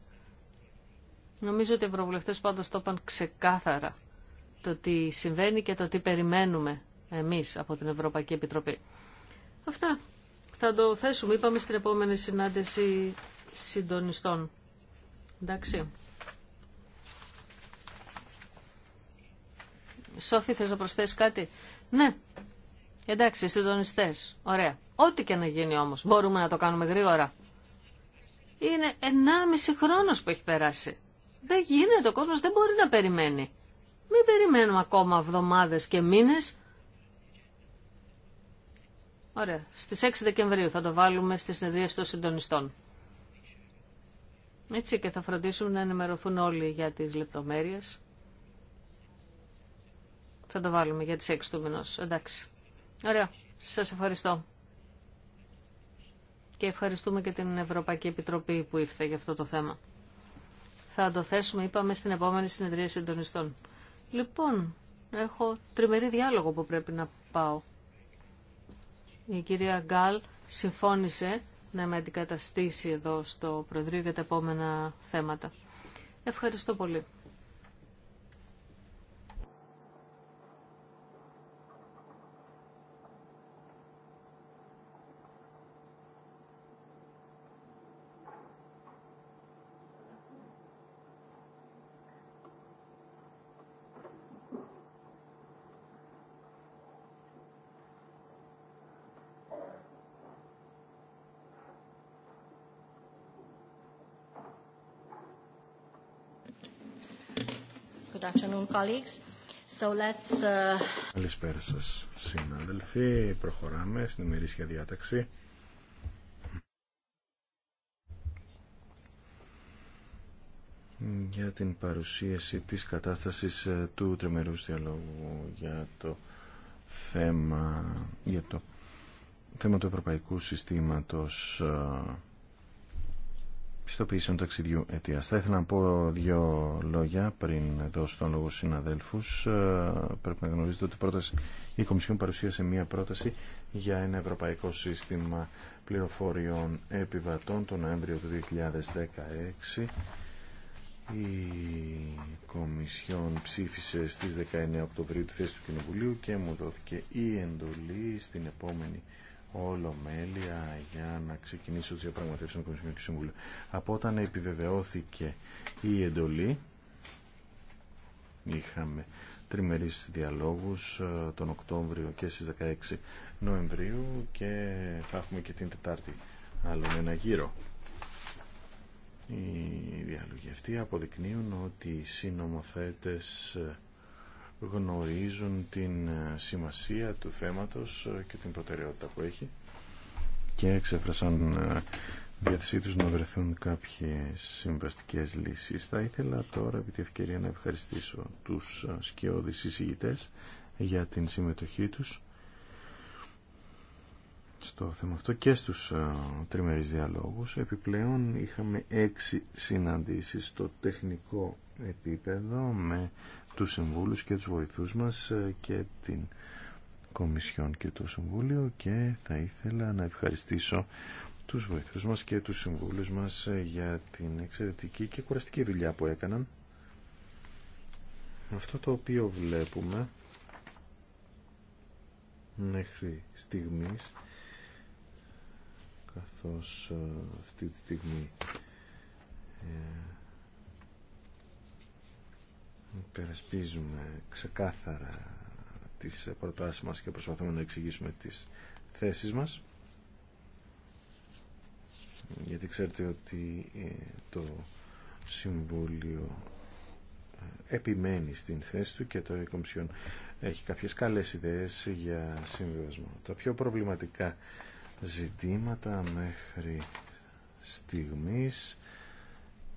Νομίζω ότι οι ευρωβουλευτές πάντως το είπαν ξεκάθαρα το τι συμβαίνει και το τι περιμένουμε εμείς από την Ευρωπαϊκή Επιτροπή. Αυτά θα το θέσουμε, είπαμε, στην επόμενη συνάντηση συντονιστών. Εντάξει. Σόφη, θες να προσθέσεις κάτι. Ναι, Εντάξει, συντονιστέ. Ωραία. Ό,τι και να γίνει όμω, μπορούμε να το κάνουμε γρήγορα. Είναι 1,5 χρόνο που έχει περάσει. Δεν γίνεται, ο κόσμο δεν μπορεί να περιμένει. Μην περιμένουμε ακόμα εβδομάδε και μήνε. Ωραία. στι 6 Δεκεμβρίου θα το βάλουμε στι συνεδρίε των συντονιστών. Έτσι και θα φροντίσουν να ενημερωθούν όλοι για τις λεπτομέρειες. Θα το βάλουμε για τις 6 του μηνός. Εντάξει. Ωραία. Σας ευχαριστώ. Και ευχαριστούμε και την Ευρωπαϊκή Επιτροπή που ήρθε για αυτό το θέμα. Θα το θέσουμε, είπαμε, στην επόμενη συνεδρία συντονιστών. Λοιπόν, έχω τριμερή διάλογο που πρέπει να πάω. Η κυρία Γκάλ συμφώνησε να με αντικαταστήσει εδώ στο Προεδρείο για τα επόμενα θέματα. Ευχαριστώ πολύ. Uh, Καλησπέρα σα, συνάδελφοι. Προχωράμε στην ημερήσια διάταξη. για την παρουσίαση της κατάστασης ε, του τρεμερούς διαλόγου για το θέμα, για το θέμα του Ευρωπαϊκού Συστήματος ε, πιστοποιήσεων ταξιδιού αιτίας. Θα ήθελα να πω δύο λόγια πριν δώσω τον λόγο στους συναδέλφους. Ε, πρέπει να γνωρίζετε ότι πρόταση, η Κομισιόν παρουσίασε μία πρόταση για ένα ευρωπαϊκό σύστημα πληροφοριών επιβατών τον Νοέμβριο του 2016. Η Κομισιόν ψήφισε στις 19 Οκτωβρίου τη θέση του Κοινοβουλίου και μου δόθηκε η εντολή στην επόμενη όλο ολομέλεια για να ξεκινήσω τι διαπραγματεύσει με το Κομισιόν Συμβούλιο. Από όταν επιβεβαιώθηκε η εντολή, είχαμε τριμερείς διαλόγους ε, τον Οκτώβριο και στις 16 Νοεμβρίου και θα έχουμε και την Τετάρτη άλλο ένα γύρο. Οι διαλογοί αποδεικνύουν ότι οι συνομοθέτες ε, γνωρίζουν την ε, σημασία του θέματος ε, και την προτεραιότητα που έχει και εξέφρασαν ε, διάθεσή να βρεθούν κάποιες συμβαστικές λύσεις. Θα ήθελα τώρα επί τη ευκαιρία να ευχαριστήσω τους σκιώδεις εισηγητές για την συμμετοχή τους στο θέμα αυτό και στους τριμερείς διαλόγους. Επιπλέον είχαμε έξι συναντήσεις στο τεχνικό επίπεδο με τους συμβούλους και τους βοηθούς μας ε, και την Κομισιόν και το Συμβούλιο και θα ήθελα να ευχαριστήσω τους βοηθούς μας και τους συμβούλους μας ε, για την εξαιρετική και κουραστική δουλειά που έκαναν. Αυτό το οποίο βλέπουμε μέχρι στιγμής καθώς ε, αυτή τη στιγμή υπερασπίζουμε ξεκάθαρα τις προτάσεις μας και προσπαθούμε να εξηγήσουμε τις θέσεις μας γιατί ξέρετε ότι ε, το Συμβούλιο ε, επιμένει στην θέση του και το Εκομισιόν έχει κάποιες καλές ιδέες για συμβιβασμό. Τα πιο προβληματικά ζητήματα μέχρι στιγμής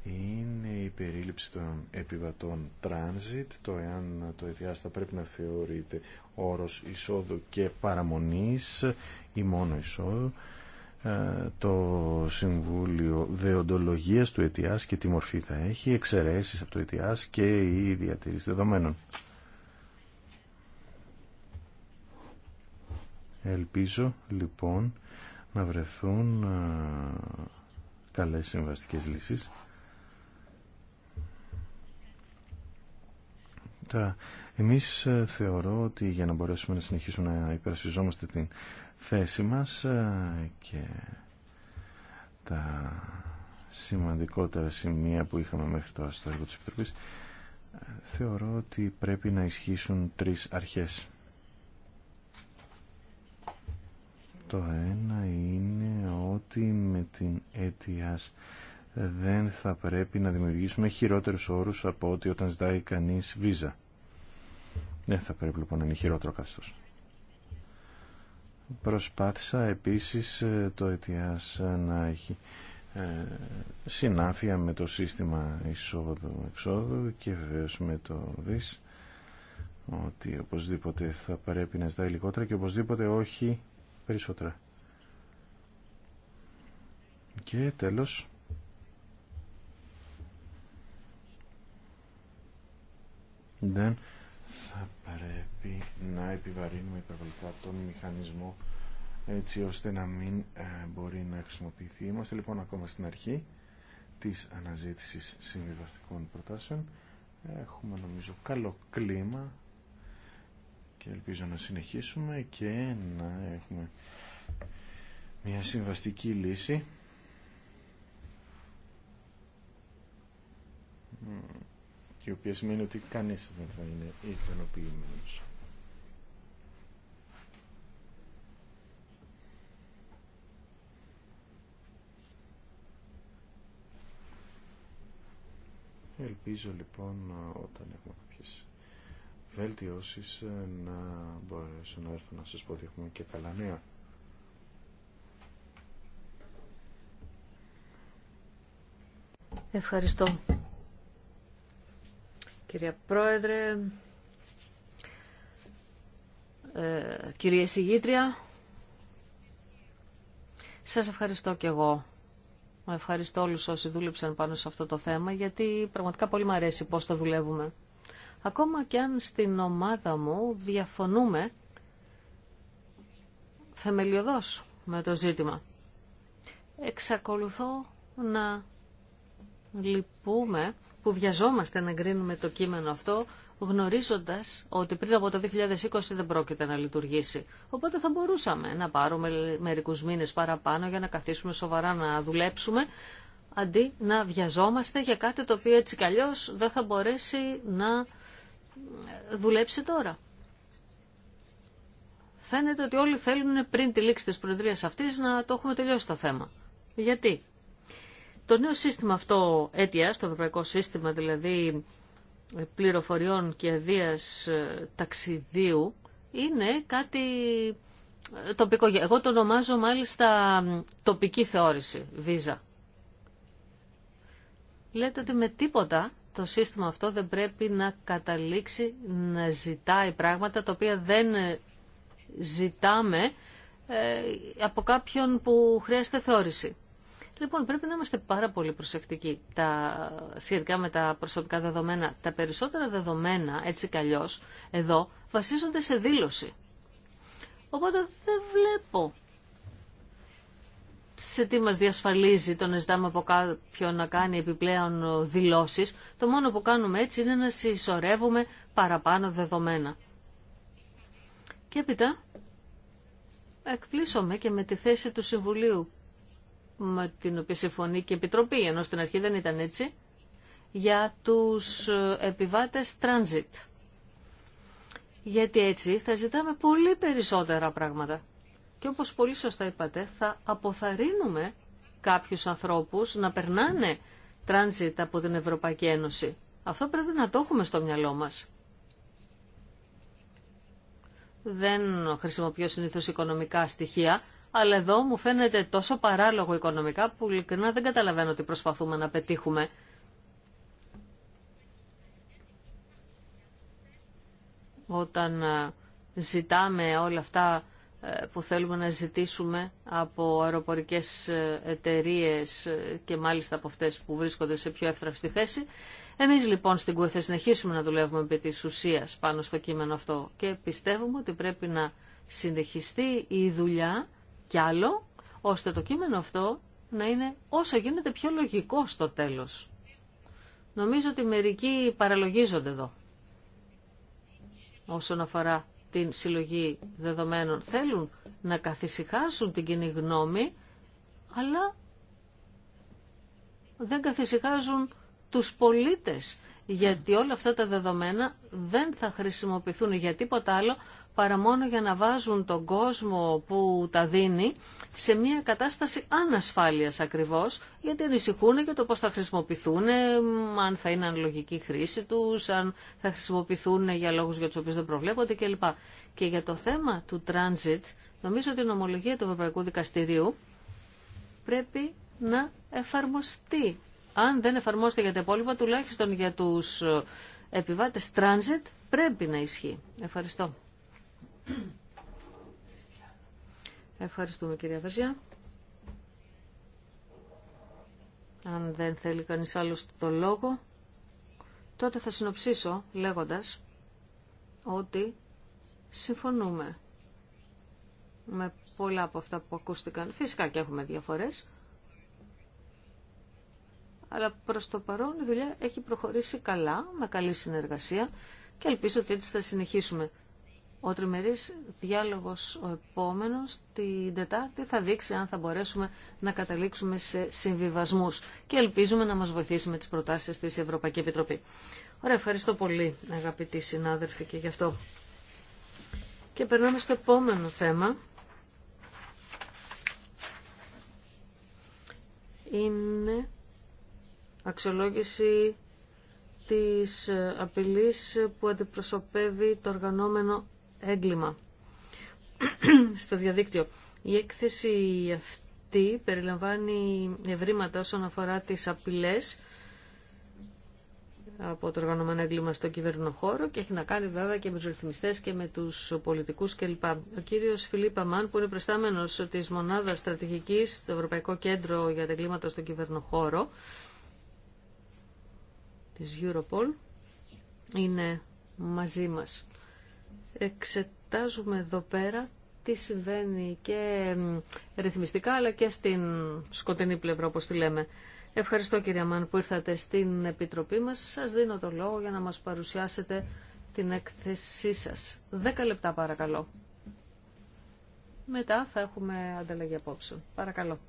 είναι η περίληψη των επιβατών transit, το εάν το ΕΤΙΑΣ θα πρέπει να θεωρείται όρος εισόδου και παραμονής ή μόνο εισόδου, ε, το Συμβούλιο Δεοντολογίας του ΕΤΙΑΣ και τι μορφή θα έχει, εξαιρέσεις από το ΕΤΙΑΣ και η διατήρηση δεδομένων. Ελπίζω λοιπόν να βρεθούν ε, καλές συμβαστικές λύσεις Τώρα, εμείς ε, θεωρώ ότι για να μπορέσουμε να συνεχίσουμε να υπερασπιζόμαστε την θέση μας ε, και τα σημαντικότερα σημεία που είχαμε μέχρι τώρα στο έργο της Επιτροπής, ε, θεωρώ ότι πρέπει να ισχύσουν τρεις αρχές. Το ένα είναι ότι με την αίτιας δεν θα πρέπει να δημιουργήσουμε χειρότερους όρους από ό,τι όταν ζητάει κανείς βίζα. Δεν θα πρέπει λοιπόν να είναι χειρότερο Προσπάθησα επίσης ε, το ΕΤΙΑΣ να έχει ε, συνάφεια με το σύστημα εισόδου-εξόδου και βεβαίω με το ΔΙΣ ότι οπωσδήποτε θα πρέπει να ζητάει λιγότερα και οπωσδήποτε όχι περισσότερα. Και τέλος δεν θα πρέπει να επιβαρύνουμε υπερβολικά τον μηχανισμό έτσι ώστε να μην ε, μπορεί να χρησιμοποιηθεί. Είμαστε λοιπόν ακόμα στην αρχή της αναζήτησης συμβιβαστικών προτάσεων. Έχουμε νομίζω καλό κλίμα και ελπίζω να συνεχίσουμε και να έχουμε μια συμβαστική λύση η οποία σημαίνει ότι κανείς δεν θα είναι ικανοποιημένος. Ελπίζω λοιπόν όταν έχουμε κάποιε βελτιώσεις ε, να μπορέσω να έρθω να σας πω ότι έχουμε και καλά νέα. Ευχαριστώ. Κυρία Πρόεδρε, ε, κυρία Συγήτρια, σας ευχαριστώ και εγώ. Ευχαριστώ όλους όσοι δούλεψαν πάνω σε αυτό το θέμα, γιατί πραγματικά πολύ μου αρέσει πώς το δουλεύουμε. Ακόμα και αν στην ομάδα μου διαφωνούμε θεμελιωδώς με το ζήτημα. Εξακολουθώ να λυπούμε που βιαζόμαστε να εγκρίνουμε το κείμενο αυτό, γνωρίζοντας ότι πριν από το 2020 δεν πρόκειται να λειτουργήσει. Οπότε θα μπορούσαμε να πάρουμε μερικούς μήνες παραπάνω για να καθίσουμε σοβαρά να δουλέψουμε, αντί να βιαζόμαστε για κάτι το οποίο έτσι κι δεν θα μπορέσει να δουλέψει τώρα. Φαίνεται ότι όλοι θέλουν πριν τη λήξη της Προεδρίας αυτής να το έχουμε τελειώσει το θέμα. Γιατί το νέο σύστημα αυτό αίτια, το ευρωπαϊκό σύστημα δηλαδή πληροφοριών και αδείας ε, ταξιδίου, είναι κάτι ε, τοπικό. Εγώ το ονομάζω μάλιστα τοπική θεώρηση, βίζα. Λέτε ότι με τίποτα το σύστημα αυτό δεν πρέπει να καταλήξει να ζητάει πράγματα τα οποία δεν ε, ζητάμε από κάποιον που χρειάζεται θεώρηση. Λοιπόν, πρέπει να είμαστε πάρα πολύ προσεκτικοί τα, σχετικά με τα προσωπικά δεδομένα. Τα περισσότερα δεδομένα, έτσι κι αλλιώς, εδώ βασίζονται σε δήλωση. Οπότε δεν βλέπω σε τι μας διασφαλίζει το να ζητάμε από κάποιον να κάνει επιπλέον δηλώσεις. Το μόνο που κάνουμε έτσι είναι να συσσωρεύουμε παραπάνω δεδομένα. Και έπειτα εκπλήσωμε και με τη θέση του Συμβουλίου με την οποία συμφωνεί και η Επιτροπή, ενώ στην αρχή δεν ήταν έτσι, για τους ε, επιβάτες transit. Γιατί έτσι θα ζητάμε πολύ περισσότερα πράγματα. Και όπως πολύ σωστά είπατε, θα αποθαρρύνουμε κάποιους ανθρώπους να περνάνε transit από την Ευρωπαϊκή Ένωση. Αυτό πρέπει να το έχουμε στο μυαλό μας. Δεν χρησιμοποιώ συνήθως οικονομικά στοιχεία, αλλά εδώ μου φαίνεται τόσο παράλογο οικονομικά που ειλικρινά δεν καταλαβαίνω τι προσπαθούμε να πετύχουμε. Όταν ε, ζητάμε όλα αυτά ε, που θέλουμε να ζητήσουμε από αεροπορικές ε, εταιρείες και μάλιστα από αυτές που βρίσκονται σε πιο εύθραυστη θέση. Εμείς λοιπόν στην ΚΟΕ θα συνεχίσουμε να δουλεύουμε επί της ουσίας πάνω στο κείμενο αυτό και πιστεύουμε ότι πρέπει να συνεχιστεί η δουλειά κι άλλο, ώστε το κείμενο αυτό να είναι όσο γίνεται πιο λογικό στο τέλος. Νομίζω ότι μερικοί παραλογίζονται εδώ όσον αφορά την συλλογή δεδομένων. Θέλουν να καθησυχάσουν την κοινή γνώμη, αλλά δεν καθησυχάζουν τους πολίτες, γιατί όλα αυτά τα δεδομένα δεν θα χρησιμοποιηθούν για τίποτα άλλο παρά μόνο για να βάζουν τον κόσμο που τα δίνει σε μια κατάσταση ανασφάλειας ακριβώς, γιατί ανησυχούν για το πώς θα χρησιμοποιηθούν, αν θα είναι αναλογική χρήση τους, αν θα χρησιμοποιηθούν για λόγους για τους οποίους δεν προβλέπονται κλπ. Και για το θέμα του transit, νομίζω ότι η νομολογία του Ευρωπαϊκού Δικαστηρίου πρέπει να εφαρμοστεί. Αν δεν εφαρμόστε για τα υπόλοιπα, τουλάχιστον για τους ε, επιβάτες transit πρέπει να ισχύει. Ευχαριστώ. Ευχαριστούμε κυρία Βερζιά. Αν δεν θέλει κανείς άλλος το λόγο, τότε θα συνοψίσω λέγοντας ότι συμφωνούμε με πολλά από αυτά που ακούστηκαν. Φυσικά και έχουμε διαφορές, αλλά προς το παρόν η δουλειά έχει προχωρήσει καλά, με καλή συνεργασία και ελπίζω ότι έτσι θα συνεχίσουμε. Ο τριμερής διάλογος ο επόμενος την Τετάρτη θα δείξει αν θα μπορέσουμε να καταλήξουμε σε συμβιβασμούς και ελπίζουμε να μας βοηθήσει με τις προτάσεις της Ευρωπαϊκή Επιτροπή. Ωραία, ευχαριστώ πολύ αγαπητοί συνάδελφοι και γι' αυτό. Και περνάμε στο επόμενο θέμα. Είναι αξιολόγηση της απειλής που αντιπροσωπεύει το οργανώμενο έγκλημα στο διαδίκτυο. Η έκθεση αυτή περιλαμβάνει ευρήματα όσον αφορά τις απειλές από το οργανωμένο έγκλημα στο κυβερνοχώρο και έχει να κάνει βέβαια και με τους ρυθμιστές και με τους πολιτικούς κλπ. Ο κύριος Φιλίπα Μαν που είναι προστάμενος της Μονάδας Στρατηγικής στο Ευρωπαϊκό Κέντρο για τα Εγκλήματα στο Κυβερνοχώρο της Europol είναι μαζί μας εξετάζουμε εδώ πέρα τι συμβαίνει και ρυθμιστικά αλλά και στην σκοτεινή πλευρά όπως τη λέμε. Ευχαριστώ κύριε Μάν που ήρθατε στην Επιτροπή μας. Σας δίνω το λόγο για να μας παρουσιάσετε την έκθεσή σας. Δέκα λεπτά παρακαλώ. Μετά θα έχουμε ανταλλαγή απόψεων. Παρακαλώ.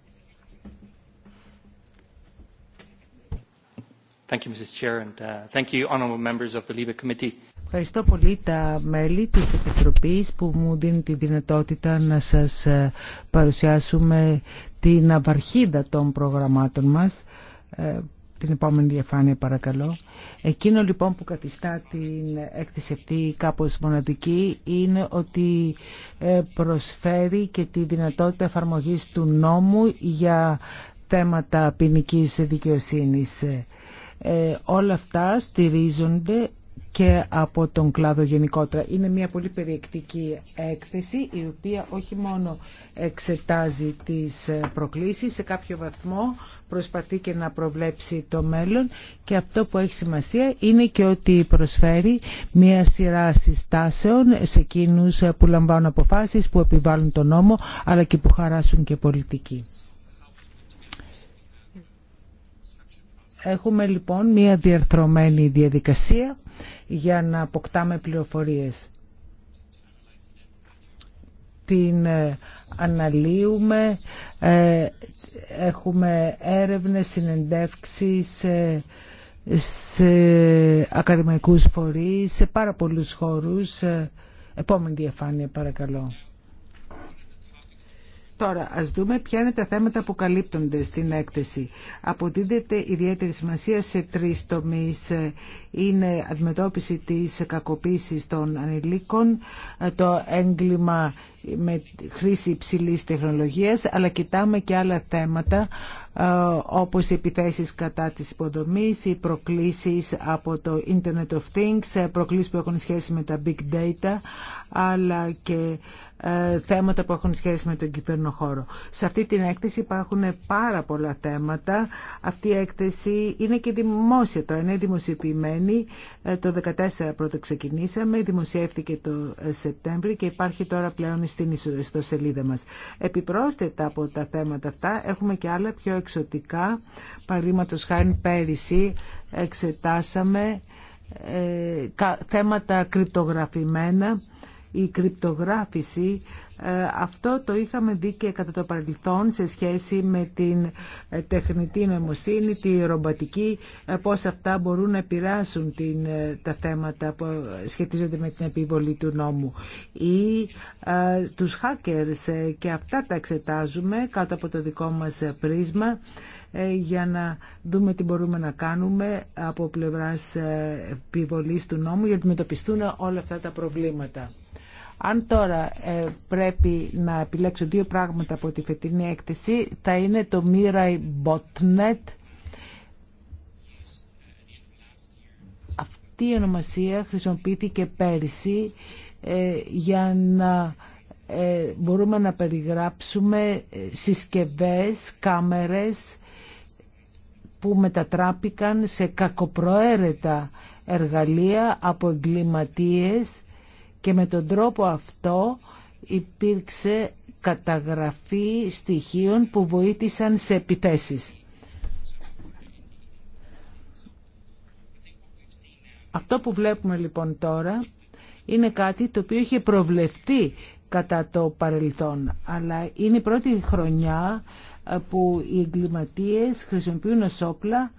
Thank you, Mrs. Chair, and uh, thank you, members of the Committee. Ευχαριστώ πολύ τα μέλη της Επιτροπής που μου δίνει τη δυνατότητα να σας ε, παρουσιάσουμε την απαρχίδα των προγραμμάτων μας. Ε, την επόμενη διαφάνεια παρακαλώ. Εκείνο λοιπόν που καθιστά την έκθεση αυτή κάπως μοναδική είναι ότι ε, προσφέρει και τη δυνατότητα εφαρμογής του νόμου για θέματα ποινική δικαιοσύνης. όλα αυτά στηρίζονται και από τον κλάδο γενικότερα. Είναι μια πολύ περιεκτική έκθεση η οποία όχι μόνο εξετάζει τις προκλήσεις σε κάποιο βαθμό προσπαθεί και να προβλέψει το μέλλον και αυτό που έχει σημασία είναι και ότι προσφέρει μια σειρά συστάσεων σε εκείνους που λαμβάνουν αποφάσεις, που επιβάλλουν τον νόμο αλλά και που χαράσουν και πολιτική. Έχουμε λοιπόν μια διαρθρωμένη διαδικασία για να αποκτάμε πληροφορίες. Την ε, αναλύουμε, ε, έχουμε έρευνες, συνεντεύξεις ε, σε ακαδημαϊκούς φορείς, σε πάρα πολλούς χώρους. Επόμενη διαφάνεια παρακαλώ. Τώρα, ας δούμε ποια είναι τα θέματα που καλύπτονται στην έκθεση. Αποδίδεται ιδιαίτερη σημασία σε τρεις τομείς. Είναι αντιμετώπιση της κακοποίησης των ανηλίκων, το έγκλημα με χρήση υψηλής τεχνολογίας, αλλά κοιτάμε και άλλα θέματα ε, όπως οι επιθέσεις κατά της υποδομής, οι προκλήσεις από το Internet of Things, ε, προκλήσεις που έχουν σχέση με τα big data, αλλά και ε, θέματα που έχουν σχέση με τον κυβέρνο χώρο. Σε αυτή την έκθεση υπάρχουν πάρα πολλά θέματα. Αυτή η έκθεση είναι και δημόσια τώρα, είναι δημοσιοποιημένη. το 2014 πρώτο ξεκινήσαμε, δημοσιεύτηκε το Σεπτέμβριο και υπάρχει τώρα πλέον στην ιστοσελίδα μας. Επιπρόσθετα από τα θέματα αυτά έχουμε και άλλα πιο εξωτικά. Παραδείγματο χάρη πέρυσι εξετάσαμε ε, θέματα κρυπτογραφημένα. Η κρυπτογράφηση ε, αυτό το είχαμε δει και κατά το παρελθόν σε σχέση με την ε, τεχνητή νοημοσύνη, τη ρομπατική, ε, πώς αυτά μπορούν να επηρεάσουν την, τα θέματα που σχετίζονται με την επιβολή του νόμου. Ή τους hackers και αυτά τα εξετάζουμε κάτω από το δικό μας πρίσμα για να δούμε τι μπορούμε να κάνουμε από πλευράς επιβολής του νόμου για να αντιμετωπιστούν όλα αυτά τα προβλήματα. Αν τώρα ε, πρέπει να επιλέξω δύο πράγματα από τη φετινή έκθεση, θα είναι το Mirai Botnet. Αυτή η ονομασία χρησιμοποιήθηκε πέρυσι ε, για να ε, μπορούμε να περιγράψουμε συσκευές, κάμερες που μετατράπηκαν σε κακοπροαίρετα εργαλεία από εγκληματίες και με τον τρόπο αυτό υπήρξε καταγραφή στοιχείων που βοήθησαν σε επιθέσεις. Αυτό που βλέπουμε λοιπόν τώρα είναι κάτι το οποίο είχε προβλεφθεί κατά το παρελθόν, αλλά είναι η πρώτη χρονιά ε, που οι εγκληματίες χρησιμοποιούν ως όπλα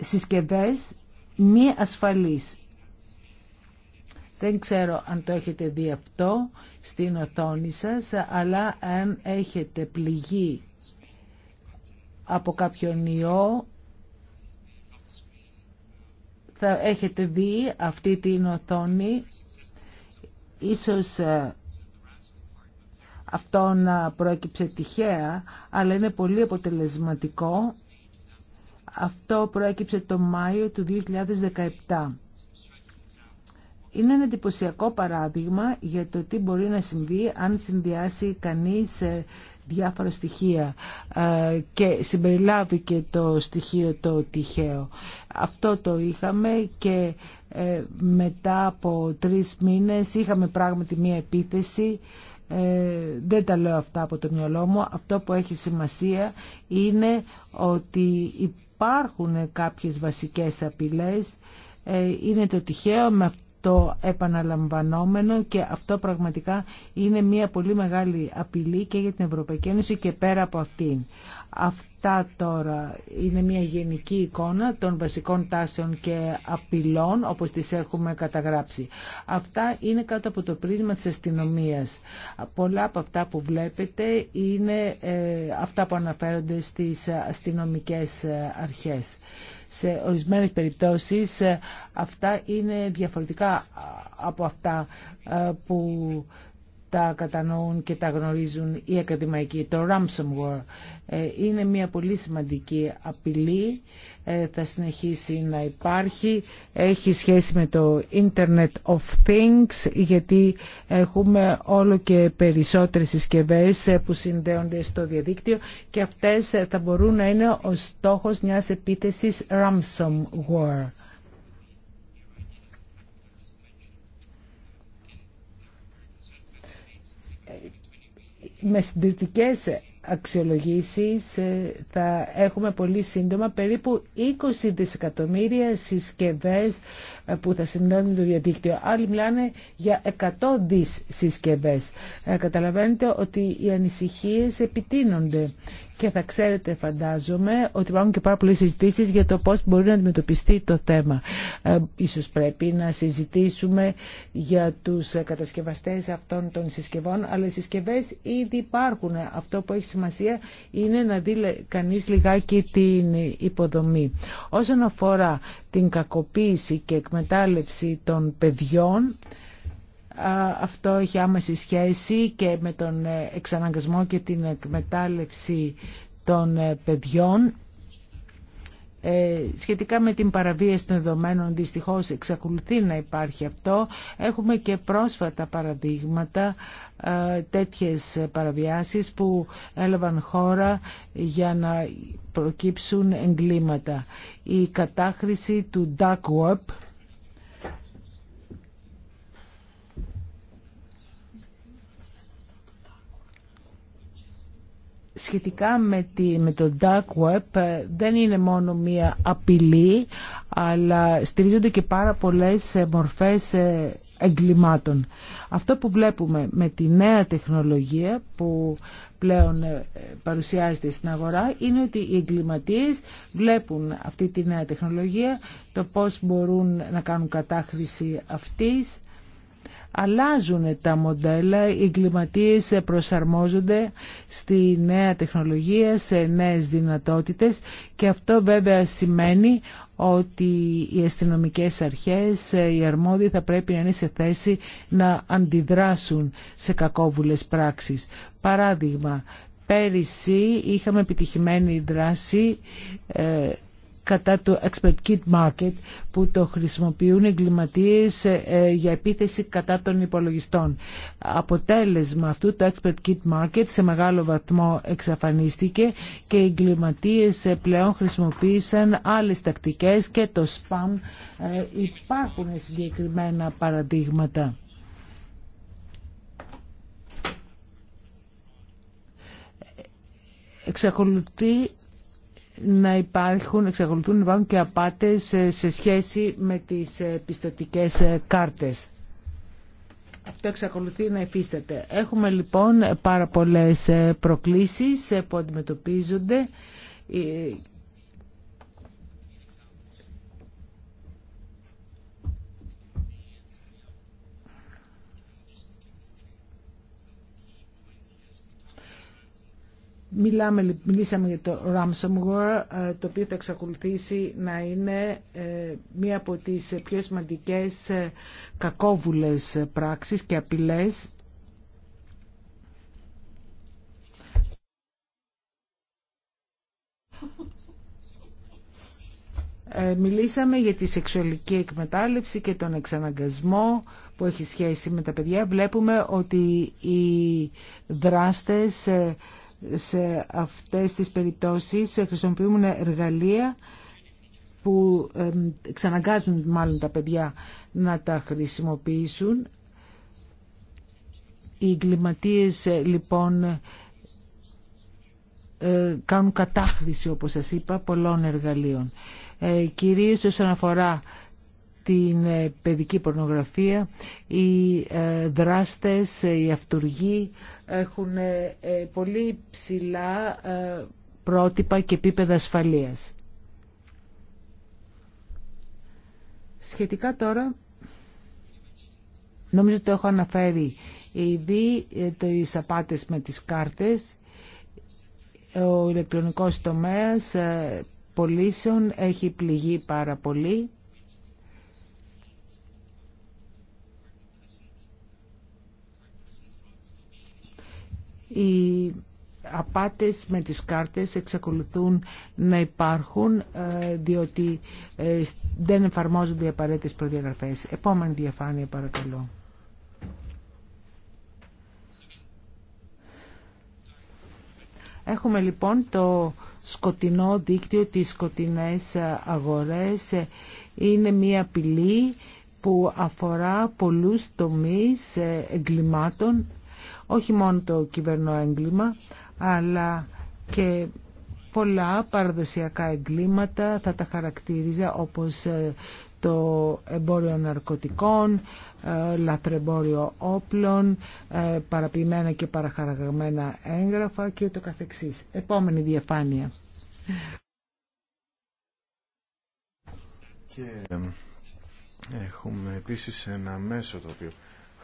συσκευές μη ασφαλείς. Δεν ξέρω αν το έχετε δει αυτό στην οθόνη σας, αλλά αν έχετε πληγεί από κάποιον ιό, θα έχετε δει αυτή την οθόνη, ίσως ε, αυτό να προέκυψε τυχαία, αλλά είναι πολύ αποτελεσματικό. Αυτό προέκυψε το Μάιο του 2017. Είναι ένα εντυπωσιακό παράδειγμα για το τι μπορεί να συμβεί αν συνδυάσει κανείς ε, διάφορα στοιχεία ε, και συμπεριλάβει και το στοιχείο το τυχαίο. Αυτό το είχαμε και ε, μετά από τρεις μήνες είχαμε πράγματι μία επίθεση δεν τα λέω αυτά από το μυαλό μου. Αυτό που έχει σημασία είναι ότι υπάρχουν κάποιες βασικές απειλές. είναι το τυχαίο με το επαναλαμβανόμενο και αυτό πραγματικά είναι μια πολύ μεγάλη απειλή και για την Ευρωπαϊκή Ένωση και πέρα από αυτήν. Αυτά τώρα είναι μια γενική εικόνα των βασικών τάσεων και απειλών όπως τις έχουμε καταγράψει. Αυτά είναι κάτω από το πρίσμα της αστυνομία. Πολλά από αυτά που βλέπετε είναι ε, αυτά που αναφέρονται στις αστυνομικές ε, αρχές. Σε ορισμένες περιπτώσεις ε, αυτά είναι διαφορετικά ε, από αυτά ε, που τα κατανοούν και τα γνωρίζουν οι ακαδημαϊκοί. Το ransomware ε, είναι μια πολύ σημαντική απειλή, ε, θα συνεχίσει να υπάρχει, έχει σχέση με το Internet of Things, γιατί έχουμε όλο και περισσότερες συσκευές ε, που συνδέονται στο διαδίκτυο και αυτές θα μπορούν να είναι ο στόχος μιας επίθεσης ransomware. με συντηρητικέ αξιολογήσεις ε, θα έχουμε πολύ σύντομα περίπου 20 δισεκατομμύρια συσκευέ που θα συνδέουν το διαδίκτυο. Άλλοι μιλάνε για 100 δις συσκευές. Ε, καταλαβαίνετε ότι οι ανησυχίες επιτείνονται και θα ξέρετε φαντάζομαι ότι υπάρχουν και πάρα πολλές συζητήσεις για το πώς μπορεί να αντιμετωπιστεί το θέμα. Ε, ίσως πρέπει να συζητήσουμε για τους κατασκευαστές αυτών των συσκευών, αλλά οι συσκευές ήδη υπάρχουν. Αυτό που έχει σημασία είναι να δει κανείς λιγάκι την υποδομή. Όσον αφορά την κακοποίηση και εκμετάλλευση των παιδιών. Αυτό έχει άμεση σχέση και με τον ε, εξαναγκασμό και την εκμετάλλευση των ε, παιδιών. Ε, σχετικά με την παραβίαση των δεδομένων, δυστυχώς εξακολουθεί να υπάρχει αυτό. Έχουμε και πρόσφατα παραδείγματα τέτοιες παραβιάσεις που έλαβαν χώρα για να προκύψουν εγκλήματα. Η κατάχρηση του dark web σχετικά με, τη, με το dark web ε, δεν είναι μόνο μία απειλή αλλά στηρίζονται και πάρα πολλές ε, μορφές ε, εγκλημάτων. Αυτό που βλέπουμε με τη νέα τεχνολογία που πλέον παρουσιάζεται στην αγορά είναι ότι οι εγκληματίες βλέπουν αυτή τη νέα τεχνολογία, το πώς μπορούν να κάνουν κατάχρηση αυτής αλλάζουν τα μοντέλα, οι εγκληματίες προσαρμόζονται στη νέα τεχνολογία, σε νέες δυνατότητες και αυτό βέβαια σημαίνει ότι οι αστυνομικές αρχές, οι αρμόδιοι θα πρέπει να είναι σε θέση να αντιδράσουν σε κακόβουλες πράξεις. Παράδειγμα, πέρυσι είχαμε επιτυχημένη δράση ε, κατά το Expert Kit Market που το χρησιμοποιούν εγκληματίε ε, για επίθεση κατά των υπολογιστών. Αποτέλεσμα αυτού το Expert Kit Market σε μεγάλο βαθμό εξαφανίστηκε και οι εγκληματίε ε, πλέον χρησιμοποίησαν άλλες τακτικές και το spam ε, υπάρχουν συγκεκριμένα παραδείγματα. εξακολουθεί να υπάρχουν, εξακολουθούν να υπάρχουν και απάτες ε, σε σχέση με τις ε, πιστοτικές ε, κάρτες. Αυτό εξακολουθεί να υφίσταται. Έχουμε λοιπόν πάρα πολλές προκλήσεις που αντιμετωπίζονται Μιλάμε, μιλήσαμε για το ransomware, ε, το οποίο θα εξακολουθήσει να είναι ε, μία από τις πιο σημαντικές ε, κακόβουλες πράξεις και απειλές μιλήσαμε για τη σεξουαλική εκμετάλλευση και τον εξαναγκασμό που έχει σχέση με τα παιδιά. Βλέπουμε ότι οι δράστες σε αυτές τις περιπτώσεις χρησιμοποιούμε εργαλεία που ξαναγκάζουν μάλλον τα παιδιά να τα χρησιμοποιήσουν. Οι εγκληματίες ε, λοιπόν ε, κάνουν κατάχρηση όπως σας είπα πολλών εργαλείων. Ε, κυρίως όσον αφορά την ε, παιδική πορνογραφία, οι ε, δράστες, ε, οι αυτούργοι έχουν πολύ ψηλά πρότυπα και επίπεδα ασφαλείας. Σχετικά τώρα, νομίζω ότι έχω αναφέρει, ήδη τι σαπάτες με τις κάρτες, ο ηλεκτρονικός τομέας πωλήσεων έχει πληγεί πάρα πολύ οι απάτες με τις κάρτες εξακολουθούν να υπάρχουν ε, διότι ε, δεν εφαρμόζονται οι απαραίτητες προδιαγραφές. Επόμενη διαφάνεια παρακαλώ. Έχουμε λοιπόν το σκοτεινό δίκτυο, τις σκοτεινές αγορές. Είναι μια απειλή που αφορά πολλούς τομείς ε, εγκλημάτων όχι μόνο το κυβερνό έγκλημα, αλλά και πολλά παραδοσιακά εγκλήματα, θα τα χαρακτήριζα όπως ε, το εμπόριο ναρκωτικών, ε, λατρεμπόριο όπλων, ε, παραποιημένα και παραχαραγμένα έγγραφα και το καθεξής. Επόμενη διαφάνεια. έχουμε επίσης ένα μέσο το οποίο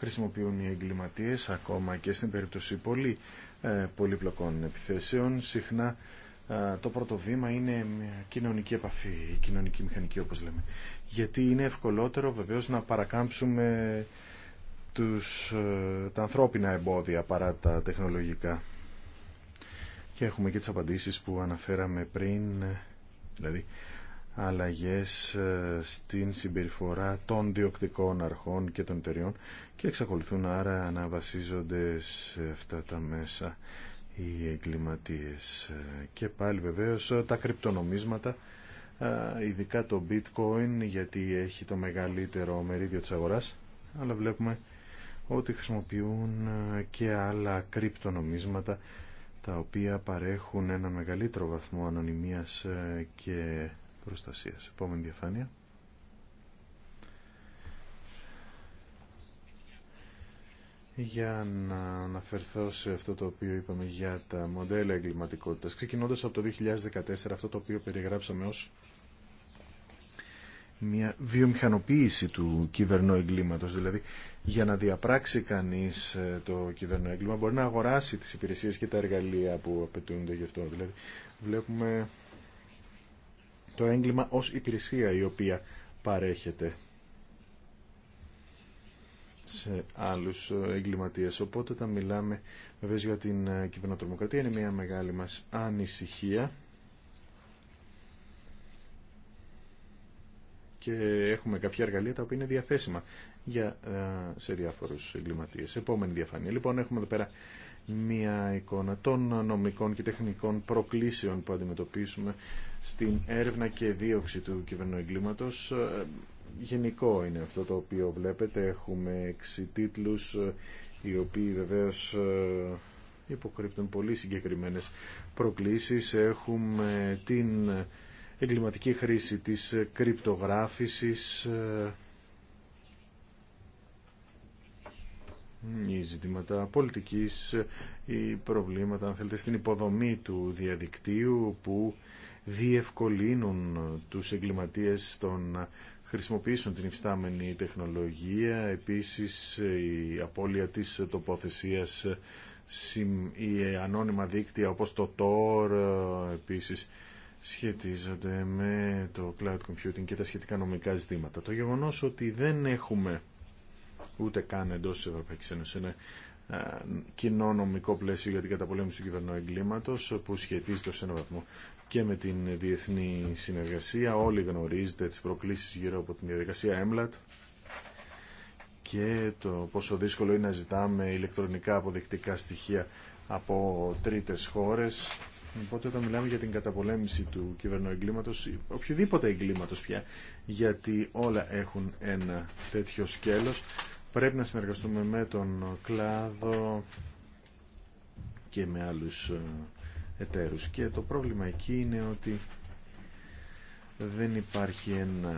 χρησιμοποιούν οι εγκληματίες ακόμα και στην περίπτωση πολύ ε, πολύπλοκών επιθέσεων. Συχνά ε, το πρώτο βήμα είναι μια κοινωνική επαφή, η κοινωνική μηχανική όπως λέμε. Γιατί είναι ευκολότερο βεβαίως να παρακάμψουμε τους, ε, τα ανθρώπινα εμπόδια παρά τα τεχνολογικά. Και έχουμε και τις απαντήσεις που αναφέραμε πριν, δηλαδή αλλαγές στην συμπεριφορά των διοκτικών αρχών και των εταιριών και εξακολουθούν άρα να βασίζονται σε αυτά τα μέσα οι εγκληματίες. Και πάλι βεβαίως τα κρυπτονομίσματα, ειδικά το bitcoin γιατί έχει το μεγαλύτερο μερίδιο της αγοράς, αλλά βλέπουμε ότι χρησιμοποιούν και άλλα κρυπτονομίσματα τα οποία παρέχουν ένα μεγαλύτερο βαθμό ανωνυμίας και προστασίας. Επόμενη διαφάνεια. για να αναφερθώ σε αυτό το οποίο είπαμε για τα μοντέλα εγκληματικότητας. Ξεκινώντας από το 2014, αυτό το οποίο περιγράψαμε ως μια βιομηχανοποίηση του κυβερνού εγκλήματος. Δηλαδή, για να διαπράξει κανείς ε, το κυβερνό έγκλημα, μπορεί να αγοράσει τις υπηρεσίες και τα εργαλεία που απαιτούνται γι' αυτό. Δηλαδή, βλέπουμε το έγκλημα ως υπηρεσία η οποία παρέχεται σε άλλους εγκληματίες. Οπότε όταν μιλάμε βέβαια για την ε, κυβερνοτρομοκρατία είναι μια μεγάλη μας ανησυχία και έχουμε κάποια εργαλεία τα οποία είναι διαθέσιμα για, ε, σε διάφορους εγκληματίες. Επόμενη διαφάνεια. Λοιπόν, έχουμε εδώ πέρα μια εικόνα των νομικών και τεχνικών προκλήσεων που αντιμετωπίσουμε στην έρευνα και δίωξη του κυβερνοεγκλήματος. Ε, γενικό είναι αυτό το οποίο βλέπετε. Έχουμε έξι τίτλους οι οποίοι βεβαίως ε, υποκρύπτουν πολύ συγκεκριμένες προκλήσεις. Έχουμε την εγκληματική χρήση της κρυπτογράφησης, ε, οι ζητήματα πολιτικής, οι προβλήματα, αν θέλετε, στην υποδομή του διαδικτύου που διευκολύνουν τους εγκληματίες των χρησιμοποιήσουν την υφιστάμενη τεχνολογία. Επίσης η απώλεια της τοποθεσίας, η ανώνυμα δίκτυα όπως το TOR ε, επίσης σχετίζονται με το cloud computing και τα σχετικά νομικά ζητήματα. Το γεγονός ότι δεν έχουμε ούτε καν εντός τη Ευρωπαϊκή Ένωση ένα ε, κοινό νομικό πλαίσιο για την καταπολέμηση του κυβερνού εγκλήματο που σχετίζεται σε έναν βαθμό και με την διεθνή συνεργασία. Όλοι γνωρίζετε τις προκλήσεις γύρω από την διαδικασία ΕΜΛΑΤ και το πόσο δύσκολο είναι να ζητάμε ηλεκτρονικά αποδεικτικά στοιχεία από τρίτες χώρες. Οπότε όταν μιλάμε για την καταπολέμηση του κυβερνοεγκλήματος οποιοδήποτε εγκλήματος πια, γιατί όλα έχουν ένα τέτοιο σκέλος, πρέπει να συνεργαστούμε με τον κλάδο και με άλλους ε, εταίρους. Και το πρόβλημα εκεί είναι ότι δεν υπάρχει ένα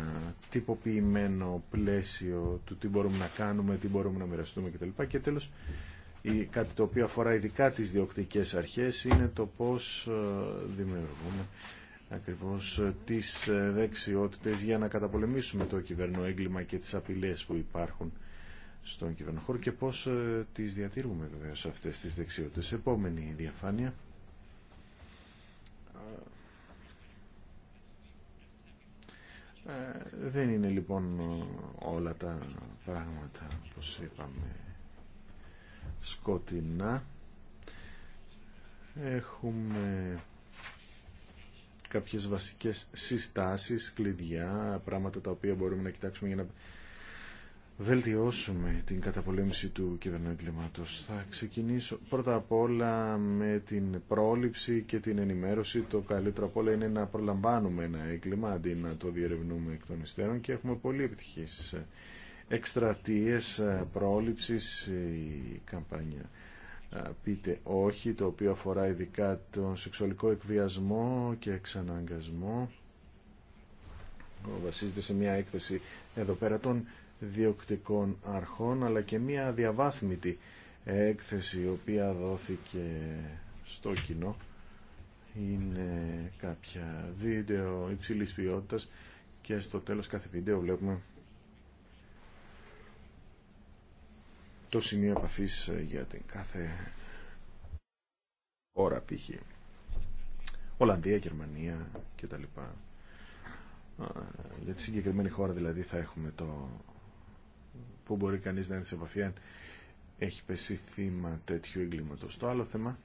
τυποποιημένο πλαίσιο του τι μπορούμε να κάνουμε, τι μπορούμε να μοιραστούμε κτλ. Και τέλος, κάτι το οποίο αφορά ειδικά τις διοκτικές αρχές είναι το πώς ε, δημιουργούμε ακριβώς ε, τις ε, δεξιότητες για να καταπολεμήσουμε το κυβερνό έγκλημα και τις απειλές που υπάρχουν στον κυβερνοχώρο και πώς τις διατηρούμε βεβαίως αυτές τις δεξιότητες. Επόμενη διαφάνεια. Ε, δεν είναι λοιπόν όλα τα πράγματα όπως είπαμε σκοτεινά έχουμε κάποιες βασικές συστάσεις, κλειδιά, πράγματα τα οποία μπορούμε να κοιτάξουμε για να βελτιώσουμε την καταπολέμηση του κυβερνοεγκλήματος. Θα ξεκινήσω πρώτα απ' όλα με την πρόληψη και την ενημέρωση. Το καλύτερο απ' όλα είναι να προλαμβάνουμε ένα έγκλημα αντί να το διερευνούμε εκ των υστέρων και έχουμε πολύ επιτυχίες εκστρατείες πρόληψης η καμπάνια πείτε όχι το οποίο αφορά ειδικά τον σεξουαλικό εκβιασμό και εξαναγκασμό βασίζεται σε μια έκθεση εδώ πέρα των διοκτικών αρχών αλλά και μια διαβάθμιτη έκθεση η οποία δόθηκε στο κοινό είναι κάποια βίντεο υψηλής ποιότητας και στο τέλος κάθε βίντεο βλέπουμε το σημείο επαφή για την κάθε ώρα π.χ. Ολλανδία, Γερμανία κτλ. Για τη συγκεκριμένη χώρα δηλαδή θα έχουμε το που μπορεί κανείς να είναι σε επαφή αν έχει πέσει θύμα τέτοιου εγκλήματος. Το άλλο θέμα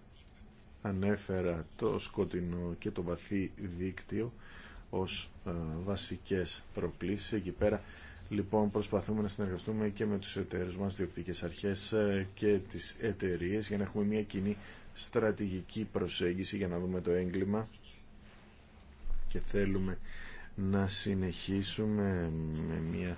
ανέφερα το σκοτεινό και το βαθύ δίκτυο ως ε, βασικές προκλήσεις. Εκεί πέρα λοιπόν προσπαθούμε να συνεργαστούμε και με τους εταίρους μας, διοπτικές αρχές ε, και τις εταιρείε για να έχουμε μια κοινή στρατηγική προσέγγιση για να δούμε το έγκλημα και θέλουμε να συνεχίσουμε με μια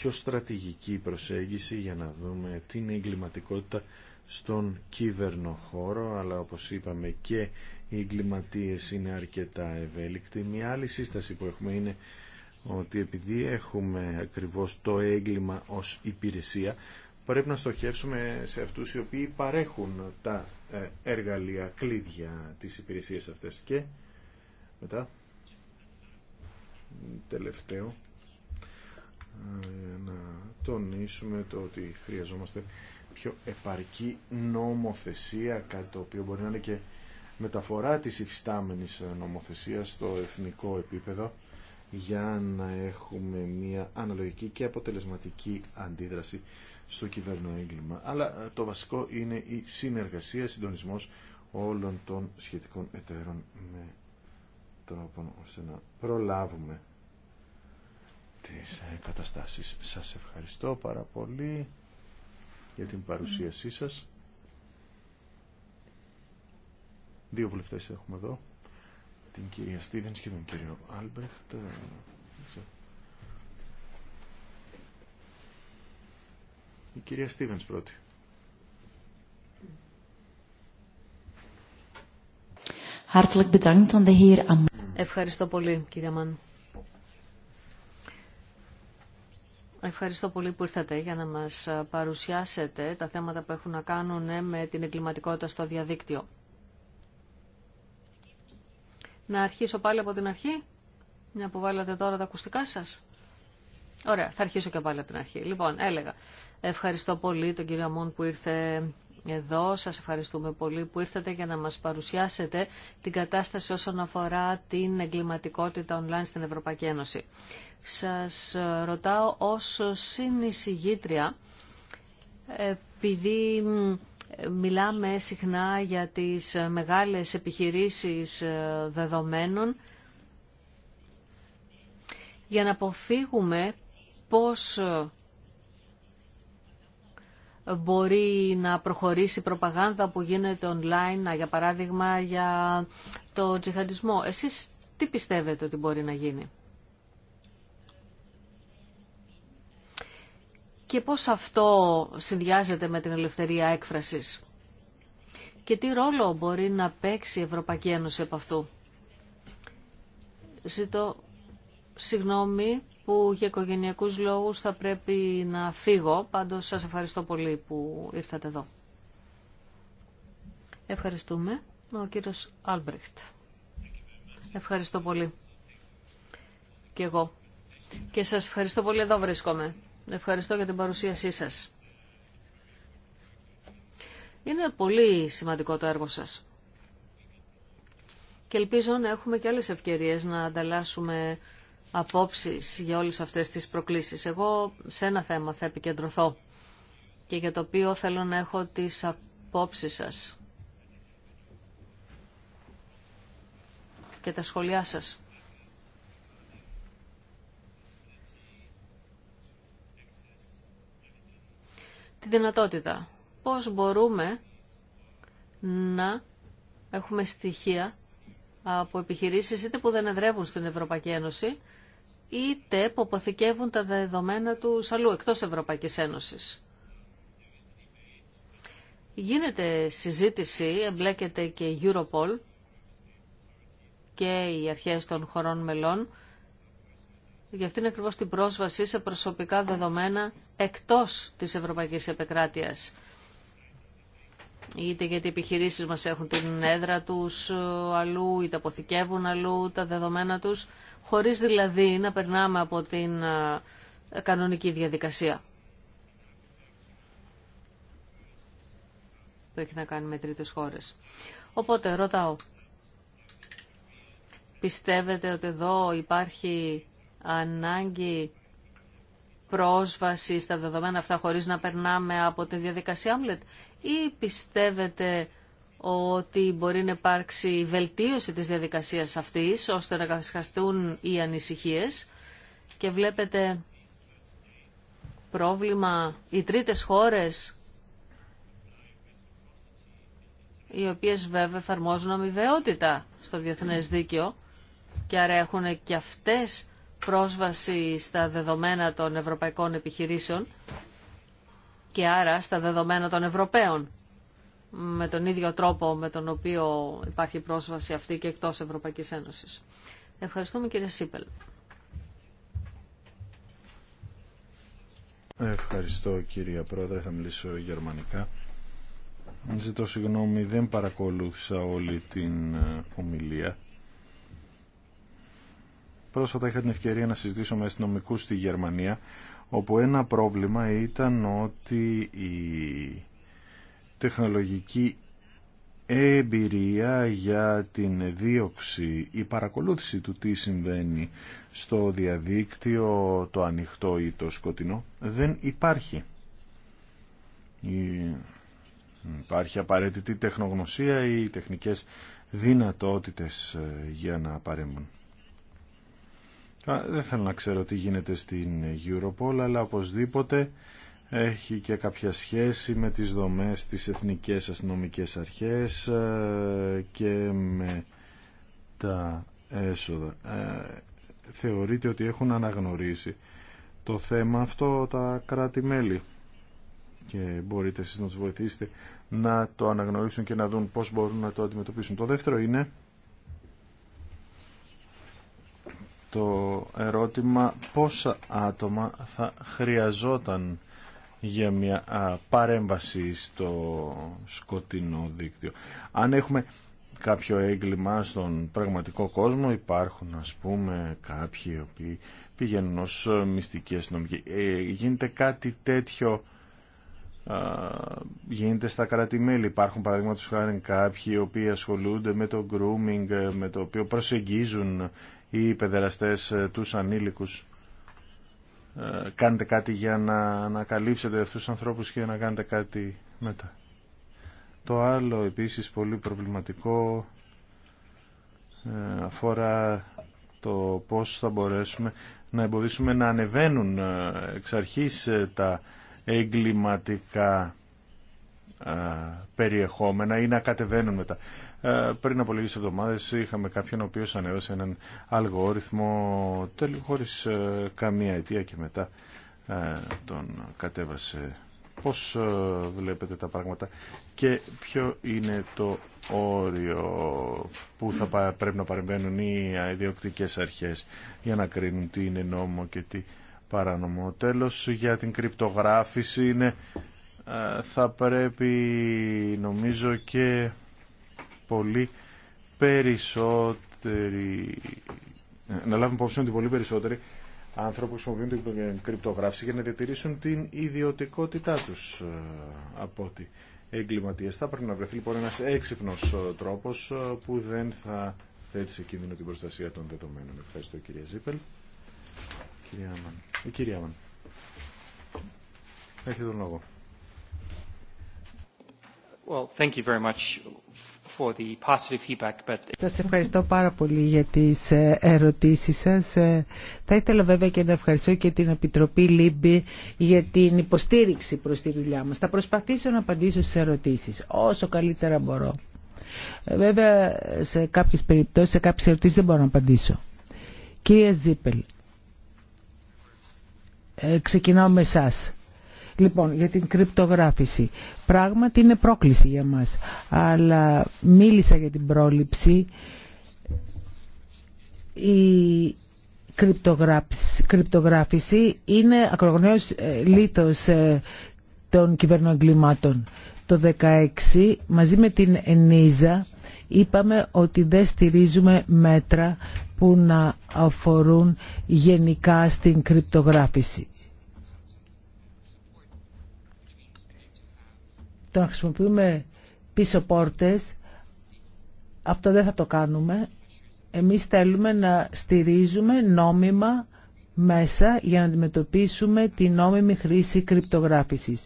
πιο στρατηγική προσέγγιση για να δούμε την εγκληματικότητα στον κύβερνο χώρο, αλλά όπως είπαμε και οι εγκληματίες είναι αρκετά ευέλικτοι. Μια άλλη σύσταση που έχουμε είναι ότι επειδή έχουμε ακριβώς το έγκλημα ως υπηρεσία, πρέπει να στοχεύσουμε σε αυτούς οι οποίοι παρέχουν τα ε, εργαλεία, κλίδια της υπηρεσίας αυτές. Και μετά, τελευταίο, ε, να τονίσουμε το ότι χρειαζόμαστε πιο επαρκή νομοθεσία, κάτι το οποίο μπορεί να είναι και μεταφορά της υφιστάμενης νομοθεσίας στο εθνικό επίπεδο για να έχουμε μια αναλογική και αποτελεσματική αντίδραση στο κυβέρνο έγκλημα. Αλλά το βασικό είναι η συνεργασία, συντονισμός όλων των σχετικών εταίρων με τρόπο ώστε να προλάβουμε τις ε, καταστάσεις. Σας ευχαριστώ πάρα πολύ για την παρουσίασή σας. Δύο βουλευτές έχουμε εδώ, την κυρία Στίβενς και τον κύριο Άλμπρεχτ. Ε, Η κυρία Στίβενς πρώτη. Ευχαριστώ πολύ, κύριε Μαν. Ευχαριστώ πολύ που ήρθατε για να μας παρουσιάσετε τα θέματα που έχουν να κάνουν με την εγκληματικότητα στο διαδίκτυο. Να αρχίσω πάλι από την αρχή, μια που βάλατε τώρα τα ακουστικά σας. Ωραία, θα αρχίσω και πάλι από την αρχή. Λοιπόν, έλεγα, ευχαριστώ πολύ τον κύριο Αμών που ήρθε εδώ. Σας ευχαριστούμε πολύ που ήρθατε για να μας παρουσιάσετε την κατάσταση όσον αφορά την εγκληματικότητα online στην Ευρωπαϊκή Ένωση σας ρωτάω ως συνεισηγήτρια, επειδή μιλάμε συχνά για τις μεγάλες επιχειρήσεις ε, δεδομένων, για να αποφύγουμε πώς ε, μπορεί να προχωρήσει η προπαγάνδα που γίνεται online, για παράδειγμα για το τζιχαντισμό. Εσείς τι πιστεύετε ότι μπορεί να γίνει. και πώς αυτό συνδυάζεται με την ελευθερία έκφρασης. Και τι ρόλο μπορεί να παίξει η Ευρωπαϊκή Ένωση από αυτού. Ζητώ συγγνώμη που για οικογενειακού λόγους θα πρέπει να φύγω. Πάντως σας ευχαριστώ πολύ που ήρθατε εδώ. Ευχαριστούμε. Ο κύριος Άλμπρεχτ. Ευχαριστώ πολύ. Και εγώ. Και σας ευχαριστώ πολύ. Εδώ βρίσκομαι. Ευχαριστώ για την παρουσίασή σας. Είναι πολύ σημαντικό το έργο σας. Και ελπίζω να έχουμε και άλλες ευκαιρίες να ανταλλάσσουμε απόψεις για όλες αυτές τις προκλήσεις. Εγώ σε ένα θέμα θα επικεντρωθώ και για το οποίο θέλω να έχω τις απόψεις σας και τα σχολιά σας. τη δυνατότητα. Πώς μπορούμε να έχουμε στοιχεία από επιχειρήσεις είτε που δεν εδρεύουν στην Ευρωπαϊκή Ένωση, είτε που αποθηκεύουν τα δεδομένα του αλλού, εκτός Ευρωπαϊκής Ένωσης. Γίνεται συζήτηση, εμπλέκεται και η Europol και οι αρχές των χωρών μελών, για αυτήν ακριβώς την πρόσβαση σε προσωπικά δεδομένα εκτός της ευρωπαϊκής επικράτειας. Είτε γιατί οι επιχειρήσει μας έχουν την έδρα τους ε, αλλού, είτε αποθηκεύουν αλλού τα δεδομένα τους, χωρίς δηλαδή να περνάμε από την ε, κανονική διαδικασία. που έχει να κάνει με τρίτες χώρες. Οπότε ρωτάω, πιστεύετε ότι εδώ υπάρχει ανάγκη πρόσβαση στα δεδομένα αυτά χωρίς να περνάμε από τη διαδικασία Άμπλετ ή πιστεύετε ότι μπορεί να υπάρξει βελτίωση της διαδικασίας αυτής ώστε να καθισχαστούν οι ανησυχίες και βλέπετε πρόβλημα οι τρίτες χώρες οι οποίες βέβαια εφαρμόζουν αμοιβαιότητα στο διεθνές δίκαιο και άρα έχουν και αυτές πρόσβαση στα δεδομένα των ευρωπαϊκών επιχειρήσεων και άρα στα δεδομένα των Ευρωπαίων με τον ίδιο τρόπο με τον οποίο υπάρχει πρόσβαση αυτή και εκτός Ευρωπαϊκής Ένωσης. Ευχαριστούμε κύριε Σίπελ. Ευχαριστώ κύριε Πρόεδρε, θα μιλήσω γερμανικά. Ζητώ συγγνώμη, δεν παρακολούθησα όλη την ε, ομιλία. Πρόσφατα είχα την ευκαιρία να συζητήσω με αστυνομικού στη Γερμανία, όπου ένα πρόβλημα ήταν ότι η τεχνολογική εμπειρία για την δίωξη, η παρακολούθηση του τι συμβαίνει στο διαδίκτυο, το ανοιχτό ή το σκοτεινό, δεν υπάρχει. Υπάρχει απαραίτητη τεχνογνωσία ή τεχνικές δυνατότητες ε, για να παρέμβουν. Δεν θέλω να ξέρω τι γίνεται στην Europol, αλλά οπωσδήποτε έχει και κάποια σχέση με τις δομές της Εθνικές Αστυνομικές Αρχές ε, και με τα έσοδα. Ε, Θεωρείτε ότι έχουν αναγνωρίσει το θέμα αυτό τα κράτη-μέλη και μπορείτε εσείς να τους βοηθήσετε να το αναγνωρίσουν και να δουν πώς μπορούν να το αντιμετωπίσουν. Το δεύτερο είναι το ερώτημα πόσα άτομα θα χρειαζόταν για μια παρέμβαση στο σκοτεινό δίκτυο. Αν έχουμε κάποιο έγκλημα στον πραγματικό κόσμο υπάρχουν ας πούμε κάποιοι οι οποίοι πηγαίνουν ως ε, μυστικοί αστυνομικοί. Ε, γίνεται κάτι τέτοιο γίνεται στα κρατημέλη. Υπάρχουν παραδείγματος χάρη κάποιοι οι οποίοι ασχολούνται με το grooming, ε, με το οποίο προσεγγίζουν οι παιδεραστές ε, τους ανήλικους. Ε, κάνετε κάτι για να ανακαλύψετε αυτούς τους ανθρώπους και να κάνετε κάτι μετά. Το άλλο επίσης πολύ προβληματικό ε, αφορά το πώς θα μπορέσουμε να εμποδίσουμε να ανεβαίνουν εξ αρχής τα εγκληματικά περιεχόμενα ή να κατεβαίνουν μετά. Ε, πριν από λίγες εβδομάδες είχαμε κάποιον ο οποίος ανέβασε έναν αλγορίθμο τέλει, χωρίς ε, καμία αιτία και μετά ε, τον κατέβασε. Πώς βλέπετε τα πράγματα και ποιο είναι το όριο που θα πρέπει να παρεμβαίνουν οι ιδιοκτικές αρχές για να κρίνουν τι είναι νόμο και τι παράνομο. Τέλος για την κρυπτογράφηση είναι θα πρέπει νομίζω και πολύ περισσότεροι να λάβουμε υπόψη ότι πολύ περισσότεροι άνθρωποι χρησιμοποιούν την κρυπτογράφηση για να διατηρήσουν την ιδιωτικότητά τους ε, από ότι εγκληματίε. Θα πρέπει να βρεθεί λοιπόν ένας έξυπνος ε, τρόπος ε, που δεν θα θέτει σε κίνδυνο την προστασία των δεδομένων. Ευχαριστώ κυρία Ζίπελ. Κυρία Μαν. κυρία Μαν. Έχετε τον λόγο. Well, Σας ευχαριστώ πάρα πολύ για τις ε, ερωτήσεις σας. Ε, θα ήθελα βέβαια και να ευχαριστώ και την Επιτροπή Λίμπη για την υποστήριξη προς τη δουλειά μας. Θα προσπαθήσω να απαντήσω στις ερωτήσεις όσο καλύτερα μπορώ. Ε, βέβαια σε κάποιες περιπτώσεις, σε κάποιες ερωτήσεις δεν μπορώ να απαντήσω. Κυρία Ζήπελ, ξεκινάω με εσάς. Λοιπόν, για την κρυπτογράφηση. Πράγματι είναι πρόκληση για μας, αλλά μίλησα για την πρόληψη. Η κρυπτογράφηση είναι ακρογνέως ε, λίθος ε, των κυβερνοεγκλημάτων. Το 2016 μαζί με την ΕΝΙΖΑ είπαμε ότι δεν στηρίζουμε μέτρα που να αφορούν γενικά στην κρυπτογράφηση. το να χρησιμοποιούμε πίσω πόρτες, αυτό δεν θα το κάνουμε. Εμείς θέλουμε να στηρίζουμε νόμιμα μέσα για να αντιμετωπίσουμε τη νόμιμη χρήση κρυπτογράφησης.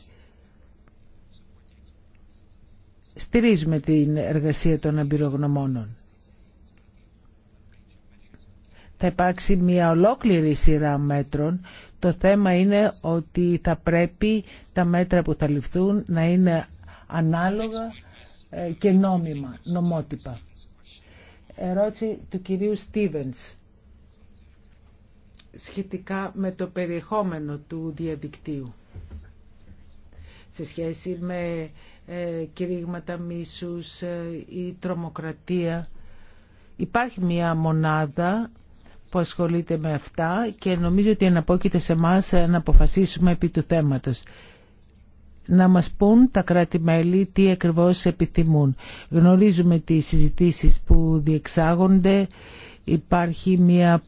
Στηρίζουμε την εργασία των εμπειρογνωμόνων. Θα υπάρξει μια ολόκληρη σειρά μέτρων. Το θέμα είναι ότι θα πρέπει τα μέτρα που θα ληφθούν να είναι ανάλογα ε, και νόμιμα, νομότυπα. Ερώτηση του κυρίου Στίβενς σχετικά με το περιεχόμενο του διαδικτύου σε σχέση με ε, κηρύγματα μίσους ή ε, τρομοκρατία. Υπάρχει μια μονάδα που ασχολείται με αυτά και νομίζω ότι αναπόκειται σε εμά να αποφασίσουμε επί του θέματος να μας πούν τα κράτη-μέλη τι ακριβώς επιθυμούν. Γνωρίζουμε τις συζητήσεις που διεξάγονται. Υπάρχει μια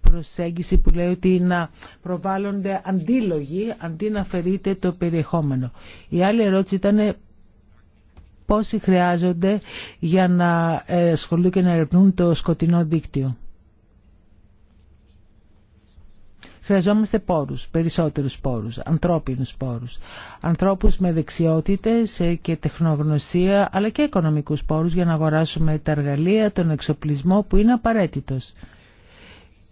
προσέγγιση που λέει ότι να προβάλλονται αντίλογοι αντί να αφαιρείται το περιεχόμενο. Η άλλη ερώτηση ήταν πόσοι χρειάζονται για να ε, ασχολούν και να ερευνούν το σκοτεινό δίκτυο. Χρειαζόμαστε πόρους, περισσότερους πόρους, ανθρώπινους πόρους. Ανθρώπους με δεξιότητες ε, και τεχνογνωσία, αλλά και οικονομικούς πόρους για να αγοράσουμε τα εργαλεία, τον εξοπλισμό που είναι απαραίτητος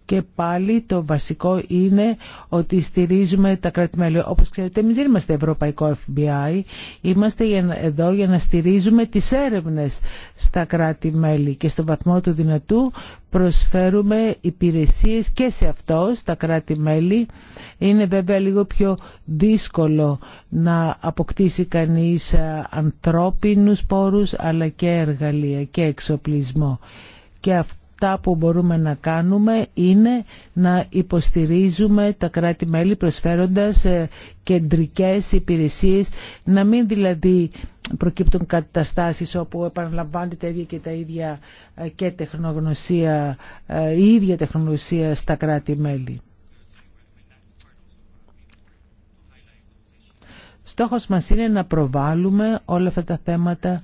και πάλι το βασικό είναι ότι στηρίζουμε τα κράτη-μέλη. Όπως ξέρετε, εμείς δεν είμαστε ευρωπαϊκό FBI, είμαστε εδώ για να στηρίζουμε τις έρευνες στα κράτη-μέλη και στο βαθμό του δυνατού προσφέρουμε υπηρεσίες και σε αυτό, στα κράτη-μέλη. Είναι βέβαια λίγο πιο δύσκολο να αποκτήσει κανείς ε, ανθρώπινους πόρους αλλά και εργαλεία και εξοπλισμό. Και αυτό αυτά που μπορούμε να κάνουμε είναι να υποστηρίζουμε τα κράτη-μέλη προσφέροντας ε, κεντρικές υπηρεσίες, να μην δηλαδή προκύπτουν καταστάσεις όπου επαναλαμβάνεται τα ίδια και τα ίδια ε, και τεχνογνωσία, ε, η ίδια τεχνογνωσία στα κράτη-μέλη. Στόχος μας είναι να προβάλλουμε όλα αυτά τα θέματα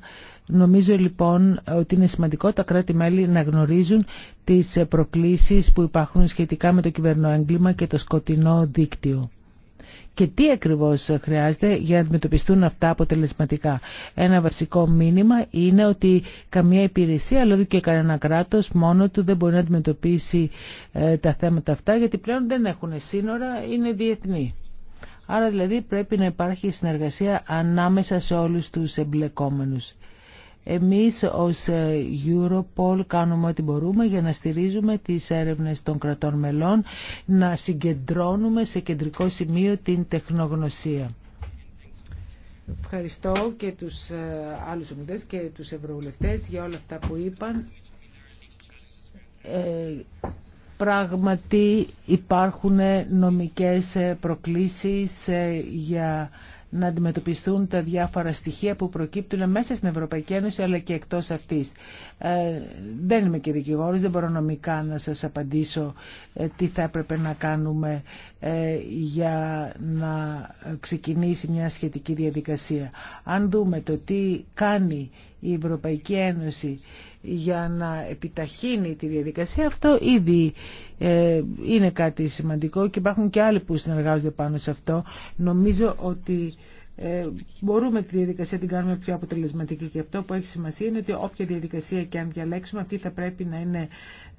Νομίζω λοιπόν ότι είναι σημαντικό τα κράτη-μέλη να γνωρίζουν τις προκλήσεις που υπάρχουν σχετικά με το κυβερνοέγκλημα και το σκοτεινό δίκτυο. Και τι ακριβώς χρειάζεται για να αντιμετωπιστούν αυτά αποτελεσματικά. Ένα βασικό μήνυμα είναι ότι καμία υπηρεσία, αλλά δηλαδή και κανένα κράτος μόνο του δεν μπορεί να αντιμετωπίσει ε, τα θέματα αυτά, γιατί πλέον δεν έχουν σύνορα, είναι διεθνή. Άρα δηλαδή πρέπει να υπάρχει συνεργασία ανάμεσα σε όλους τους εμπλεκόμενους. Εμείς ως ε, Europol κάνουμε ό,τι μπορούμε για να στηρίζουμε τις έρευνες των κρατών μελών, να συγκεντρώνουμε σε κεντρικό σημείο την τεχνογνωσία. Ευχαριστώ και τους ε, άλλους ομιλητές και τους ευρωβουλευτές για όλα αυτά που είπαν. Ε, πράγματι υπάρχουν νομικές ε, προκλήσεις για να αντιμετωπιστούν τα διάφορα στοιχεία που προκύπτουν μέσα στην Ευρωπαϊκή Ένωση αλλά και εκτός αυτής. Ε, δεν είμαι και δικηγόρος, δεν μπορώ νομικά να σας απαντήσω ε, τι θα έπρεπε να κάνουμε ε, για να ξεκινήσει μια σχετική διαδικασία. Αν δούμε το τι κάνει η Ευρωπαϊκή Ένωση για να επιταχύνει τη διαδικασία αυτό ήδη ε, είναι κάτι σημαντικό και υπάρχουν και άλλοι που συνεργάζονται πάνω σε αυτό νομίζω ότι ε, μπορούμε τη διαδικασία να την κάνουμε πιο αποτελεσματική και αυτό που έχει σημασία είναι ότι όποια διαδικασία και αν διαλέξουμε αυτή θα πρέπει να είναι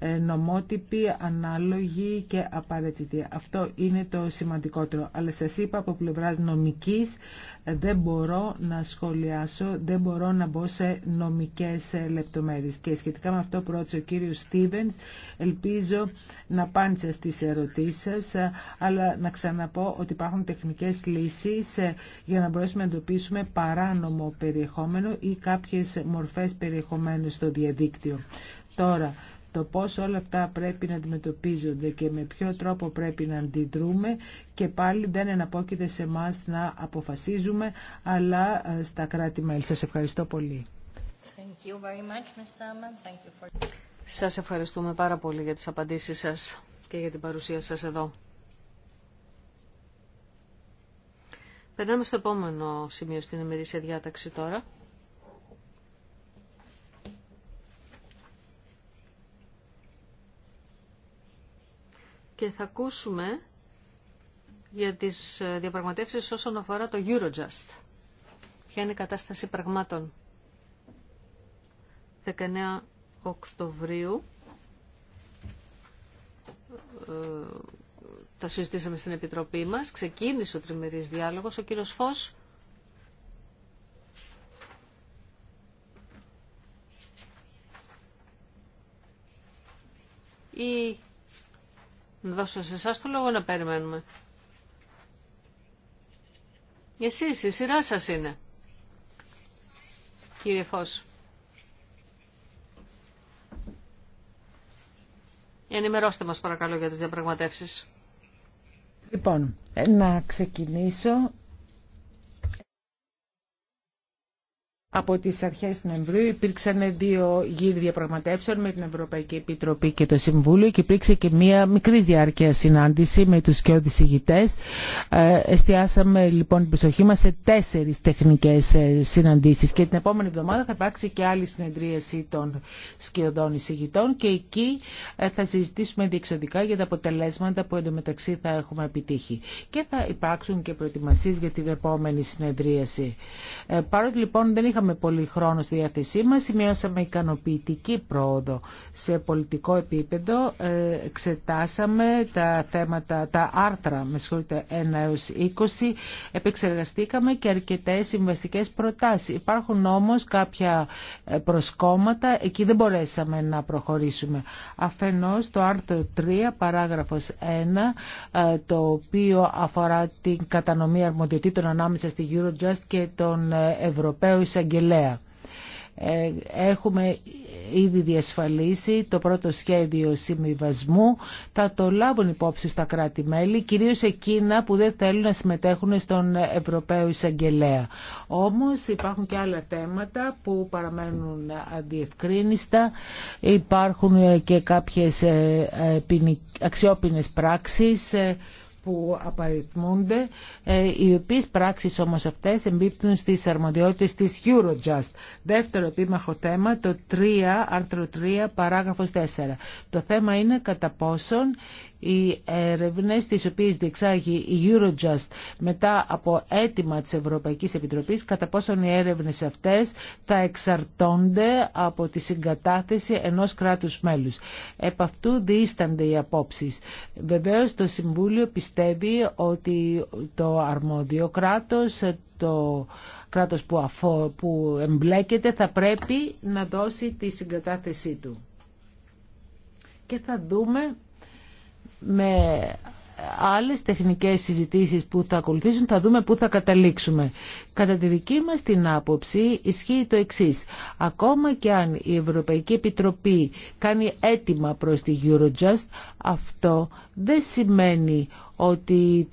νομότυπη, ανάλογη και απαραίτητη. Αυτό είναι το σημαντικότερο. Αλλά σας είπα από πλευράς νομικής ε, δεν μπορώ να σχολιάσω, δεν μπορώ να μπω σε νομικές ε, λεπτομέρειες. Και σχετικά με αυτό πρώτος ο κύριος Στίβενς, ελπίζω να απάντησα στις ερωτήσεις σας, ε, αλλά να ξαναπώ ότι υπάρχουν τεχνικές λύσεις για να μπορέσουμε να εντοπίσουμε παράνομο περιεχόμενο ή κάποιες μορφές περιεχομένου στο διαδίκτυο. Τώρα, το πώς όλα αυτά πρέπει να αντιμετωπίζονται και με ποιο τρόπο πρέπει να αντιδρούμε και πάλι δεν εναπόκειται σε εμά να αποφασίζουμε αλλά ε, στα κράτη-μέλη. Σας ευχαριστώ πολύ. Thank Σας ευχαριστούμε πάρα πολύ για τις απαντήσεις σας και για την παρουσία σας εδώ. Περνάμε στο επόμενο σημείο στην ημερήσια διάταξη τώρα. και θα ακούσουμε για τις διαπραγματεύσεις όσον αφορά το Eurojust. Ποια είναι η κατάσταση πραγμάτων. 19 Οκτωβρίου ε, το συζητήσαμε στην Επιτροπή μας, ξεκίνησε ο τριμερής διάλογος, ο κύριος Φως η να δώσω σε εσάς το λόγο να περιμένουμε. Εσείς, η σειρά σα είναι. Κύριε Φω. Ενημερώστε μας παρακαλώ για τις διαπραγματεύσεις. Λοιπόν, ε, να ξεκινήσω Από τις αρχές του Νοεμβρίου υπήρξαν δύο γύρια διαπραγματεύσεων με την Ευρωπαϊκή Επιτροπή και το Συμβούλιο και υπήρξε και μία μικρή διάρκεια συνάντηση με τους και ηγητές. Ε, εστιάσαμε λοιπόν την προσοχή μας σε τέσσερις τεχνικές ε, συναντήσεις και την επόμενη εβδομάδα θα υπάρξει και άλλη συνεδρίαση των σκιωδών εισηγητών και εκεί ε, θα συζητήσουμε διεξοδικά για τα αποτελέσματα που εντωμεταξύ θα έχουμε επιτύχει και θα υπάρξουν και προετοιμασίες για την επόμενη συνεδρίαση. παρότι λοιπόν δεν με πολύ χρόνο στη διάθεσή μας, σημειώσαμε ικανοποιητική πρόοδο σε πολιτικό επίπεδο, ε, εξετάσαμε τα θέματα, τα άρθρα, με συγχωρείτε, 1 έως 20, επεξεργαστήκαμε και αρκετές συμβαστικές προτάσεις. Υπάρχουν όμως κάποια ε, προσκόμματα, εκεί δεν μπορέσαμε να προχωρήσουμε. Αφενός το άρθρο 3, παράγραφος 1, ε, το οποίο αφορά την κατανομή αρμοδιοτήτων ανάμεσα στη Eurojust και τον Ευρωπαίο εισαγγελίων ε, έχουμε ήδη διασφαλίσει το πρώτο σχέδιο συμβιβασμού. Θα το λάβουν υπόψη στα κράτη-μέλη, κυρίως εκείνα που δεν θέλουν να συμμετέχουν στον Ευρωπαίο Εισαγγελέα. Όμως υπάρχουν και άλλα θέματα που παραμένουν αντιευκρίνιστα Υπάρχουν και κάποιες ε, ε, αξιόπινες πράξεις που απαριθμούνται, ε, οι οποίες πράξεις όμως αυτές εμπίπτουν στις αρμοδιότητες της Eurojust. Δεύτερο επίμαχο θέμα, το 3, άρθρο 3, παράγραφος 4. Το θέμα είναι κατά πόσον οι έρευνες τις οποίες διεξάγει η Eurojust μετά από αίτημα της Ευρωπαϊκής Επιτροπής, κατά πόσον οι έρευνες αυτές θα εξαρτώνται από τη συγκατάθεση ενός κράτους μέλους. Επ' αυτού δίστανται οι απόψεις. Βεβαίως το Συμβούλιο πιστεύει ότι το αρμόδιο κράτος το κράτος που, αφο, που εμπλέκεται θα πρέπει να δώσει τη συγκατάθεσή του. Και θα δούμε με άλλες τεχνικές συζητήσεις που θα ακολουθήσουν θα δούμε πού θα καταλήξουμε. Κατά τη δική μας την άποψη ισχύει το εξής. Ακόμα και αν η Ευρωπαϊκή Επιτροπή κάνει έτοιμα προς τη Eurojust, αυτό δεν σημαίνει ότι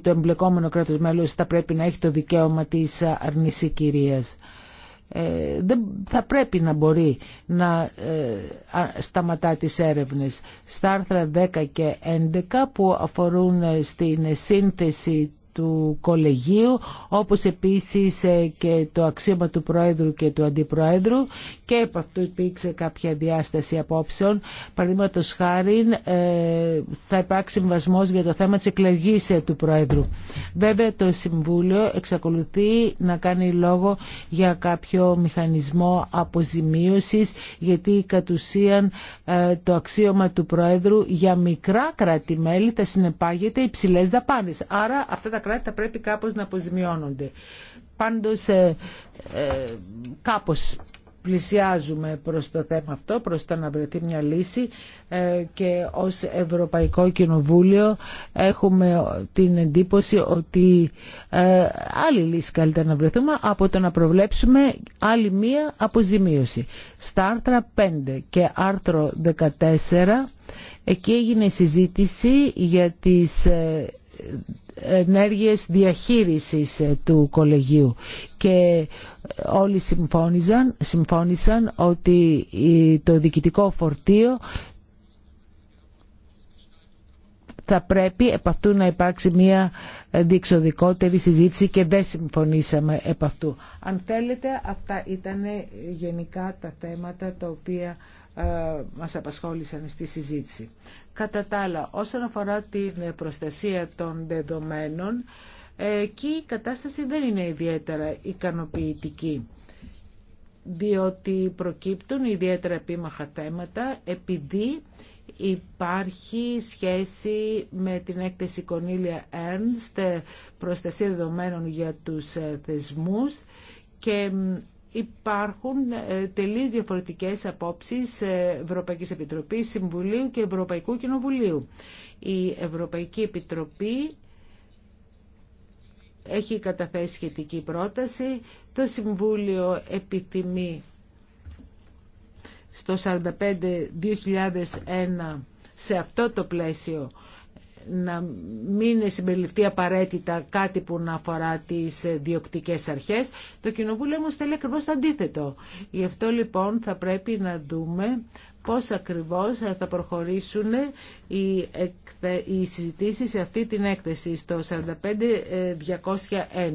το, εμπλεκόμενο κράτος μέλος θα πρέπει να έχει το δικαίωμα της αρνησικυρίας. κυρίας. Ε, δεν θα πρέπει να μπορεί να ε, σταματά τις έρευνες. Στα άρθρα 10 και 11 που αφορούν ε, στην σύνθεση του κολεγίου, όπως επίσης ε, και το αξίωμα του Πρόεδρου και του Αντιπρόεδρου και από αυτό υπήρξε κάποια διάσταση απόψεων. Παραδείγματο χάρη ε, θα υπάρξει συμβασμο για το θέμα της εκλεγής ε, του Πρόεδρου. Βέβαια το Συμβούλιο εξακολουθεί να κάνει λόγο για κάποιο μηχανισμό αποζημίωσης γιατί κατ' ουσίαν το αξίωμα του Πρόεδρου για μικρά κράτη-μέλη θα συνεπάγεται υψηλέ δαπάνε. Άρα αυτά τα κράτη θα πρέπει κάπως να αποζημιώνονται. Πάντως ε, ε, κάπως πλησιάζουμε προς το θέμα αυτό, προς το να βρεθεί μια λύση ε, και ως Ευρωπαϊκό Κοινοβούλιο έχουμε την εντύπωση ότι ε, άλλη λύση καλύτερα να βρεθούμε από το να προβλέψουμε άλλη μία αποζημίωση. Στα άρθρα 5 και άρθρο 14 εκεί έγινε συζήτηση για τις ενέργειες διαχείρισης ε, του κολεγίου και ε, όλοι συμφώνησαν, συμφώνησαν ότι ε, το διοικητικό φορτίο θα πρέπει επ' αυτού να υπάρξει μια διεξοδικότερη συζήτηση και δεν συμφωνήσαμε επ' αυτού. Αν θέλετε, αυτά ήταν γενικά τα θέματα τα οποία μας απασχόλησαν στη συζήτηση. Κατά τα άλλα, όσον αφορά την προστασία των δεδομένων, εκεί η κατάσταση δεν είναι ιδιαίτερα ικανοποιητική διότι προκύπτουν ιδιαίτερα επίμαχα θέματα επειδή υπάρχει σχέση με την έκθεση Κονίλια Ernst προστασία δεδομένων για τους ε, θεσμούς και υπάρχουν ε, τελείως διαφορετικές απόψεις ε, Ευρωπαϊκής Επιτροπής, Συμβουλίου και Ευρωπαϊκού Κοινοβουλίου. Η Ευρωπαϊκή Επιτροπή έχει καταθέσει σχετική πρόταση. Το Συμβούλιο επιθυμεί στο 45-2001 σε αυτό το πλαίσιο να μην συμπεριληφθεί απαραίτητα κάτι που να αφορά τις διοκτικές αρχές. Το Κοινοβούλιο όμως θέλει ακριβώς το αντίθετο. Γι' αυτό λοιπόν θα πρέπει να δούμε πώς ακριβώς θα προχωρήσουν οι, εκθε... συζητήσεις σε αυτή την έκθεση στο 45201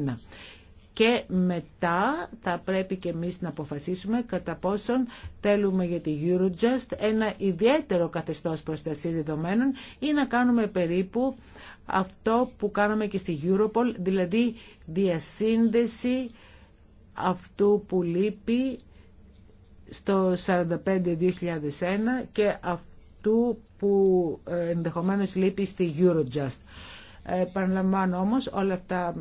και μετά θα πρέπει και εμείς να αποφασίσουμε κατά πόσον θέλουμε για τη Eurojust ένα ιδιαίτερο καθεστώς προστασίας δεδομένων ή να κάνουμε περίπου αυτό που κάναμε και στη Europol, δηλαδή διασύνδεση αυτού που λείπει στο 45-2001 και αυτού που ε, ενδεχομένως λείπει στη Eurojust. Παραλαμβάνω όμως όλα αυτά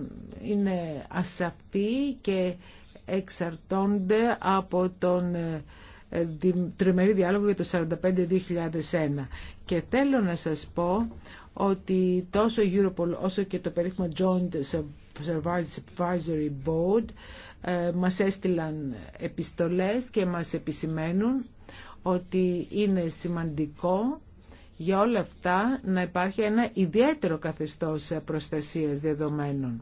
είναι ασαφή και εξαρτώνται από τον ε, τριμερή διάλογο για το 45-2001. Και θέλω να σας πω ότι τόσο η Europol όσο και το περίφημο Joint Supervisory Board ε, μας έστειλαν επιστολές και μας επισημαίνουν ότι είναι σημαντικό για όλα αυτά να υπάρχει ένα ιδιαίτερο καθεστώς προστασίας δεδομένων.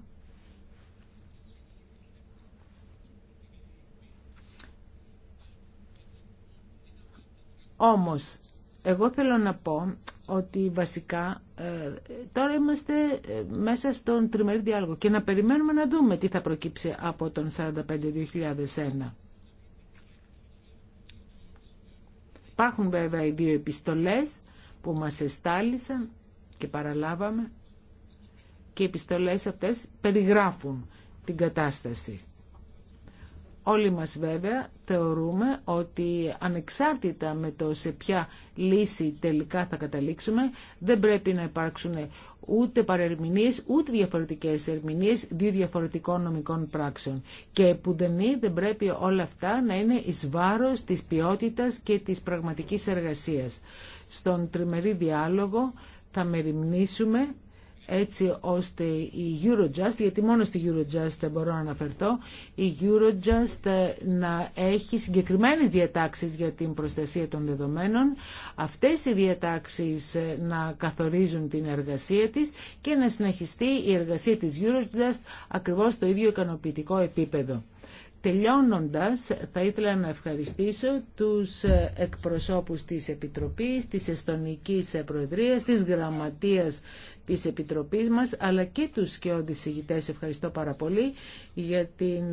Όμως, εγώ θέλω να πω ότι βασικά ε, τώρα είμαστε ε, μέσα στον τριμερή διάλογο και να περιμένουμε να δούμε τι θα προκύψει από τον 45-2001. Υπάρχουν βέβαια οι δύο επιστολές που μας εστάλησαν και παραλάβαμε και οι επιστολές αυτές περιγράφουν την κατάσταση. Όλοι μας βέβαια θεωρούμε ότι ανεξάρτητα με το σε ποια λύση τελικά θα καταλήξουμε δεν πρέπει να υπάρξουν ούτε παρερμηνείς ούτε διαφορετικές ερμηνείες δύο διαφορετικών νομικών πράξεων και που δεν, είναι, δεν πρέπει όλα αυτά να είναι εις βάρος της ποιότητας και της πραγματικής εργασίας. Στον τριμερή διάλογο θα μεριμνήσουμε έτσι ώστε η Eurojust, γιατί μόνο στη Eurojust δεν μπορώ να αναφερθώ, η Eurojust να έχει συγκεκριμένες διατάξεις για την προστασία των δεδομένων, αυτές οι διατάξεις να καθορίζουν την εργασία της και να συνεχιστεί η εργασία της Eurojust ακριβώς στο ίδιο ικανοποιητικό επίπεδο. Τελειώνοντας, θα ήθελα να ευχαριστήσω τους εκπροσώπους της Επιτροπής, της Εστονικής Προεδρίας, της Γραμματείας της Επιτροπής μας, αλλά και τους σκιώδης ηγητές. Ευχαριστώ πάρα πολύ για την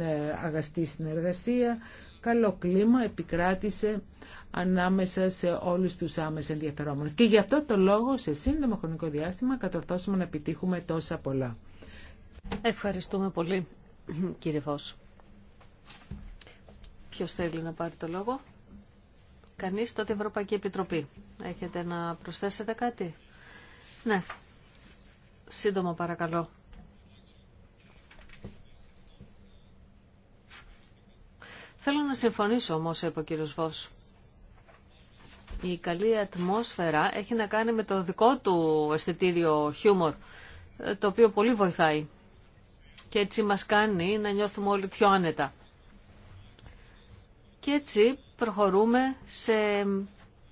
αγαστή συνεργασία. Καλό κλίμα επικράτησε ανάμεσα σε όλους τους άμεσα ενδιαφερόμενους. Και γι' αυτό το λόγο, σε σύντομο χρονικό διάστημα, κατορθώσουμε να επιτύχουμε τόσα πολλά. Ευχαριστούμε πολύ, κύριε Βόσου. Ποιο θέλει να πάρει το λόγο. Κανείς, τότε Ευρωπαϊκή Επιτροπή. Έχετε να προσθέσετε κάτι. Ναι. Σύντομα παρακαλώ. Θέλω να συμφωνήσω όμως, είπε ο κύριος Βός. Η καλή ατμόσφαιρα έχει να κάνει με το δικό του αισθητήριο χιούμορ, το οποίο πολύ βοηθάει. Και έτσι μας κάνει να νιώθουμε όλοι πιο άνετα. Και έτσι προχωρούμε σε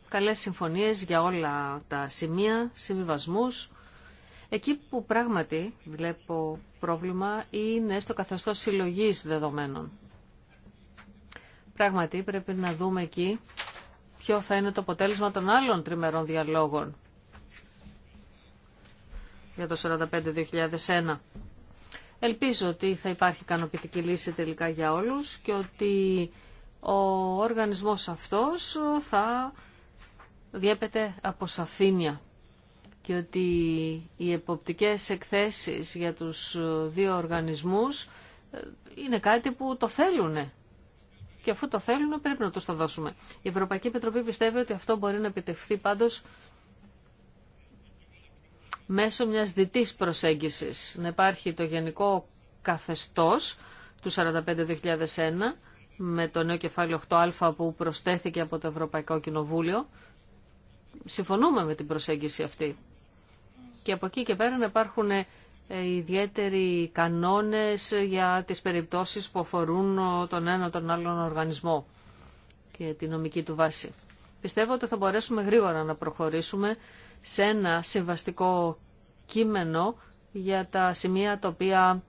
καλές συμφωνίες για όλα τα σημεία, συμβιβασμούς. Εκεί που πράγματι βλέπω πρόβλημα είναι στο καθεστώς συλλογής δεδομένων. Πράγματι πρέπει να δούμε εκεί ποιο θα είναι το αποτέλεσμα των άλλων τριμερών διαλόγων για το 45-2001. Ελπίζω ότι θα υπάρχει ικανοποιητική λύση τελικά για όλους και ότι ο οργανισμός αυτός θα διέπεται από σαφήνεια και ότι οι εποπτικές εκθέσεις για τους δύο οργανισμούς ε, είναι κάτι που το θέλουν. Και αφού το θέλουν πρέπει να τους το δώσουμε. Η Ευρωπαϊκή Επιτροπή πιστεύει ότι αυτό μπορεί να επιτευχθεί πάντως μέσω μιας διτής προσέγγισης. Να υπάρχει το γενικό καθεστώς του 45-2001 με το νέο κεφάλαιο 8α που προσθέθηκε από το Ευρωπαϊκό Κοινοβούλιο. Συμφωνούμε με την προσέγγιση αυτή. Και από εκεί και πέρα να υπάρχουν ε, ιδιαίτεροι κανόνες για τις περιπτώσεις που αφορούν τον ένα τον άλλον οργανισμό και τη νομική του βάση. Πιστεύω ότι θα μπορέσουμε γρήγορα να προχωρήσουμε σε ένα συμβαστικό κείμενο για τα σημεία τα οποία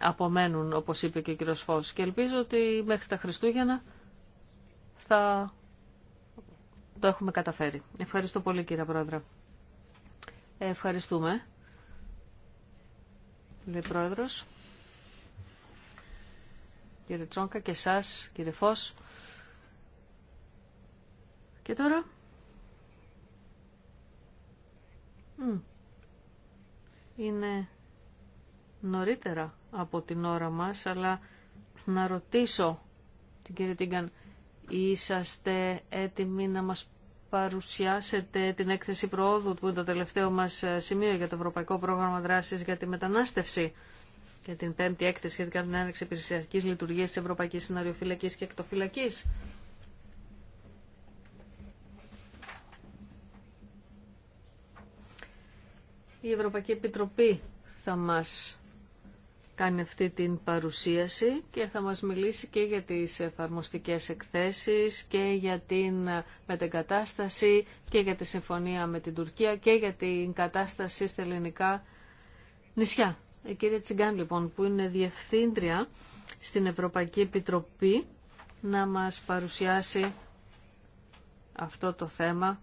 απομένουν, όπως είπε και ο κύριος Φως. Και ελπίζω ότι μέχρι τα Χριστούγεννα θα το έχουμε καταφέρει. Ευχαριστώ πολύ κύριε Πρόεδρε. Ευχαριστούμε. Κύριε Πρόεδρος. Κύριε Τσόνκα και εσάς κύριε Φως. Και τώρα... Είναι νωρίτερα από την ώρα μας, αλλά να ρωτήσω την κύριε Τίγκαν, είσαστε έτοιμοι να μας παρουσιάσετε την έκθεση προόδου που είναι το τελευταίο μας ε, σημείο για το Ευρωπαϊκό Πρόγραμμα Δράσης για τη Μετανάστευση και την πέμπτη έκθεση για την άνοιξη υπηρεσιακής λειτουργίας της Ευρωπαϊκής Συναριοφυλακής και Εκτοφυλακής. Η Ευρωπαϊκή Επιτροπή θα μας κάνει αυτή την παρουσίαση και θα μας μιλήσει και για τις εφαρμοστικές εκθέσεις και για την μετεγκατάσταση και για τη συμφωνία με την Τουρκία και για την κατάσταση στα ελληνικά νησιά. Η ε, κυρία Τσιγκάν λοιπόν που είναι διευθύντρια στην Ευρωπαϊκή Επιτροπή να μας παρουσιάσει αυτό το θέμα